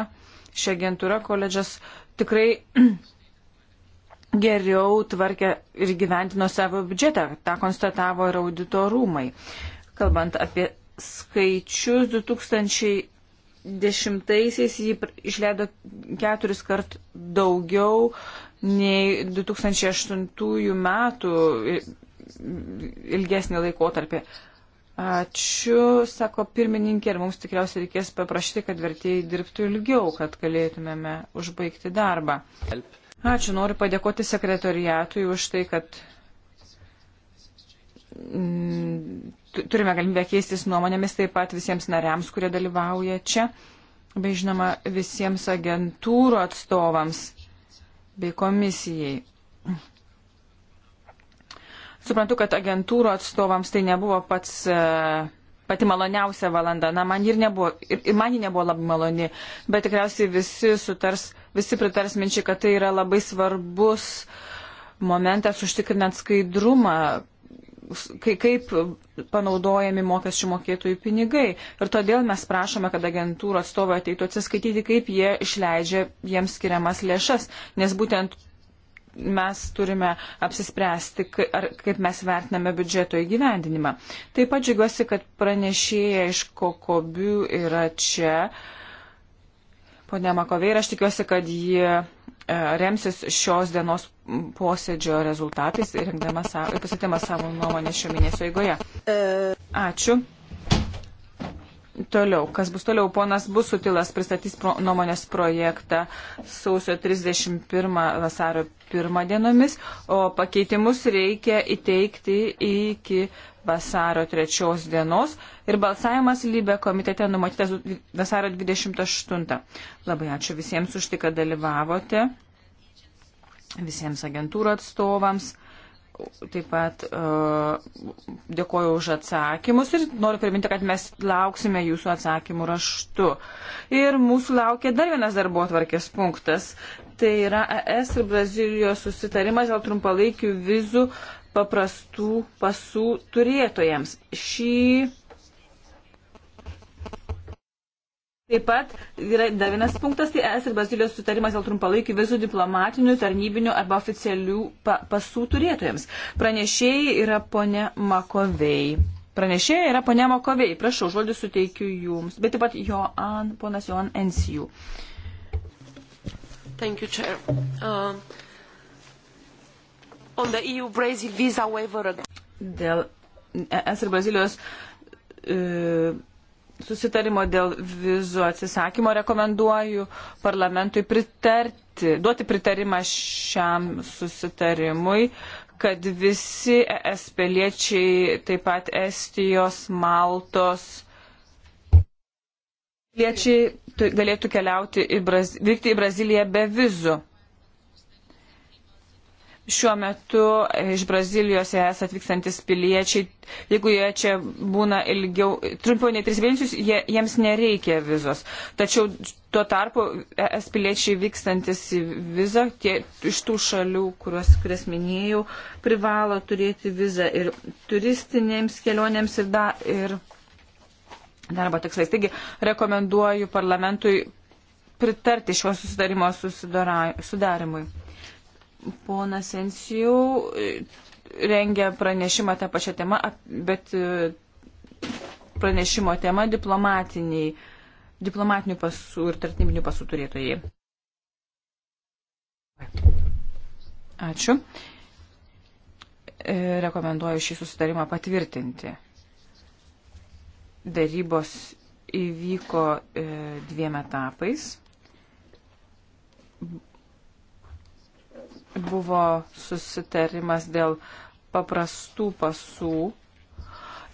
[SPEAKER 5] ši agentūra koledžas tikrai geriau tvarkė ir gyventino savo biudžetą. Ta konstatavo ir audito rūmai. Kalbant apie skaičius, 2010-aisiais jį išleido keturis kart daugiau nei 2008 metų ilgesnį laikotarpį. Ačiū, sako pirmininkė, ir mums tikriausiai reikės paprašyti, kad vertėjai dirbtų ilgiau, kad galėtumėme užbaigti darbą. Ačiū, noriu padėkoti sekretoriatui už tai, kad mm, turime galimybę keistis nuomonėmis taip pat visiems nariams, kurie dalyvauja čia, bei žinoma visiems agentūrų atstovams bei komisijai. Suprantu, kad agentūrų atstovams tai nebuvo pats e, pati maloniausia valanda. Na, man ji nebuvo, ir, ir man ji nebuvo labai maloni, bet tikriausiai visi, sutars, visi pritars minčiai, kad tai yra labai svarbus momentas užtikrinant skaidrumą, kai, kaip panaudojami mokesčių mokėtojų pinigai. Ir todėl mes prašome, kad agentūrų atstovai ateitų atsiskaityti, kaip jie išleidžia jiems skiriamas lėšas, nes būtent mes turime apsispręsti, ar, kaip mes vertiname biudžeto įgyvendinimą. Taip pat džiugiuosi, kad pranešėja iš Kokobių yra čia. Pone Makovė, ir aš tikiuosi, kad jie remsis šios dienos posėdžio rezultatais ir pasitėma savo nuomonę šio mėnesio eigoje. E. Ačiū. Toliau, kas bus toliau, ponas Busutilas pristatys pro, nuomonės projektą sausio 31 vasario 1 dienomis, o pakeitimus reikia įteikti iki vasario 3 dienos ir balsavimas lybė komitete numatytas vasario 28. Labai ačiū visiems už tai, kad dalyvavote, visiems agentūrų atstovams taip pat e, dėkoju už atsakymus ir noriu priminti, kad mes lauksime jūsų atsakymų raštu. Ir mūsų laukia dar vienas darbo atvarkės punktas. Tai yra ES ir Brazilijos susitarimas dėl trumpalaikių vizų paprastų pasų turėtojams. Šį Taip pat yra dar vienas punktas, tai es ir Brazilijos sutarimas dėl trumpalaikių vizų diplomatinių, tarnybinių arba oficialių pa pasų turėtojams. Pranešėjai yra ponė Makovei. Pranešėjai yra ponė Makovei. Prašau, žodį suteikiu jums. Bet taip pat Joan, ponas Joan Ensijų.
[SPEAKER 2] Thank you, Chair. Uh, on the EU-Brazil visa waiver.
[SPEAKER 5] Dėl es ir Brazilijos. Uh, susitarimo dėl vizų atsisakymo rekomenduoju parlamentui pritarti, duoti pritarimą šiam susitarimui, kad visi ES piliečiai, taip pat Estijos, Maltos piliečiai galėtų keliauti į Braz... vykti į Braziliją be vizų šiuo metu iš Brazilijos es atvykstantis piliečiai, jeigu jie čia būna ilgiau, trumpiau nei tris mėnesius, jie, jiems nereikia vizos. Tačiau tuo tarpu es piliečiai vykstantis į vizą, tie iš tų šalių, kuriuos, kurias minėjau, privalo turėti vizą ir turistinėms kelionėms ir, da, ir darbo tikslais. Taigi rekomenduoju parlamentui pritarti šio susidarimo sudarimui. Ponas Sensijau e, rengia pranešimą tą pačią temą, bet e, pranešimo tema diplomatiniai, diplomatinių pasų ir tarnybinių pasų turėtojai. Ačiū. E, rekomenduoju šį susitarimą patvirtinti. Darybos įvyko dviem etapais buvo susitarimas dėl paprastų pasų,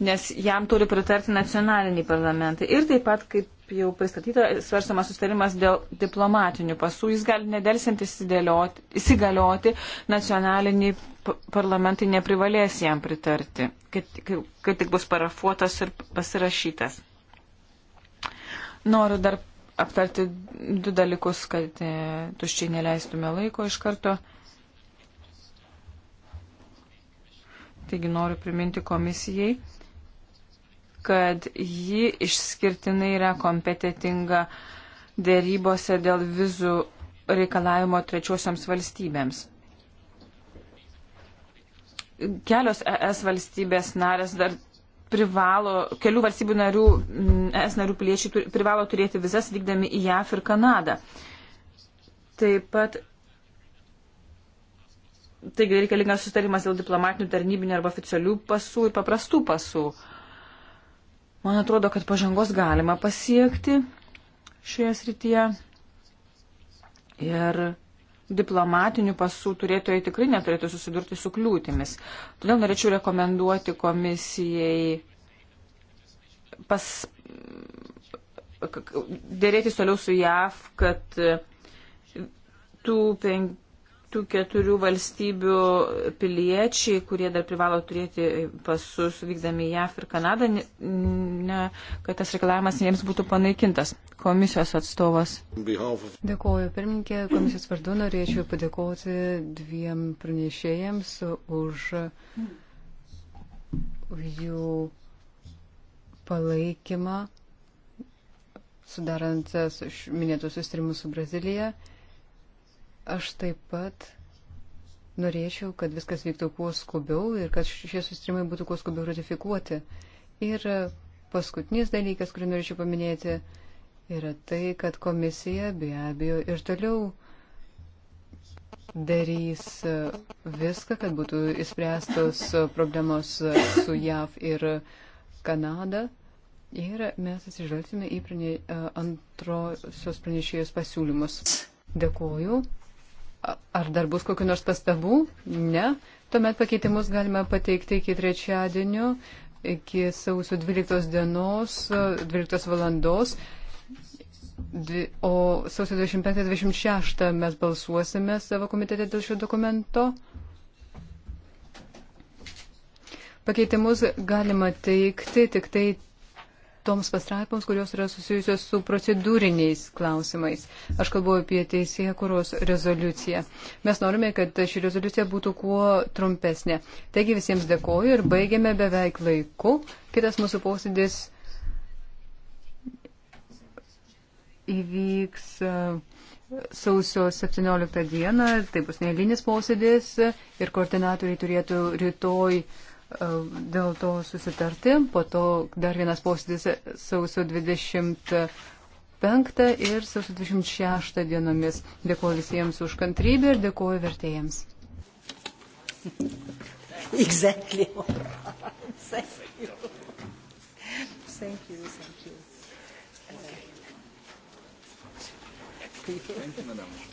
[SPEAKER 5] nes jam turi pritarti nacionaliniai parlamentai. Ir taip pat, kaip jau pristatyta, svarstamas susitarimas dėl diplomatinių pasų, jis gali nedelsinti įsigalioti, nacionaliniai parlamentai neprivalės jam pritarti, kai, kai, kai tik bus parafuotas ir pasirašytas. Noriu dar aptarti du dalykus, kad e, tuščiai neleistume laiko iš karto. E, Taigi noriu priminti komisijai, kad ji išskirtinai yra kompetitinga dėrybose dėl vizų reikalavimo trečiosiams valstybėms. Kelios ES valstybės narės dar privalo, kelių valstybių narių, mm, ES narių piliečiai privalo turėti vizas vykdami į JAF ir Kanadą. Taip pat Taigi reikalingas sustarimas dėl diplomatinių, tarnybinių arba oficialių pasų ir paprastų pasų. Man atrodo, kad pažangos galima pasiekti šioje srityje. Ir diplomatinių pasų turėtojai tikrai neturėtų susidurti su kliūtimis. Todėl norėčiau rekomenduoti komisijai pas, dėrėtis toliau su JAV, kad tų penk, tų keturių valstybių piliečiai, kurie dar privalo turėti pasus vykdami JAF ir Kanadą, ne, kad tas reikalavimas jiems būtų panaikintas. Komisijos atstovas. Dėkuoju,
[SPEAKER 4] pirmininkė. Komisijos vardu norėčiau padėkoti dviem pranešėjams už jų palaikymą sudarant minėtus sustarimus su Brazilija. Aš taip pat norėčiau, kad viskas vyktų kuo skubiau ir kad šie sustrimai būtų kuo skubiau ratifikuoti. Ir paskutinis dalykas, kurį norėčiau paminėti, yra tai, kad komisija be abejo ir toliau darys e, viską, kad būtų įspręstos e, problemos e, su JAV ir Kanada. Ir mes atsižvelgsime į prane, antrosios pranešėjos pasiūlymus. Dėkuoju. Ar dar bus kokiu nors pastabų? Ne. Tuomet pakeitimus galime pateikti iki trečiadienio, iki sausio 12 dienos, 12 valandos. O sausio 25-26 mes balsuosime savo komitete dėl šio dokumento. Pakeitimus galima teikti tik tai toms pastraipoms, kurios yra susijusios su procedūriniais klausimais. Aš kalbu apie teisėje kuros rezoliuciją. Mes norime, kad ši rezoliucija būtų kuo trumpesnė. Taigi visiems dėkoju ir baigiame beveik laiku. Kitas mūsų posėdis įvyks e, sausio 17 dieną. Tai bus neįlinis posėdis ir koordinatoriai turėtų rytoj E, dėl to susitarti. Po to dar vienas posėdis sausio 25 ir sausio 26 dienomis. Dėkuoju visiems už kantrybę ir dėkuoju vertėjams.
[SPEAKER 3] Exactly. thank you. Thank you. Thank
[SPEAKER 4] you. Thank you, madame.